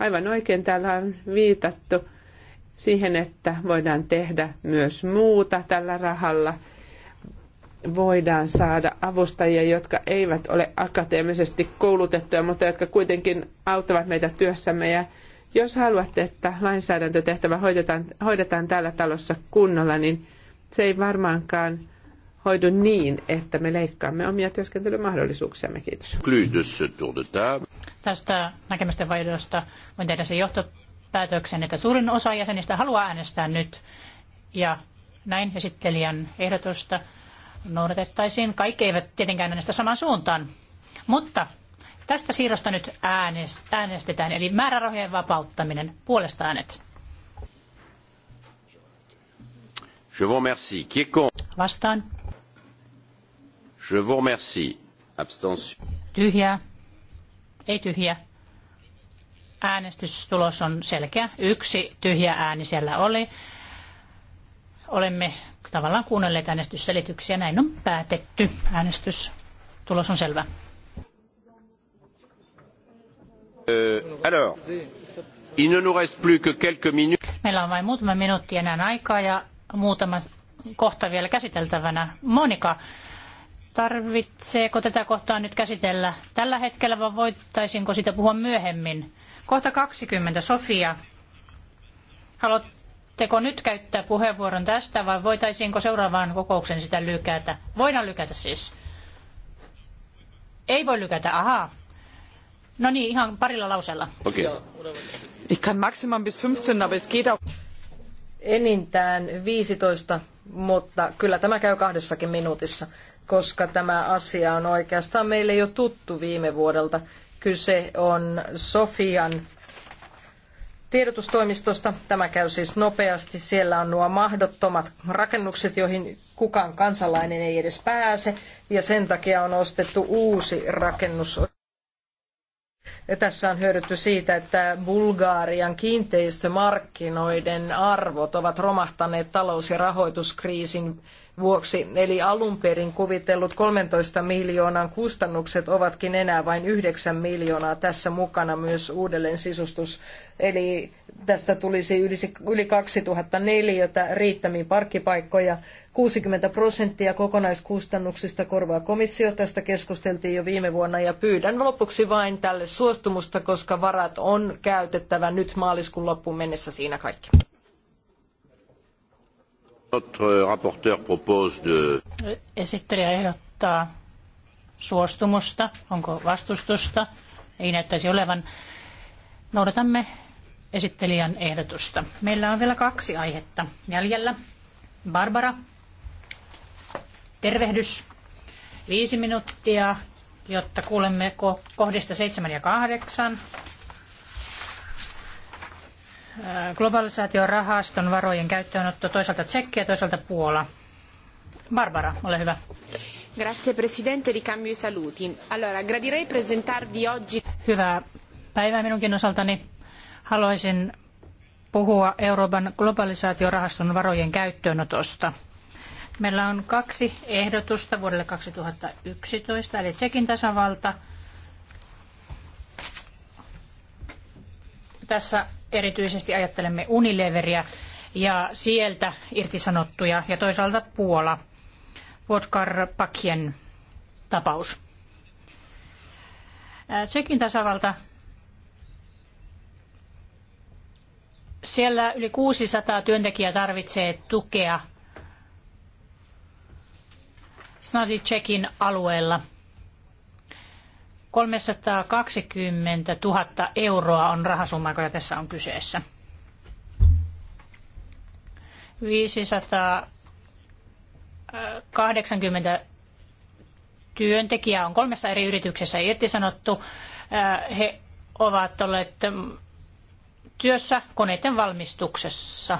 Aivan oikein täällä on viitattu siihen, että voidaan tehdä myös muuta tällä rahalla. Voidaan saada avustajia, jotka eivät ole akateemisesti koulutettuja, mutta jotka kuitenkin auttavat meitä työssämme. Ja jos haluatte, että lainsäädäntötehtävä hoidetaan, hoidetaan täällä talossa kunnolla, niin se ei varmaankaan hoidu niin, että me leikkaamme omia työskentelymahdollisuuksiamme. Kiitos. Tästä näkemysten vaihdosta voin tehdä sen johtopäätöksen, että suurin osa jäsenistä haluaa äänestää nyt. Ja näin esittelijän ehdotusta noudatettaisiin. Kaikki eivät tietenkään äänestä samaan suuntaan. Mutta tästä siirrosta nyt äänestetään, eli määrärahojen vapauttaminen. Puolesta äänet. Je vous remercie. Qui est Vastaan. Je vous remercie. Abstention. Tyhjää. Ei tyhjää. Äänestystulos on selkeä. Yksi tyhjä ääni siellä oli. Olemme tavallaan kuunnelleet äänestysselityksiä. Näin on päätetty. Äänestystulos on selvä. Euh, alors, il ne nous reste plus que quelques minutes. Meillä on vain muutama minuutti enää aikaa ja muutama kohta vielä käsiteltävänä. Monika, Tarvitseeko tätä kohtaa nyt käsitellä tällä hetkellä vai voittaisinko sitä puhua myöhemmin? Kohta 20. Sofia, haluatteko nyt käyttää puheenvuoron tästä vai voitaisiinko seuraavaan kokouksen sitä lykätä? Voidaan lykätä siis. Ei voi lykätä, ahaa. No niin, ihan parilla lauseella. Okei. Okay. Ich kann maximal bis 15, aber es geht auch. Enintään 15, mutta kyllä tämä käy kahdessakin minuutissa koska tämä asia on oikeastaan meille jo tuttu viime vuodelta. Kyse on Sofian tiedotustoimistosta. Tämä käy siis nopeasti. Siellä on nuo mahdottomat rakennukset, joihin kukaan kansalainen ei edes pääse, ja sen takia on ostettu uusi rakennus. Ja tässä on hyödytty siitä, että Bulgarian kiinteistömarkkinoiden arvot ovat romahtaneet talous- ja rahoituskriisin vuoksi, eli alun perin kuvitellut 13 miljoonan kustannukset ovatkin enää vain 9 miljoonaa. Tässä mukana myös uudelleen sisustus, eli tästä tulisi yli 2004 riittämiin parkkipaikkoja. 60 prosenttia kokonaiskustannuksista korvaa komissio. Tästä keskusteltiin jo viime vuonna ja pyydän lopuksi vain tälle suostumusta, koska varat on käytettävä nyt maaliskuun loppuun mennessä siinä kaikki. Euh, Esittelijä ehdottaa suostumusta. Onko vastustusta? Ei näyttäisi olevan. Noudatamme esittelijän ehdotusta. Meillä on vielä kaksi aihetta jäljellä. Barbara, tervehdys. Viisi minuuttia, jotta kuulemme kohdista 7 ja 8 Äh, globalisaatiorahaston varojen käyttöönotto toisaalta Tsekkiä ja toisaalta Puola. Barbara, ole hyvä. Grazie Presidente, ricambio i saluti. Allora, gradirei presentarvi oggi... Hyvää päivää minunkin osaltani. Haluaisin puhua Euroopan globalisaatiorahaston varojen käyttöönotosta. Meillä on kaksi ehdotusta vuodelle 2011, eli Tsekin tasavalta. Tässä Erityisesti ajattelemme Unileveria ja sieltä irtisanottuja ja toisaalta Puola. Vodkar Pakien tapaus. Tsekin tasavalta. Siellä yli 600 työntekijää tarvitsee tukea Snadi Tsekin alueella – 320 000 euroa on rahasumma, joka tässä on kyseessä. 580 työntekijää on kolmessa eri yrityksessä irtisanottu. Äh, he ovat olleet työssä koneiden valmistuksessa.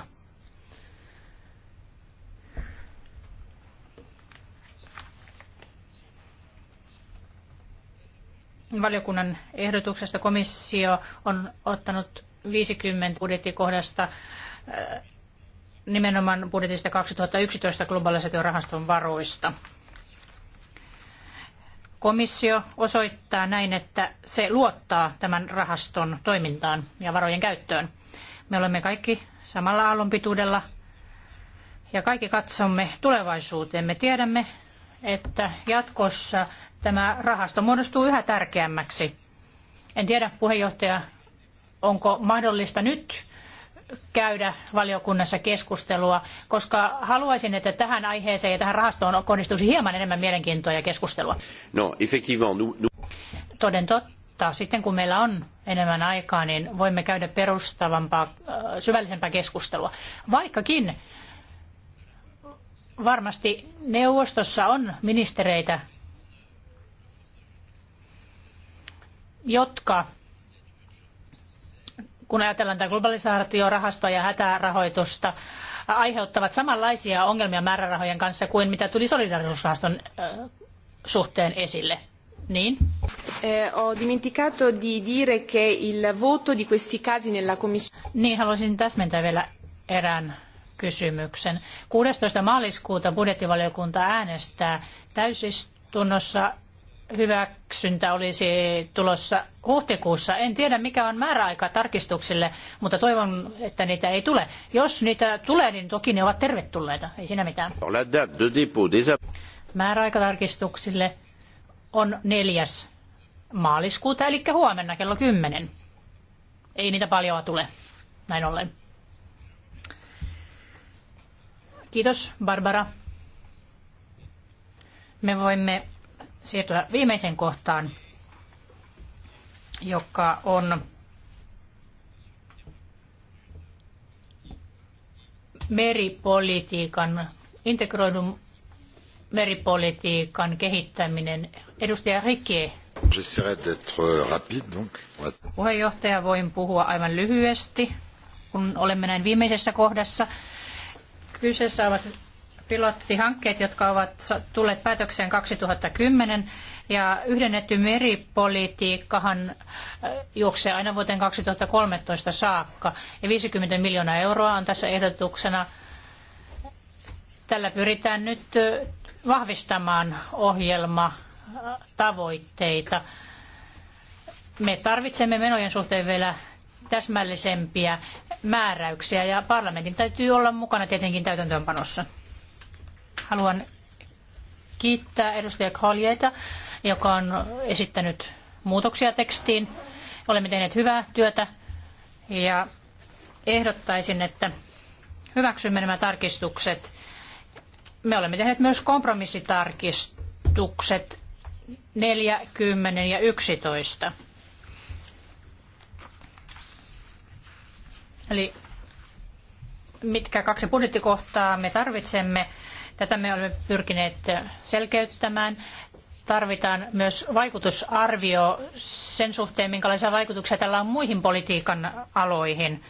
valiokunnan ehdotuksesta komissio on ottanut 50 budjettikohdasta äh, nimenomaan budjetista 2011 globalisaatiorahaston varoista. Komissio osoittaa näin, että se luottaa tämän rahaston toimintaan ja varojen käyttöön. Me olemme kaikki samalla aallonpituudella ja kaikki katsomme tulevaisuuteen. Me tiedämme, että jatkossa tämä rahasto muodostuu yhä tärkeämmäksi. En tiedä, puheenjohtaja, onko mahdollista nyt käydä valiokunnassa keskustelua, koska haluaisin, että tähän aiheeseen ja tähän rahastoon kohdistuisi hieman enemmän mielenkiintoa ja keskustelua. No, Toden totta, sitten kun meillä on enemmän aikaa, niin voimme käydä perustavampaa, äh, syvällisempää keskustelua. Vaikkakin varmasti neuvostossa on ministereitä, jotka kun ajatellaan tätä globalisaatiorahastoa ja hätärahoitusta, aiheuttavat samanlaisia ongelmia määrärahojen kanssa kuin mitä tuli solidarisuusrahaston suhteen esille. Niin. Eh, ho dimenticato di dire che il voto di questi casi nella commissione... Niin, haluaisin täsmentää vielä erään kysymyksen. 16. maaliskuuta budjettivaliokunta äänestää täysistunnossa hyväksyntä olisi tulossa huhtikuussa. En tiedä, mikä on määräaika tarkistuksille, mutta toivon, että niitä ei tule. Jos niitä tulee, niin toki ne ovat tervetulleita. Ei siinä mitään. Määräaikatarkistuksille on neljäs maaliskuuta, eli huomenna kello 10. Ei niitä paljoa tule, näin ollen. Kiitos, Barbara. Me voimme siirtyä viimeiseen kohtaan, joka on meripolitiikan, integroidun meripolitiikan kehittäminen. Edustaja Rike. Puheenjohtaja, voin puhua aivan lyhyesti, kun olemme näin viimeisessä kohdassa. Kyseessä ovat pilottihankkeet, jotka ovat tulleet päätökseen 2010. Ja yhdennetty meripolitiikkahan äh, juoksee aina vuoteen 2013 saakka. Ja 50 miljoonaa euroa on tässä ehdotuksena. Tällä pyritään nyt äh, vahvistamaan ohjelma äh, tavoitteita. Me tarvitsemme menojen suhteen vielä täsmällisempiä määräyksiä ja parlamentin täytyy olla mukana tietenkin täytäntöönpanossa. Haluan kiittää edustaja Kaljeita, joka on esittänyt muutoksia tekstiin. Olemme tehneet hyvää työtä ja ehdottaisin, että hyväksymme nämä tarkistukset. Me olemme tehneet myös kompromissitarkistukset 4, ja 11. Eli mitkä kaksi budjettikohtaa me tarvitsemme Tätä me olemme pyrkineet selkeyttämään. Tarvitaan myös vaikutusarvio sen suhteen, minkälaisia vaikutuksia tällä on muihin politiikan aloihin.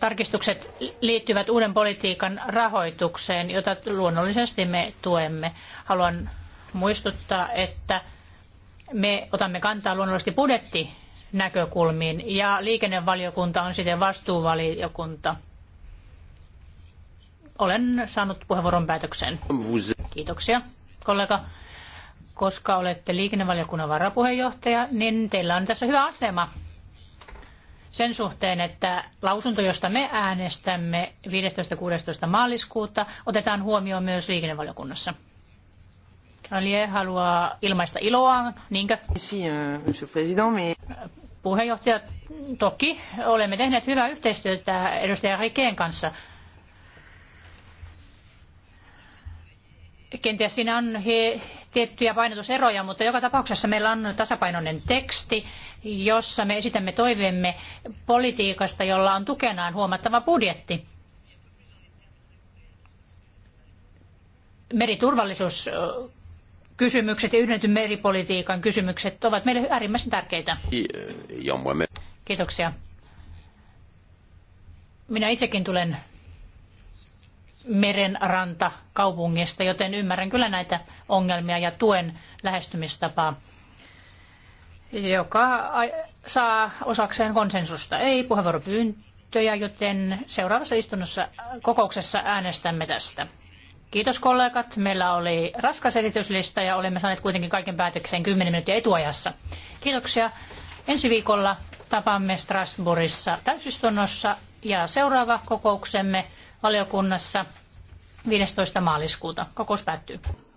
Tarkistukset liittyvät uuden politiikan rahoitukseen, jota luonnollisesti me tuemme. Haluan muistuttaa, että me otamme kantaa luonnollisesti budjettinäkökulmiin ja liikennevaliokunta on siten vastuuvaliokunta. Olen saanut puheenvuoron päätökseen. Kiitoksia, kollega. Koska olette liikennevaliokunnan varapuheenjohtaja, niin teillä on tässä hyvä asema sen suhteen, että lausunto, josta me äänestämme 15.16. maaliskuuta, otetaan huomioon myös liikennevaliokunnassa. Alie haluaa ilmaista iloaan, niinkö? Euh, Puheenjohtaja, toki olemme tehneet hyvää yhteistyötä edustaja Rikeen kanssa. Kenties siinä on he, tiettyjä painotuseroja, mutta joka tapauksessa meillä on tasapainoinen teksti, jossa me esitämme toiveemme politiikasta, jolla on tukenaan huomattava budjetti. Meriturvallisuus kysymykset ja yhdennetyn meripolitiikan kysymykset ovat meille äärimmäisen tärkeitä. Kiitoksia. Minä itsekin tulen merenranta kaupungista, joten ymmärrän kyllä näitä ongelmia ja tuen lähestymistapaa, joka saa osakseen konsensusta. Ei puheenvuoropyyntöjä, joten seuraavassa istunnossa kokouksessa äänestämme tästä. Kiitos kollegat. Meillä oli raskas erityslista ja olemme saaneet kuitenkin kaiken päätökseen 10 minuuttia etuajassa. Kiitoksia. Ensi viikolla tapaamme Strasbourgissa täysistunnossa ja seuraava kokouksemme valiokunnassa 15. maaliskuuta. Kokous päättyy.